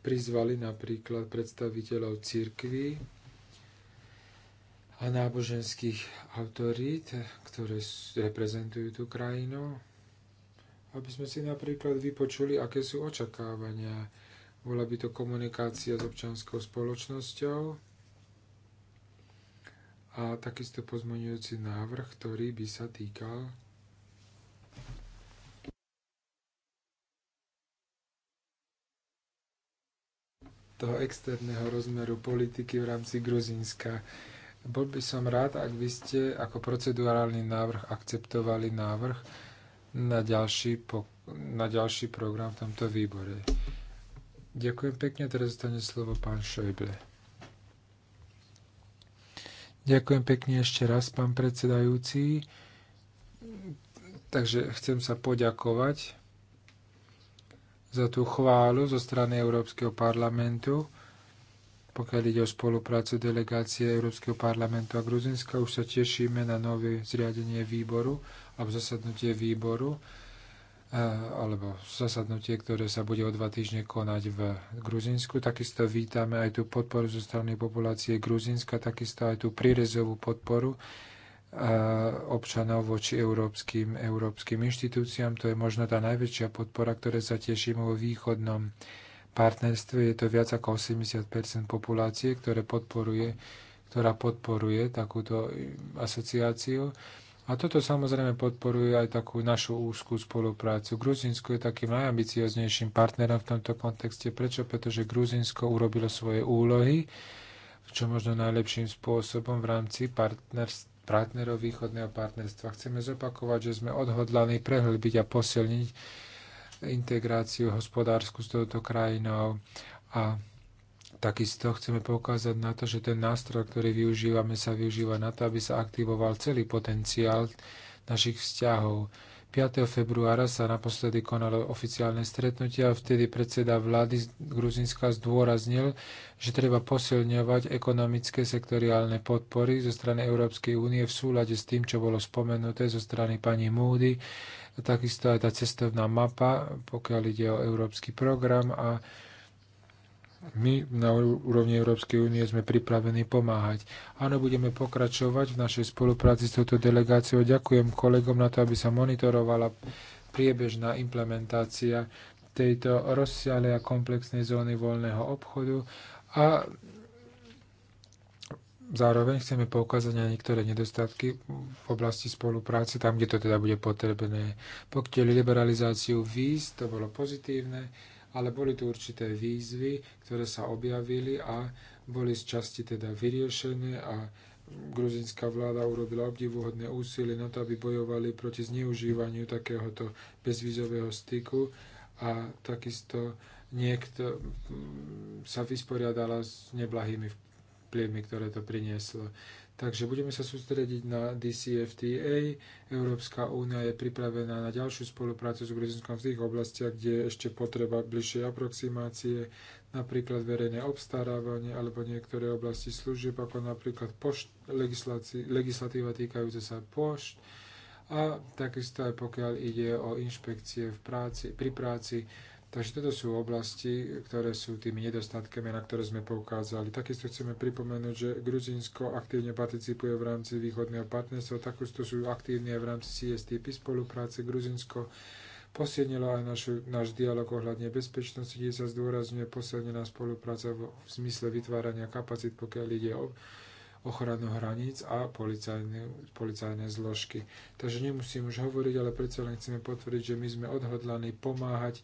B: prizvali napríklad predstaviteľov církvy a náboženských autorít, ktoré reprezentujú tú krajinu, aby sme si napríklad vypočuli, aké sú očakávania. Bola by to komunikácia s občanskou spoločnosťou a takisto pozmenujúci návrh, ktorý by sa týkal toho externého rozmeru politiky v rámci Gruzínska. Bol by som rád, ak by ste ako procedurálny návrh akceptovali návrh, na ďalší, na ďalší program v tomto výbore. Ďakujem pekne, teraz dostane slovo pán Šojble. Ďakujem pekne ešte raz, pán predsedajúci. Takže chcem sa poďakovať za tú chválu zo strany Európskeho parlamentu pokiaľ ide o spoluprácu delegácie Európskeho parlamentu a Gruzinska. Už sa tešíme na nové zriadenie výboru alebo zasadnutie výboru eh, alebo zasadnutie, ktoré sa bude o dva týždne konať v Gruzinsku. Takisto vítame aj tú podporu zo strany populácie Gruzinska, takisto aj tú prírezovú podporu eh, občanov voči európskym, európskym inštitúciám. To je možno tá najväčšia podpora, ktoré sa tešíme vo východnom partnerstve je to viac ako 80 populácie, ktoré podporuje, ktorá podporuje takúto asociáciu. A toto samozrejme podporuje aj takú našu úzkú spoluprácu. Gruzinsko je takým najambicioznejším partnerom v tomto kontexte. Prečo? Pretože Gruzinsko urobilo svoje úlohy, čo možno najlepším spôsobom v rámci partnerov východného partnerstva. Chceme zopakovať, že sme odhodlaní prehlbiť a posilniť integráciu hospodársku s touto krajinou a Takisto chceme poukázať na to, že ten nástroj, ktorý využívame, sa využíva na to, aby sa aktivoval celý potenciál našich vzťahov. 5. februára sa naposledy konalo oficiálne stretnutie a vtedy predseda vlády Gruzinska zdôraznil, že treba posilňovať ekonomické sektoriálne podpory zo strany Európskej únie v súlade s tým, čo bolo spomenuté zo strany pani Moody takisto aj tá cestovná mapa, pokiaľ ide o európsky program a my na úrovni Európskej únie sme pripravení pomáhať. Áno, budeme pokračovať v našej spolupráci s touto delegáciou. Ďakujem kolegom na to, aby sa monitorovala priebežná implementácia tejto rozsiahlej a komplexnej zóny voľného obchodu a Zároveň chceme poukázať na niektoré nedostatky v oblasti spolupráce, tam, kde to teda bude potrebné. Pokiaľ liberalizáciu víz, to bolo pozitívne, ale boli tu určité výzvy, ktoré sa objavili a boli z časti teda vyriešené a gruzinská vláda urobila obdivuhodné úsilie na to, aby bojovali proti zneužívaniu takéhoto bezvízového styku a takisto niekto mm, sa vysporiadala s neblahými pliemy, ktoré to prinieslo. Takže budeme sa sústrediť na DCFTA. Európska únia je pripravená na ďalšiu spoluprácu s Gruzinskom v tých oblastiach, kde je ešte potreba bližšej aproximácie, napríklad verejné obstarávanie alebo niektoré oblasti služieb, ako napríklad pošt, legislatíva týkajúca sa pošt a takisto aj pokiaľ ide o inšpekcie v práci, pri práci, Takže toto sú oblasti, ktoré sú tými nedostatkami, na ktoré sme poukázali. Takisto chceme pripomenúť, že Gruzínsko aktívne participuje v rámci východného partnerstva, takisto sú aktívne aj v rámci CSTP spolupráce. Gruzínsko posiednilo aj náš náš dialog ohľadne bezpečnosti, kde sa zdôrazňuje posilnená spolupráca v, v zmysle vytvárania kapacít, pokiaľ ide o ochranu hraníc a policajné, policajné zložky. Takže nemusím už hovoriť, ale predsa len chceme potvrdiť, že my sme odhodlaní pomáhať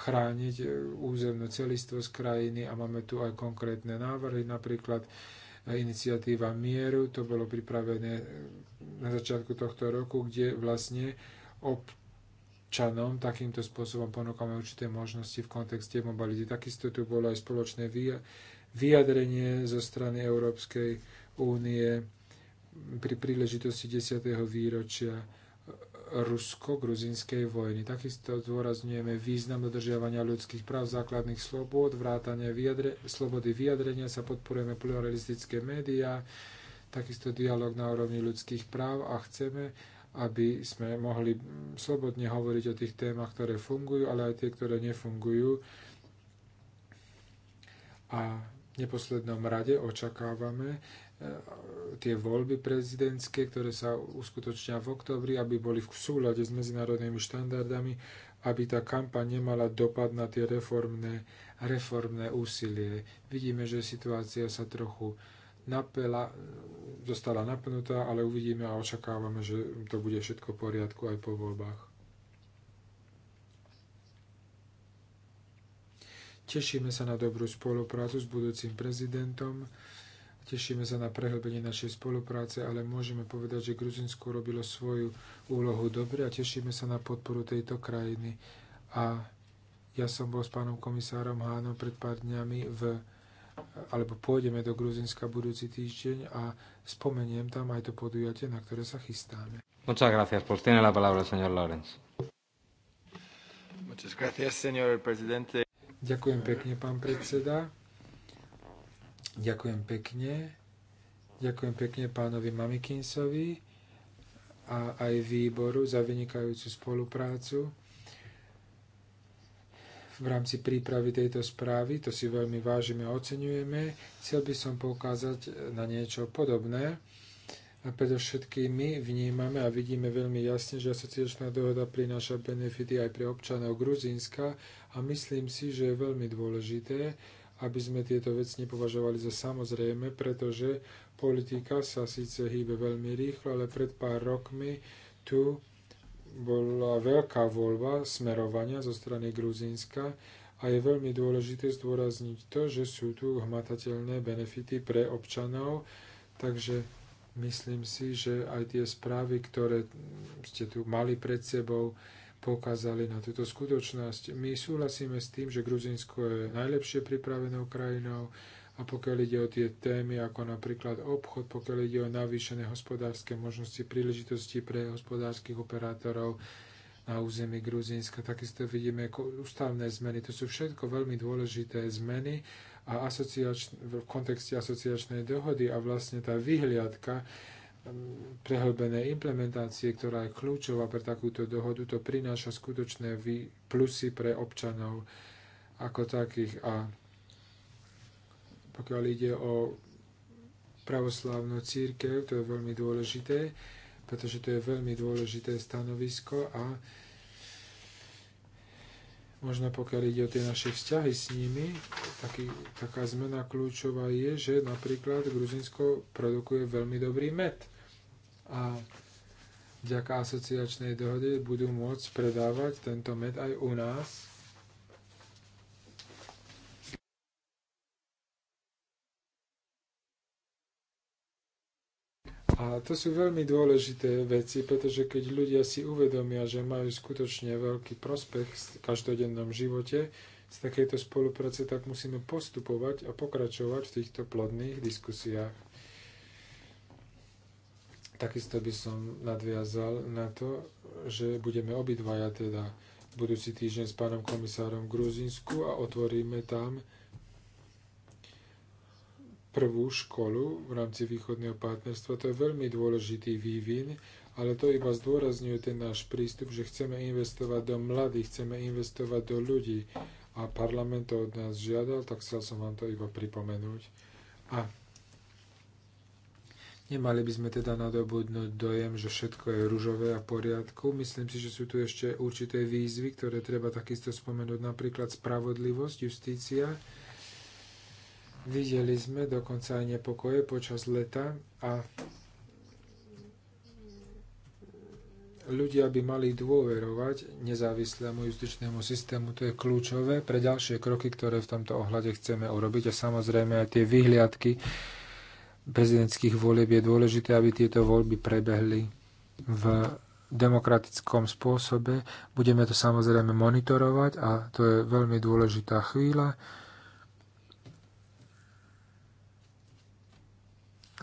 B: chrániť e, územnú celistvosť krajiny a máme tu aj konkrétne návrhy, napríklad e, iniciatíva Mieru, to bolo pripravené e, na začiatku tohto roku, kde vlastne občanom takýmto spôsobom ponúkame určité možnosti v kontexte mobility. Takisto tu bolo aj spoločné vyjadrenie zo strany Európskej únie pri príležitosti 10. výročia rusko-gruzinskej vojny. Takisto zdôrazňujeme význam dodržiavania ľudských práv, základných slobod, vrátanie vyjadre, slobody vyjadrenia, sa podporujeme pluralistické médiá, takisto dialog na úrovni ľudských práv a chceme, aby sme mohli slobodne hovoriť o tých témach, ktoré fungujú, ale aj tie, ktoré nefungujú. A v neposlednom rade očakávame, E, tie voľby prezidentské, ktoré sa uskutočnia v oktobri, aby boli v súlade s medzinárodnými štandardami, aby tá kampaň nemala dopad na tie reformné, reformné úsilie. Vidíme, že situácia sa trochu napela, zostala napnutá, ale uvidíme a očakávame, že to bude všetko v poriadku aj po voľbách. Tešíme sa na dobrú spoluprácu s budúcim prezidentom Tešíme sa na prehlbenie našej spolupráce, ale môžeme povedať, že Gruzinsko robilo svoju úlohu dobre a tešíme sa na podporu tejto krajiny. A ja som bol s pánom komisárom Hánom pred pár dňami v alebo pôjdeme do Gruzinska budúci týždeň a spomeniem tam aj to podujatie, na ktoré sa chystáme.
D: Muchas gracias. Pues tiene la palabra señor Lorenz.
B: Muchas gracias, señor presidente. Ďakujem pekne, pán predseda. Ďakujem pekne. Ďakujem pekne pánovi Mamikinsovi a aj výboru za vynikajúcu spoluprácu v rámci prípravy tejto správy. To si veľmi vážime a oceňujeme. Chcel by som poukázať na niečo podobné. A predovšetkým my vnímame a vidíme veľmi jasne, že asociačná dohoda prináša benefity aj pre občanov Gruzínska a myslím si, že je veľmi dôležité, aby sme tieto veci nepovažovali za samozrejme, pretože politika sa síce hýbe veľmi rýchlo, ale pred pár rokmi tu bola veľká voľba smerovania zo strany Gruzínska a je veľmi dôležité zdôrazniť to, že sú tu hmatateľné benefity pre občanov, takže myslím si, že aj tie správy, ktoré ste tu mali pred sebou, poukázali na túto skutočnosť. My súhlasíme s tým, že Gruzinsko je najlepšie pripravenou krajinou a pokiaľ ide o tie témy, ako napríklad obchod, pokiaľ ide o navýšené hospodárske možnosti, príležitosti pre hospodárskych operátorov na území Gruzinska, takisto vidíme ústavné zmeny. To sú všetko veľmi dôležité zmeny a asociač- v kontexte asociačnej dohody a vlastne tá vyhliadka prehlbenej implementácie, ktorá je kľúčová pre takúto dohodu, to prináša skutočné plusy pre občanov ako takých. A pokiaľ ide o pravoslávnu církev, to je veľmi dôležité, pretože to je veľmi dôležité stanovisko a Možno pokiaľ ide o tie naše vzťahy s nimi, taký, taká zmena kľúčová je, že napríklad Gruzinsko produkuje veľmi dobrý med. A vďaka asociačnej dohode budú môcť predávať tento med aj u nás A to sú veľmi dôležité veci, pretože keď ľudia si uvedomia, že majú skutočne veľký prospech v každodennom živote z takejto spolupráce, tak musíme postupovať a pokračovať v týchto plodných diskusiách. Takisto by som nadviazal na to, že budeme obidvaja teda budúci týždeň s pánom komisárom v Gruzinsku a otvoríme tam prvú školu v rámci východného partnerstva. To je veľmi dôležitý vývin, ale to iba zdôrazňuje ten náš prístup, že chceme investovať do mladých, chceme investovať do ľudí a parlament to od nás žiadal, tak chcel som vám to iba pripomenúť. A nemali by sme teda nadobudnúť dojem, že všetko je ružové a poriadku. Myslím si, že sú tu ešte určité výzvy, ktoré treba takisto spomenúť, napríklad spravodlivosť, justícia, Videli sme dokonca aj nepokoje počas leta a ľudia by mali dôverovať nezávislému justičnému systému. To je kľúčové pre ďalšie kroky, ktoré v tomto ohľade chceme urobiť. A samozrejme aj tie vyhliadky prezidentských volieb je dôležité, aby tieto voľby prebehli v demokratickom spôsobe. Budeme to samozrejme monitorovať a to je veľmi dôležitá chvíľa.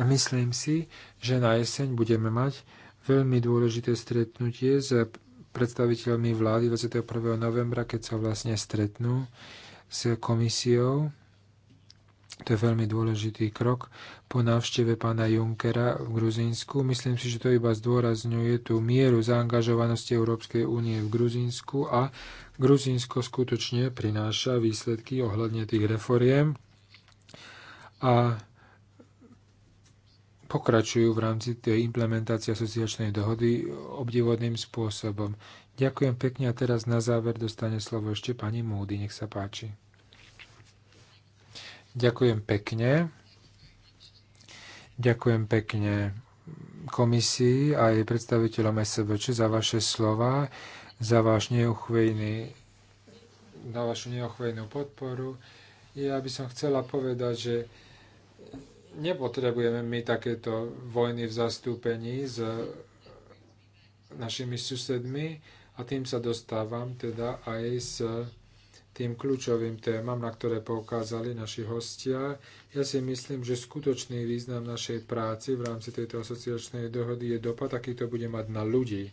B: Myslím si, že na jeseň budeme mať veľmi dôležité stretnutie s predstaviteľmi vlády 21. novembra, keď sa vlastne stretnú s komisiou. To je veľmi dôležitý krok po návšteve pána Junckera v Gruzínsku. Myslím si, že to iba zdôrazňuje tú mieru zaangažovanosti Európskej únie v Gruzínsku a Gruzínsko skutočne prináša výsledky ohľadne tých reforiem. A pokračujú v rámci tej implementácie asociačnej dohody obdivodným spôsobom. Ďakujem pekne a teraz na záver dostane slovo ešte pani Múdy. Nech sa páči. Ďakujem pekne. Ďakujem pekne komisii a aj predstaviteľom SBČ za vaše slova, za, váš neuchvejný, za vašu neochvejnú podporu. Ja by som chcela povedať, že nepotrebujeme my takéto vojny v zastúpení s našimi susedmi a tým sa dostávam teda aj s tým kľúčovým témam, na ktoré poukázali naši hostia. Ja si myslím, že skutočný význam našej práci v rámci tejto asociačnej dohody je dopad, aký to bude mať na ľudí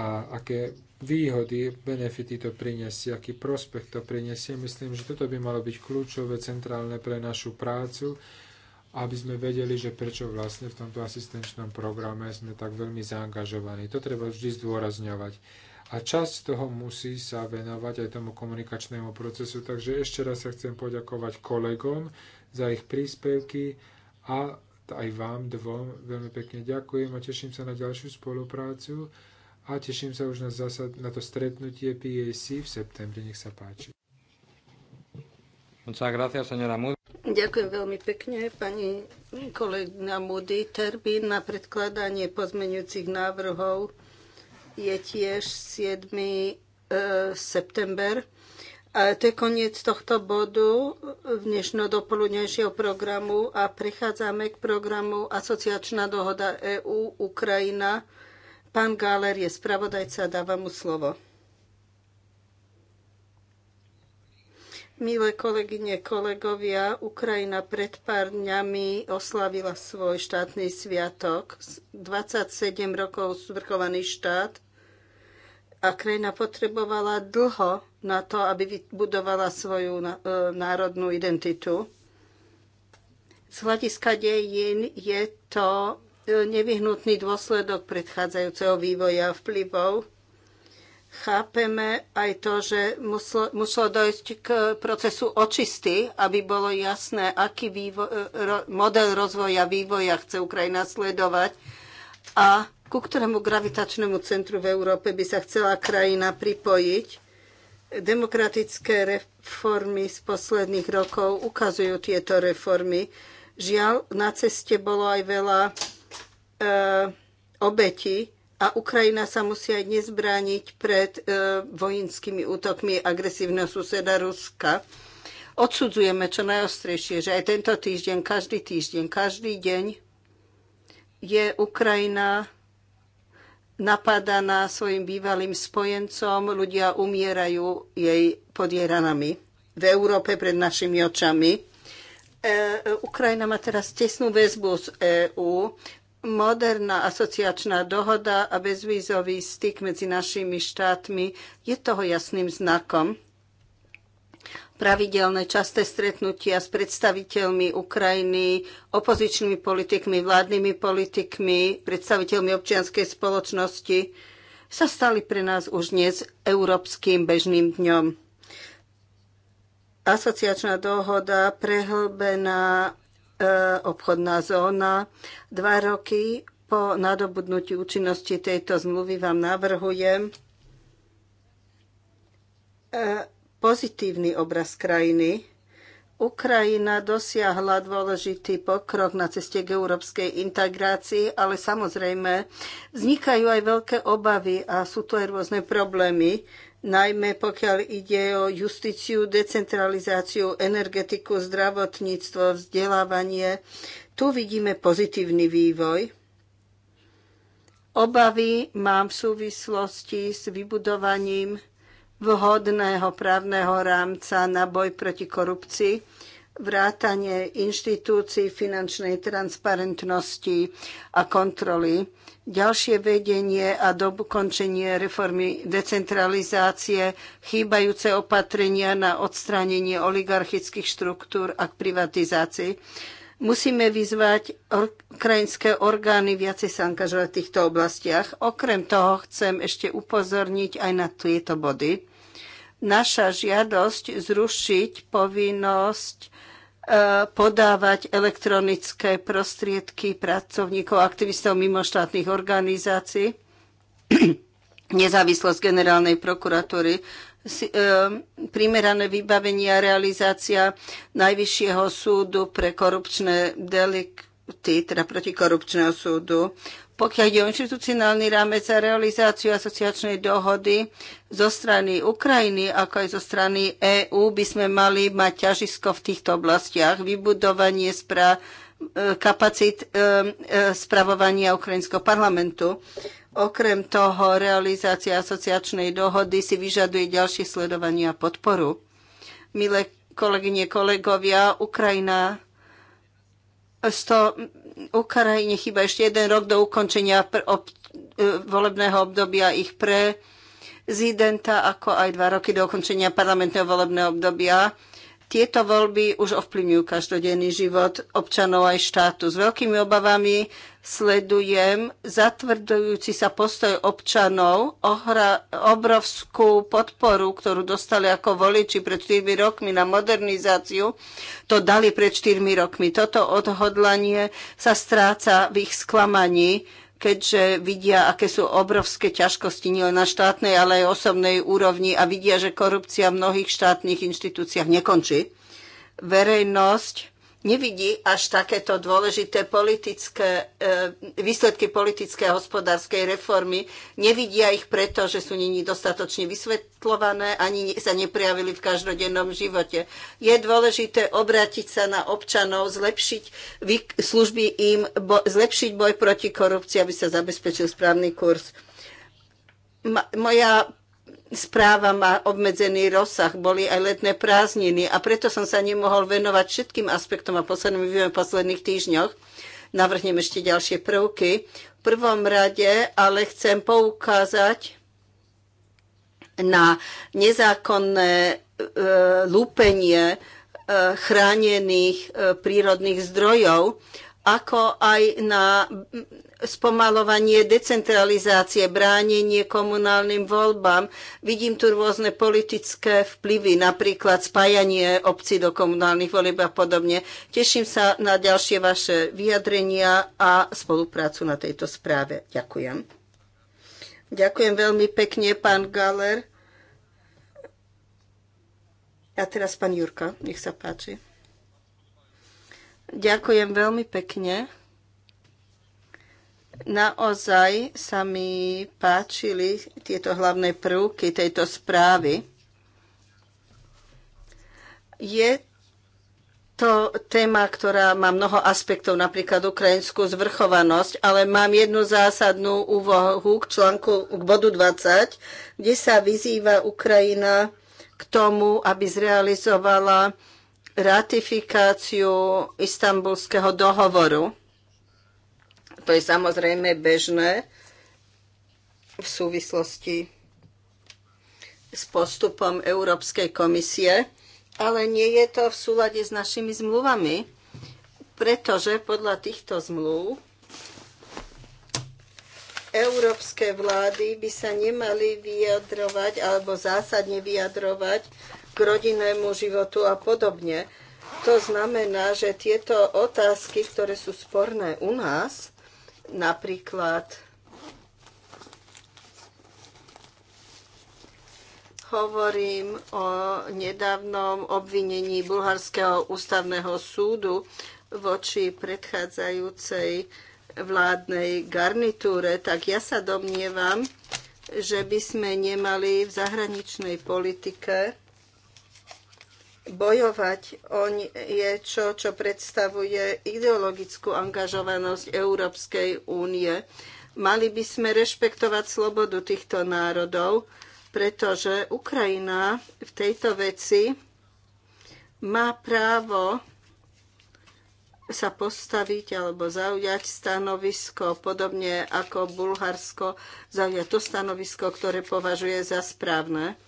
B: a aké výhody, benefity to prinesie, aký prospech to prinesie. Myslím, že toto by malo byť kľúčové, centrálne pre našu prácu aby sme vedeli, že prečo vlastne v tomto asistenčnom programe sme tak veľmi zaangažovaní. To treba vždy zdôrazňovať. A časť toho musí sa venovať aj tomu komunikačnému procesu. Takže ešte raz sa chcem poďakovať kolegom za ich príspevky a aj vám dvom veľmi pekne ďakujem a teším sa na ďalšiu spoluprácu a teším sa už na, zasad, na to stretnutie PAC v septembri. Nech sa páči.
D: Ďakujem
C: veľmi pekne, pani kolegyňa Moody. Termín na predkladanie pozmeňujúcich návrhov je tiež 7. E, september. A to je koniec tohto bodu v dnešného dopoludnejšieho programu a prechádzame k programu Asociačná dohoda EU Ukrajina. Pán Gáler je spravodajca, dávam mu slovo. Milé kolegyne, kolegovia, Ukrajina pred pár dňami oslavila svoj štátny sviatok. 27 rokov zvrchovaný štát a krajina potrebovala dlho na to, aby vybudovala svoju e, národnú identitu. Z hľadiska dejín je to e, nevyhnutný dôsledok predchádzajúceho vývoja vplyvov Chápeme aj to, že muselo, muselo dojsť k procesu očisty, aby bolo jasné, aký vývo, ro, model rozvoja, vývoja chce Ukrajina sledovať a ku ktorému gravitačnému centru v Európe by sa chcela krajina pripojiť. Demokratické reformy z posledných rokov ukazujú tieto reformy. Žiaľ, na ceste bolo aj veľa e, obetí, a Ukrajina sa musí aj dnes brániť pred e, vojenskými útokmi agresívneho suseda Ruska. Odsudzujeme čo najostrejšie, že aj tento týždeň, každý týždeň, každý deň je Ukrajina napadaná svojim bývalým spojencom, ľudia umierajú jej pod jej ranami v Európe pred našimi očami. E, e, Ukrajina má teraz tesnú väzbu z EÚ moderná asociačná dohoda a bezvízový styk medzi našimi štátmi je toho jasným znakom. Pravidelné časté stretnutia s predstaviteľmi Ukrajiny, opozičnými politikmi, vládnymi politikmi, predstaviteľmi občianskej spoločnosti sa stali pre nás už dnes európskym bežným dňom. Asociačná dohoda prehlbená E, obchodná zóna. Dva roky po nadobudnutí účinnosti tejto zmluvy vám navrhujem e, pozitívny obraz krajiny. Ukrajina dosiahla dôležitý pokrok na ceste k európskej integrácii, ale samozrejme vznikajú aj veľké obavy a sú tu aj rôzne problémy najmä pokiaľ ide o justíciu, decentralizáciu, energetiku, zdravotníctvo, vzdelávanie. Tu vidíme pozitívny vývoj. Obavy mám v súvislosti s vybudovaním vhodného právneho rámca na boj proti korupcii vrátanie inštitúcií finančnej transparentnosti a kontroly, ďalšie vedenie a dokončenie reformy decentralizácie, chýbajúce opatrenia na odstránenie oligarchických štruktúr a k privatizácii. Musíme vyzvať krajinské orgány viacej sa angažovať v týchto oblastiach. Okrem toho chcem ešte upozorniť aj na tieto body naša žiadosť zrušiť povinnosť E, podávať elektronické prostriedky pracovníkov, aktivistov mimoštátnych organizácií, (clears throat) nezávislosť generálnej prokuratúry, e, primerané vybavenie a realizácia Najvyššieho súdu pre korupčné delikty ty, teda protikorupčného súdu. Pokiaľ ide o inštitucionálny rámec za realizáciu asociačnej dohody zo strany Ukrajiny, ako aj zo strany EÚ, by sme mali mať ťažisko v týchto oblastiach. Vybudovanie spra- e, kapacít e, e, spravovania Ukrajinského parlamentu. Okrem toho, realizácia asociačnej dohody si vyžaduje ďalšie sledovanie a podporu. Milé kolegyne, kolegovia, Ukrajina 100, Ukrajine chýba ešte jeden rok do ukončenia pr- ob- e, volebného obdobia ich pre prezidenta, ako aj dva roky do ukončenia parlamentného volebného obdobia. Tieto voľby už ovplyvňujú každodenný život občanov aj štátu. S veľkými obavami sledujem zatvrdujúci sa postoj občanov, ohra, obrovskú podporu, ktorú dostali ako voliči pred 4 rokmi na modernizáciu, to dali pred 4 rokmi. Toto odhodlanie sa stráca v ich sklamaní keďže vidia, aké sú obrovské ťažkosti nielen na štátnej, ale aj osobnej úrovni a vidia, že korupcia v mnohých štátnych inštitúciách nekončí. Verejnosť nevidí až takéto dôležité politické, e, výsledky politické a hospodárskej reformy. Nevidia ich preto, že sú nimi dostatočne vysvetľované, ani sa neprijavili v každodennom živote. Je dôležité obrátiť sa na občanov, zlepšiť služby im, zlepšiť boj proti korupcii, aby sa zabezpečil správny kurz. Moja správa má obmedzený rozsah, boli aj letné prázdniny a preto som sa nemohol venovať všetkým aspektom a posledným v posledných týždňoch. Navrhnem ešte ďalšie prvky. V prvom rade ale chcem poukázať na nezákonné e, lúpenie e, chránených e, prírodných zdrojov, ako aj na spomalovanie decentralizácie, bránenie komunálnym voľbám. Vidím tu rôzne politické vplyvy, napríklad spájanie obcí do komunálnych volieb a podobne. Teším sa na ďalšie vaše vyjadrenia a spoluprácu na tejto správe. Ďakujem. Ďakujem veľmi pekne, pán Galer. A teraz pán Jurka, nech sa páči. Ďakujem veľmi pekne. Naozaj sa mi páčili tieto hlavné prvky tejto správy. Je to téma, ktorá má mnoho aspektov, napríklad ukrajinskú zvrchovanosť, ale mám jednu zásadnú úvahu k článku k bodu 20, kde sa vyzýva Ukrajina k tomu, aby zrealizovala ratifikáciu istambulského dohovoru. To je samozrejme bežné v súvislosti s postupom Európskej komisie, ale nie je to v súlade s našimi zmluvami, pretože podľa týchto zmluv európske vlády by sa nemali vyjadrovať alebo zásadne vyjadrovať k rodinnému životu a podobne. To znamená, že tieto otázky, ktoré sú sporné u nás, napríklad hovorím o nedávnom obvinení Bulharského ústavného súdu voči predchádzajúcej vládnej garnitúre, tak ja sa domnievam, že by sme nemali v zahraničnej politike bojovať o niečo, čo predstavuje ideologickú angažovanosť Európskej únie. Mali by sme rešpektovať slobodu týchto národov, pretože Ukrajina v tejto veci má právo sa postaviť alebo zaujať stanovisko, podobne ako Bulharsko zaujať to stanovisko, ktoré považuje za správne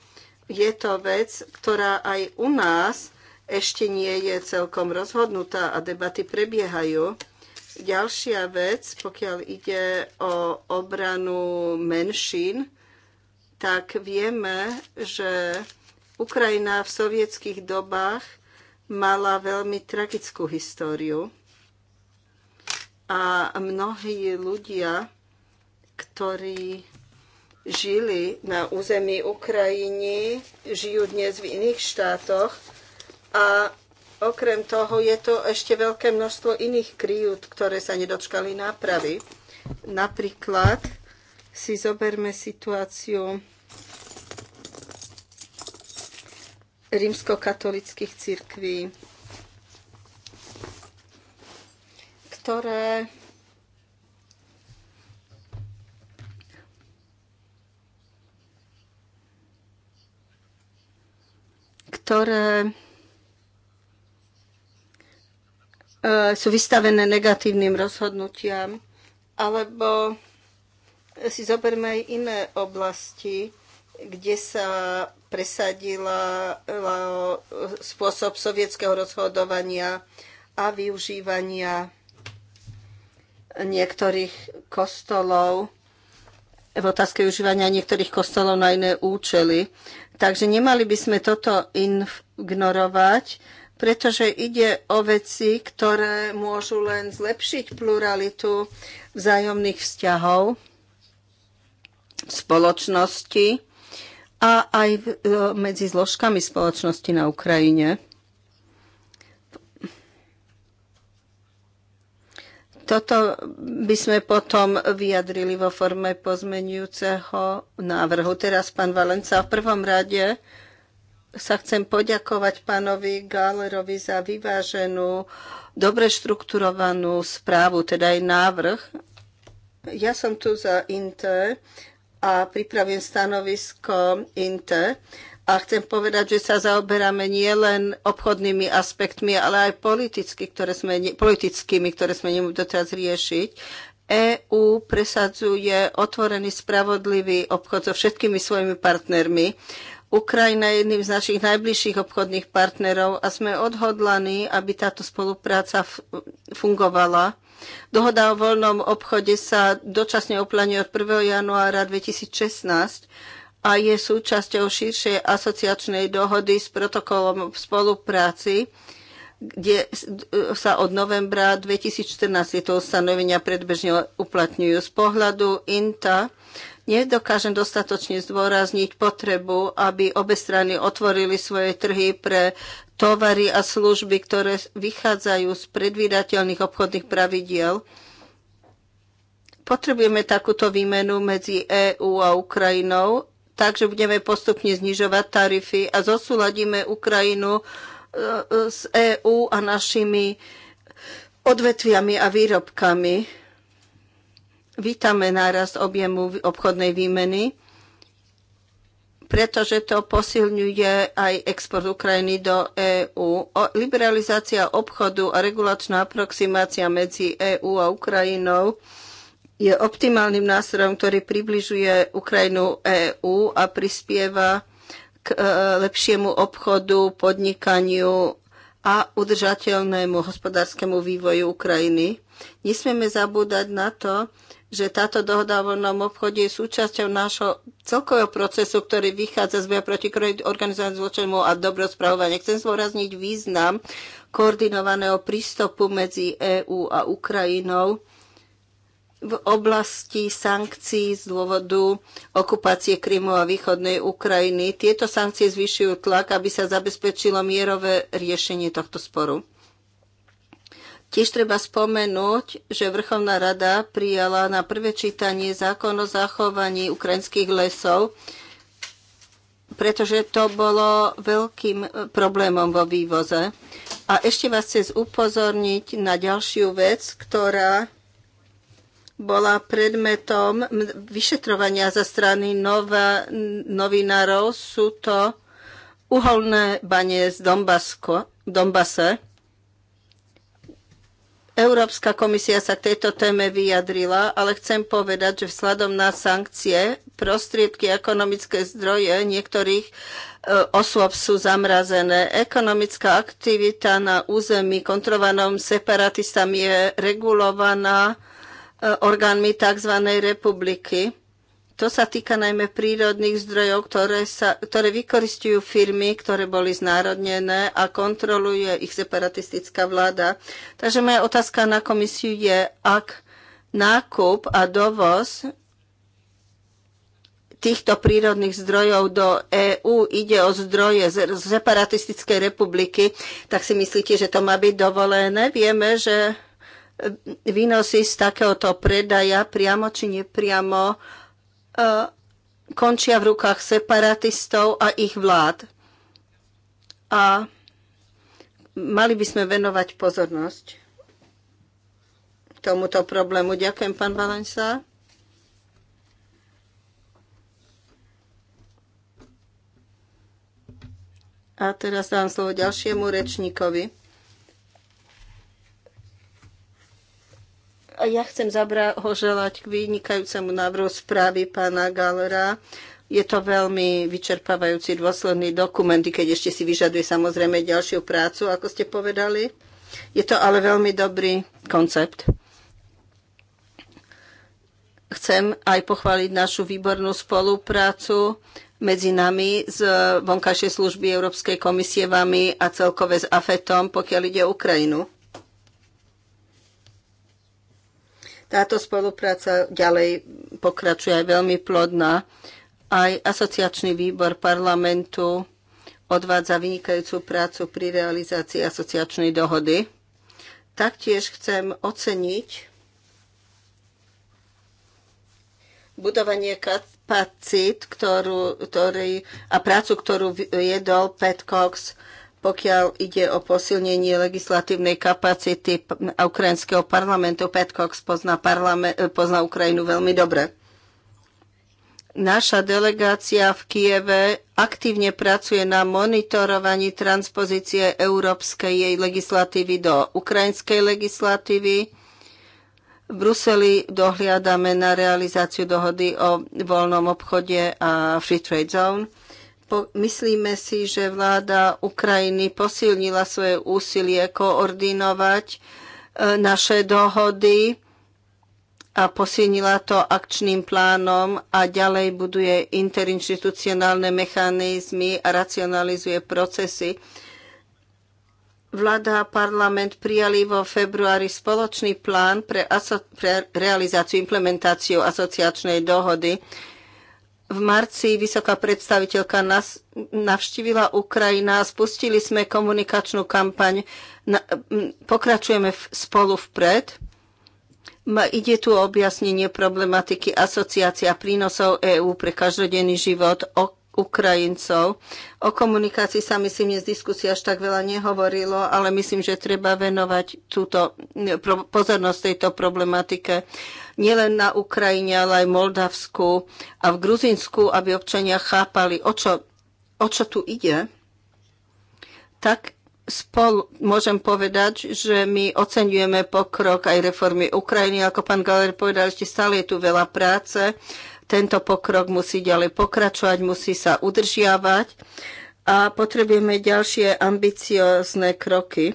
C: je to vec, ktorá aj u nás ešte nie je celkom rozhodnutá a debaty prebiehajú. Ďalšia vec, pokiaľ ide o obranu menšín, tak vieme, že Ukrajina v sovietských dobách mala veľmi tragickú históriu a mnohí ľudia, ktorí žili na území Ukrajiny, žijú dnes v iných štátoch a okrem toho je to ešte veľké množstvo iných kryút, ktoré sa nedočkali nápravy. Napríklad si zoberme situáciu rímskokatolických církví, ktoré ktoré e, sú vystavené negatívnym rozhodnutiam, alebo si zoberme aj iné oblasti, kde sa presadila e, spôsob sovietského rozhodovania a využívania niektorých kostolov v otázke užívania niektorých kostolov na iné účely. Takže nemali by sme toto ignorovať, pretože ide o veci, ktoré môžu len zlepšiť pluralitu vzájomných vzťahov v spoločnosti a aj e, medzi zložkami spoločnosti na Ukrajine. Toto by sme potom vyjadrili vo forme pozmenujúceho návrhu. Teraz pán Valenca, v prvom rade sa chcem poďakovať pánovi Gálerovi za vyváženú, dobre štrukturovanú správu, teda aj návrh. Ja som tu za INTE a pripravím stanovisko INTE. A chcem povedať, že sa zaoberáme nielen obchodnými aspektmi, ale aj politicky, ktoré sme, politickými, ktoré sme nemohli doteraz riešiť. EÚ presadzuje otvorený, spravodlivý obchod so všetkými svojimi partnermi. Ukrajina je jedným z našich najbližších obchodných partnerov a sme odhodlaní, aby táto spolupráca fungovala. Dohoda o voľnom obchode sa dočasne oplanie od 1. januára 2016 a je súčasťou širšej asociačnej dohody s protokolom v spolupráci, kde sa od novembra 2014 tieto ustanovenia predbežne uplatňujú. Z pohľadu INTA nedokážem dostatočne zdôrazniť potrebu, aby obe strany otvorili svoje trhy pre tovary a služby, ktoré vychádzajú z predvídateľných obchodných pravidiel. Potrebujeme takúto výmenu medzi EÚ a Ukrajinou tak, že budeme postupne znižovať tarify a zosúladíme Ukrajinu e, e, s EÚ a našimi odvetviami a výrobkami. Vítame nárast objemu obchodnej výmeny, pretože to posilňuje aj export Ukrajiny do EÚ. Liberalizácia obchodu a regulačná aproximácia medzi EÚ a Ukrajinou je optimálnym nástrojom, ktorý približuje Ukrajinu EÚ a prispieva k e, lepšiemu obchodu, podnikaniu a udržateľnému hospodárskému vývoju Ukrajiny. Nesmieme zabúdať na to, že táto dohoda o voľnom obchode je súčasťou nášho celkového procesu, ktorý vychádza z boja proti organizovanému zločinu a dobrospravovania. Chcem zvorazniť význam koordinovaného prístupu medzi EÚ a Ukrajinou v oblasti sankcií z dôvodu okupácie Krymu a východnej Ukrajiny. Tieto sankcie zvyšujú tlak, aby sa zabezpečilo mierové riešenie tohto sporu. Tiež treba spomenúť, že Vrchovná rada prijala na prvé čítanie zákon o zachovaní ukrajinských lesov, pretože to bolo veľkým e, problémom vo vývoze. A ešte vás chcem upozorniť na ďalšiu vec, ktorá bola predmetom vyšetrovania za strany nová, novinárov. Sú to uholné banie z Donbasko, Donbase. Európska komisia sa k tejto téme vyjadrila, ale chcem povedať, že vzhľadom na sankcie prostriedky ekonomické zdroje niektorých e, osôb sú zamrazené. Ekonomická aktivita na území kontrolovanom separatistami je regulovaná orgánmi tzv. republiky. To sa týka najmä prírodných zdrojov, ktoré, sa, ktoré vykoristujú firmy, ktoré boli znárodnené a kontroluje ich separatistická vláda. Takže moja otázka na komisiu je, ak nákup a dovoz týchto prírodných zdrojov do EÚ ide o zdroje z separatistickej republiky, tak si myslíte, že to má byť dovolené? Vieme, že výnosy z takéhoto predaja priamo či nepriamo e, končia v rukách separatistov a ich vlád. A mali by sme venovať pozornosť tomuto problému. Ďakujem, pán Valensa. A teraz dám slovo ďalšiemu rečníkovi. Ja chcem zabrahoželať k vynikajúcemu návrhu správy pána Galera. Je to veľmi vyčerpávajúci dôsledný dokument, keď ešte si vyžaduje samozrejme ďalšiu prácu, ako ste povedali. Je to ale veľmi dobrý koncept. Chcem aj pochváliť našu výbornú spoluprácu medzi nami z vonkajšej služby Európskej komisie vami a celkové s AFETom, pokiaľ ide o Ukrajinu. Táto spolupráca ďalej pokračuje aj veľmi plodná. Aj asociačný výbor parlamentu odvádza vynikajúcu prácu pri realizácii asociačnej dohody. Taktiež chcem oceniť budovanie kapacít ktorú, ktorý, a prácu, ktorú jedol Pat Cox pokiaľ ide o posilnenie legislatívnej kapacity ukrajinského parlamentu. Pat Cox pozná, parlament, e, pozná Ukrajinu veľmi dobre. Naša delegácia v Kieve aktívne pracuje na monitorovaní transpozície európskej jej legislatívy do ukrajinskej legislatívy. V Bruseli dohliadame na realizáciu dohody o voľnom obchode a Free Trade Zone Myslíme si, že vláda Ukrajiny posilnila svoje úsilie koordinovať e, naše dohody a posilnila to akčným plánom a ďalej buduje interinstitucionálne mechanizmy a racionalizuje procesy. Vláda a parlament prijali vo februári spoločný plán pre, pre realizáciu implementáciu asociačnej dohody v marci vysoká predstaviteľka nas, navštívila Ukrajina, spustili sme komunikačnú kampaň, na, pokračujeme v, spolu vpred. Ma, ide tu o objasnenie problematiky asociácia prínosov EÚ pre každodenný život o Ukrajincov. O komunikácii sa myslím že z diskusie až tak veľa nehovorilo, ale myslím, že treba venovať túto pozornosť tejto problematike nielen na Ukrajine, ale aj Moldavsku a v Gruzinsku, aby občania chápali, o čo, o čo tu ide, tak spolu môžem povedať, že my oceňujeme pokrok aj reformy Ukrajiny. Ako pán Galer povedal, ešte stále je tu veľa práce. Tento pokrok musí ďalej pokračovať, musí sa udržiavať a potrebujeme ďalšie ambiciozne kroky.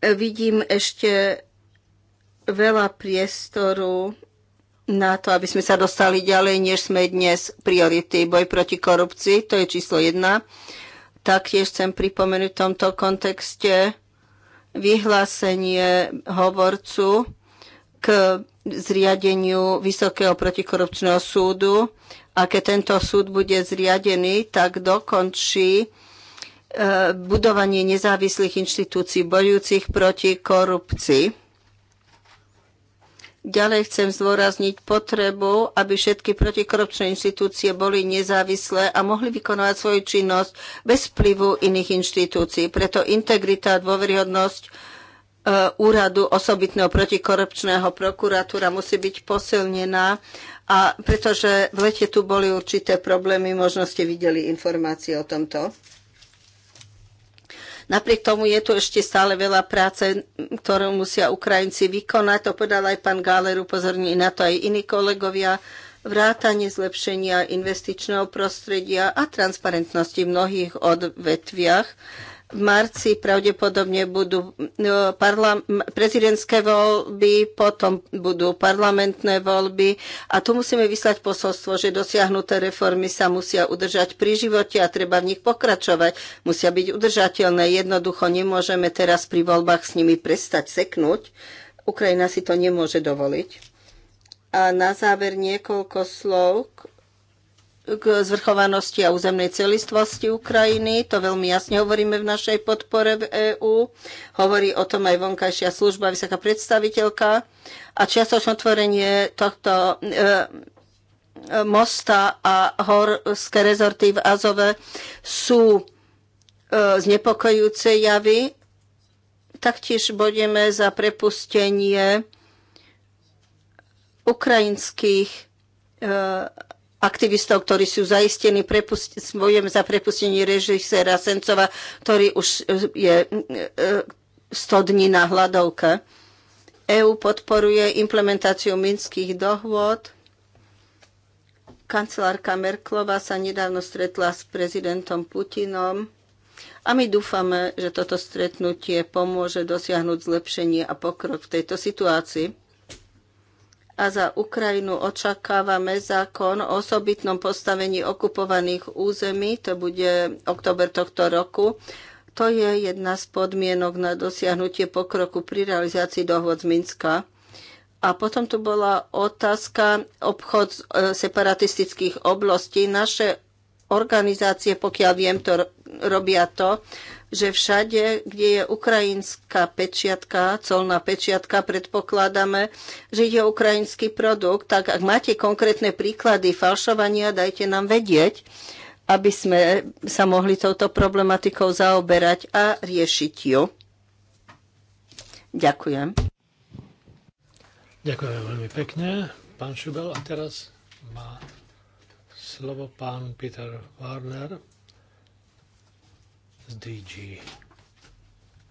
C: Vidím ešte veľa priestoru na to, aby sme sa dostali ďalej, než sme dnes priority. Boj proti korupcii, to je číslo jedna. Taktiež chcem pripomenúť v tomto kontexte vyhlásenie hovorcu k zriadeniu Vysokého protikorupčného súdu. A keď tento súd bude zriadený, tak dokončí budovanie nezávislých inštitúcií bojujúcich proti korupcii. Ďalej chcem zdôrazniť potrebu, aby všetky protikorupčné inštitúcie boli nezávislé a mohli vykonovať svoju činnosť bez vplyvu iných inštitúcií. Preto integrita a dôveryhodnosť e, úradu osobitného protikorupčného prokuratúra musí byť posilnená a pretože v lete tu boli určité problémy, možno ste videli informácie o tomto. Napriek tomu je tu ešte stále veľa práce, ktorú musia Ukrajinci vykonať. To povedal aj pán Gáler, upozorní na to aj iní kolegovia. Vrátanie zlepšenia investičného prostredia a transparentnosti v mnohých odvetviach v marci pravdepodobne budú no, prezidentské voľby, potom budú parlamentné voľby a tu musíme vyslať posolstvo, že dosiahnuté reformy sa musia udržať pri živote a treba v nich pokračovať. Musia byť udržateľné. Jednoducho nemôžeme teraz pri voľbách s nimi prestať seknúť. Ukrajina si to nemôže dovoliť. A na záver niekoľko slov k k zvrchovanosti a územnej celistvosti Ukrajiny. To veľmi jasne hovoríme v našej podpore v EÚ. Hovorí o tom aj vonkajšia služba, vysoká predstaviteľka. A čiastočné otvorenie tohto e, mosta a horské rezorty v Azove sú e, znepokojujúce javy. Taktiež budeme za prepustenie ukrajinských e, aktivistov, ktorí sú zaistení, bojujeme za prepustenie režiséra Sencova, ktorý už e, je 100 e, e, dní na hladovke. EÚ podporuje implementáciu minských dohôd. Kancelárka Merklova sa nedávno stretla s prezidentom Putinom a my dúfame, že toto stretnutie pomôže dosiahnuť zlepšenie a pokrok v tejto situácii a za Ukrajinu očakávame zákon o osobitnom postavení okupovaných území, to bude október tohto roku. To je jedna z podmienok na dosiahnutie pokroku pri realizácii dohod z Minska. A potom tu bola otázka obchod z e, separatistických oblastí. Naše organizácie, pokiaľ viem, to robia to, že všade, kde je ukrajinská pečiatka, colná pečiatka, predpokladáme, že ide ukrajinský produkt, tak ak máte konkrétne príklady falšovania, dajte nám vedieť, aby sme sa mohli touto problematikou zaoberať a riešiť ju. Ďakujem.
A: Ďakujem veľmi pekne, pán Šubel. A teraz má slovo pán Peter Warner, z DG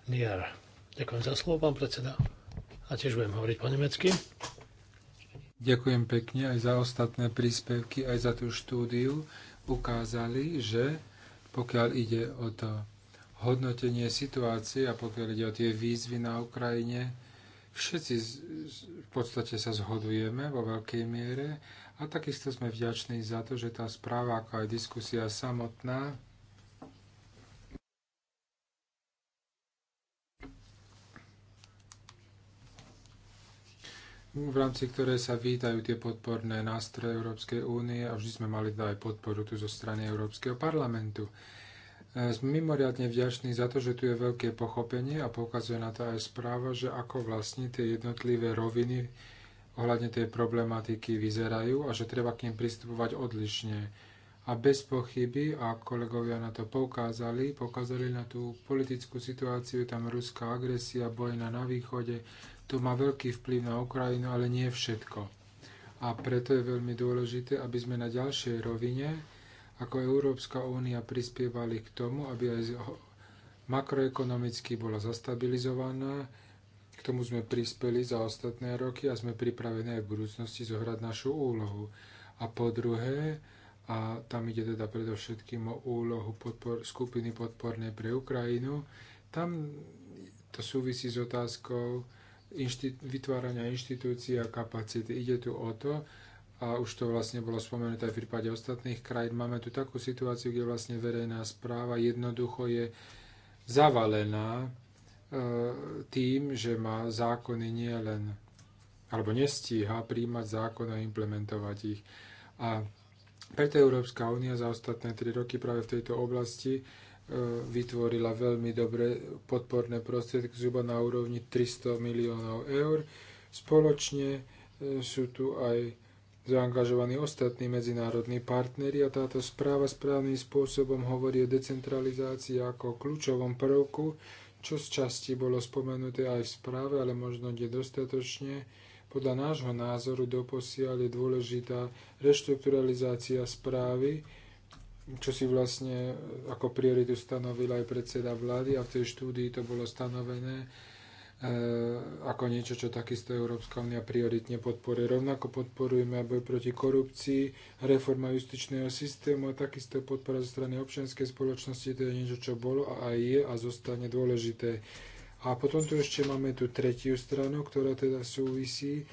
A: NIR. Ďakujem za slovo, pán predseda. A tiež budem hovoriť po nemecky.
B: Ďakujem pekne aj za ostatné príspevky, aj za tú štúdiu. Ukázali, že pokiaľ ide o to hodnotenie situácie a pokiaľ ide o tie výzvy na Ukrajine, všetci v podstate sa zhodujeme vo veľkej miere a takisto sme vďační za to, že tá správa, ako aj diskusia samotná, v rámci ktorej sa vítajú tie podporné nástroje Európskej únie a vždy sme mali teda aj podporu tu zo strany Európskeho parlamentu. E, sme mimoriadne vďační za to, že tu je veľké pochopenie a poukazuje na to aj správa, že ako vlastne tie jednotlivé roviny ohľadne tej problematiky vyzerajú a že treba k nim pristupovať odlišne. A bez pochyby, a kolegovia na to poukázali, poukázali na tú politickú situáciu, tam ruská agresia, vojna na východe, to má veľký vplyv na Ukrajinu, ale nie všetko. A preto je veľmi dôležité, aby sme na ďalšej rovine ako Európska únia prispievali k tomu, aby aj makroekonomicky bola zastabilizovaná. K tomu sme prispeli za ostatné roky a sme pripravení aj v budúcnosti zohrať našu úlohu. A po druhé, a tam ide teda predovšetkým o úlohu podpor, skupiny podpornej pre Ukrajinu. Tam to súvisí s otázkou inšti- vytvárania inštitúcií a kapacity. Ide tu o to, a už to vlastne bolo spomenuté aj v prípade ostatných krajín, máme tu takú situáciu, kde vlastne verejná správa jednoducho je zavalená e, tým, že má zákony nielen alebo nestíha príjmať zákony a implementovať ich. A preto Európska únia za ostatné tri roky práve v tejto oblasti E, vytvorila veľmi dobre podporné prostriedky zhruba na úrovni 300 miliónov eur. Spoločne e, sú tu aj zaangažovaní ostatní medzinárodní partneri a táto správa správnym spôsobom hovorí o decentralizácii ako o kľúčovom prvku, čo z časti bolo spomenuté aj v správe, ale možno nedostatočne. Podľa nášho názoru doposiaľ je dôležitá reštrukturalizácia správy, čo si vlastne e, ako prioritu stanovil aj predseda vlády a v tej štúdii to bolo stanovené e, ako niečo, čo takisto Európska únia prioritne podporuje. Rovnako podporujeme aj boj proti korupcii, reforma justičného systému a takisto podpora zo strany občianskej spoločnosti, to je niečo, čo bolo a aj je a zostane dôležité. A potom tu ešte máme tú tretiu stranu, ktorá teda súvisí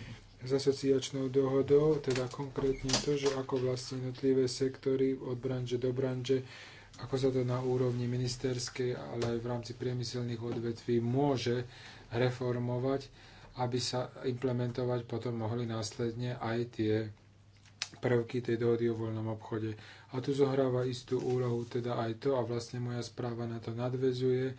B: s asociačnou dohodou, teda konkrétne to, že ako vlastne jednotlivé sektory od branže do branže, ako sa to na úrovni ministerskej, ale aj v rámci priemyselných odvetví môže reformovať, aby sa implementovať potom mohli následne aj tie prvky tej dohody o voľnom obchode. A tu zohráva istú úlohu teda aj to a vlastne moja správa na to nadvezuje,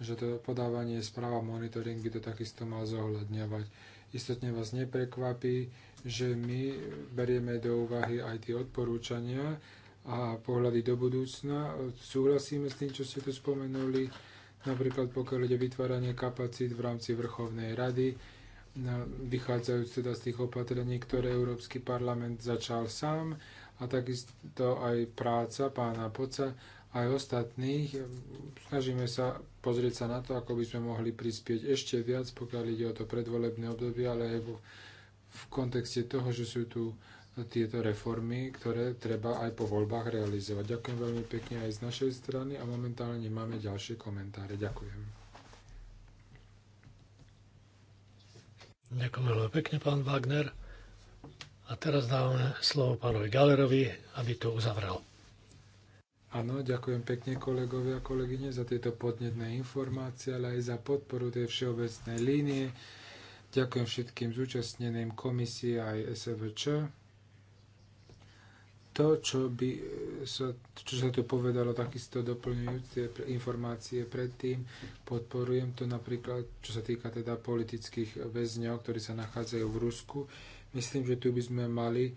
B: že to podávanie správ a monitoring by to takisto mal zohľadňovať. Istotne vás neprekvapí, že my berieme do úvahy aj tie odporúčania a pohľady do budúcna. Súhlasíme s tým, čo ste tu spomenuli, napríklad pokiaľ ide vytváranie kapacít v rámci Vrchovnej rady, vychádzajúc teda z tých opatrení, ktoré Európsky parlament začal sám a takisto aj práca pána Poca aj ostatných. Snažíme sa pozrieť sa na to, ako by sme mohli prispieť ešte viac, pokiaľ ide o to predvolebné obdobie, ale aj v, kontexte toho, že sú tu tieto reformy, ktoré treba aj po voľbách realizovať. Ďakujem veľmi pekne aj z našej strany a momentálne nemáme ďalšie komentáre. Ďakujem.
A: Ďakujem veľmi pekne, pán Wagner. A teraz dávame slovo pánovi Galerovi, aby to uzavrel.
B: Áno, ďakujem pekne kolegovia a kolegyne za tieto podnetné informácie, ale aj za podporu tej všeobecnej línie. Ďakujem všetkým zúčastneným komisii aj SVČ. To, čo, by sa, čo sa tu povedalo, takisto doplňujúce informácie predtým, podporujem to napríklad, čo sa týka teda politických väzňov, ktorí sa nachádzajú v Rusku. Myslím, že tu by sme mali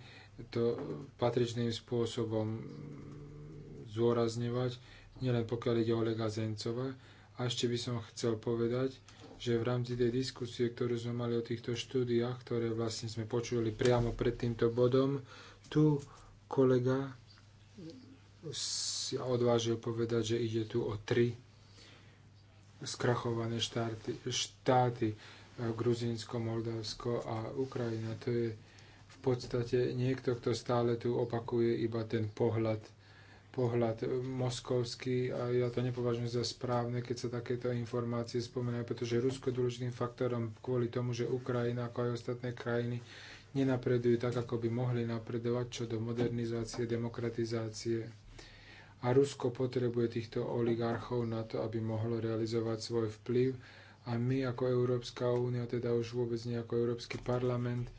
B: to patričným spôsobom zdôrazňovať, nielen pokiaľ ide o Lega Zencova. A ešte by som chcel povedať, že v rámci tej diskusie, ktorú sme mali o týchto štúdiách, ktoré vlastne sme počuli priamo pred týmto bodom, tu kolega si odvážil povedať, že ide tu o tri skrachované štáty, štáty e, Gruzínsko, Moldavsko a Ukrajina. To je v podstate niekto, kto stále tu opakuje iba ten pohľad pohľad eh, moskovský a ja to nepovažujem za správne, keď sa takéto informácie spomenajú, pretože Rusko je dôležitým faktorom kvôli tomu, že Ukrajina ako aj ostatné krajiny nenapredujú tak, ako by mohli napredovať čo do modernizácie, demokratizácie. A Rusko potrebuje týchto oligarchov na to, aby mohlo realizovať svoj vplyv a my ako Európska únia, teda už vôbec nie ako Európsky parlament,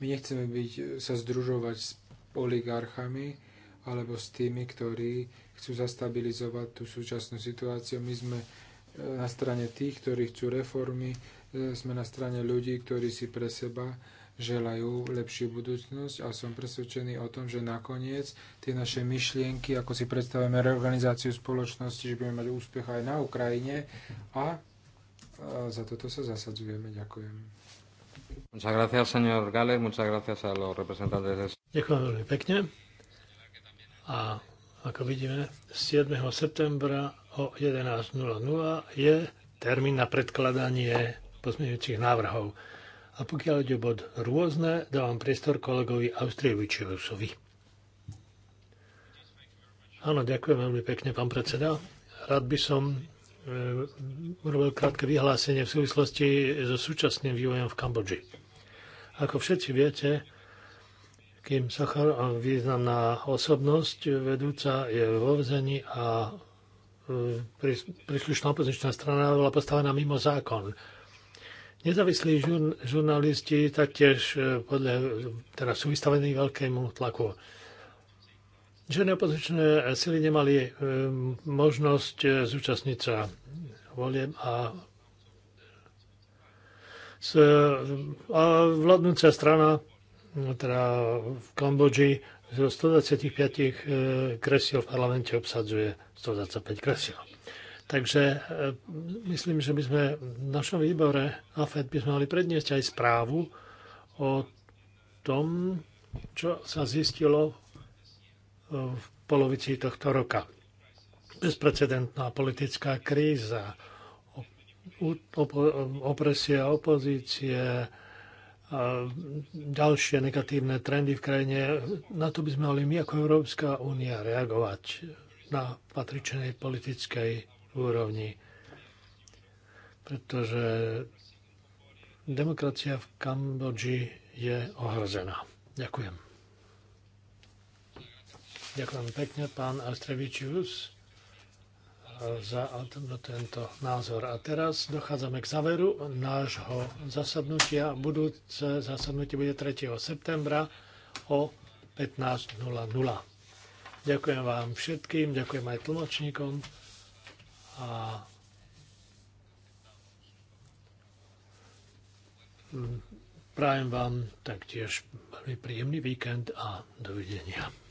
B: my nechceme byť, sa združovať s oligarchami, alebo s tými, ktorí chcú zastabilizovať tú súčasnú situáciu. My sme e, na strane tých, ktorí chcú reformy, e, sme na strane ľudí, ktorí si pre seba želajú lepšiu budúcnosť a som presvedčený o tom, že nakoniec tie naše myšlienky, ako si predstavujeme reorganizáciu spoločnosti, že budeme mať úspech aj na Ukrajine a e, za toto sa zasadzujeme. Ďakujem.
D: Muchas gracias, señor Gales. Muchas gracias a los representantes.
A: Ďakujem veľmi pekne. A ako vidíme, 7. septembra o 11.00 je termín na predkladanie pozmeňujúcich návrhov. A pokiaľ ide bod rôzne, dávam priestor kolegovi Austrievičovi. Áno, ďakujem veľmi pekne, pán predseda. Rád by som eh, urobil krátke vyhlásenie v súvislosti so súčasným vývojom v Kambodži. Ako všetci viete, Kim Sacharov, významná osobnosť vedúca, je vo vzení a e, príslušná opozičná strana bola postavená mimo zákon. Nezávislí žur, žurnalisti taktiež e, podľa, teda sú vystavení veľkému tlaku. Žiadne opozičné sily nemali e, možnosť zúčastniť sa volieb a a vládnúca strana No teda v Kambodži zo 125 eh, kresiel v parlamente obsadzuje 125 kresiel. Takže eh, myslím, že by sme v našom výbore AFED by sme mali predniesť aj správu o tom, čo sa zistilo eh, v polovici tohto roka. Bezprecedentná politická kríza, opresia opozície, ďalšie negatívne trendy v krajine, na to by sme mali my ako Európska únia reagovať na patričnej politickej úrovni. Pretože demokracia v Kambodži je ohrozená. Ďakujem. Ďakujem pekne, pán Astrevičius za tento názor. A teraz dochádzame k záveru nášho zasadnutia. Budúce zasadnutie bude 3. septembra o 15.00. Ďakujem vám všetkým, ďakujem aj tlmočníkom a prajem vám taktiež veľmi príjemný víkend a dovidenia.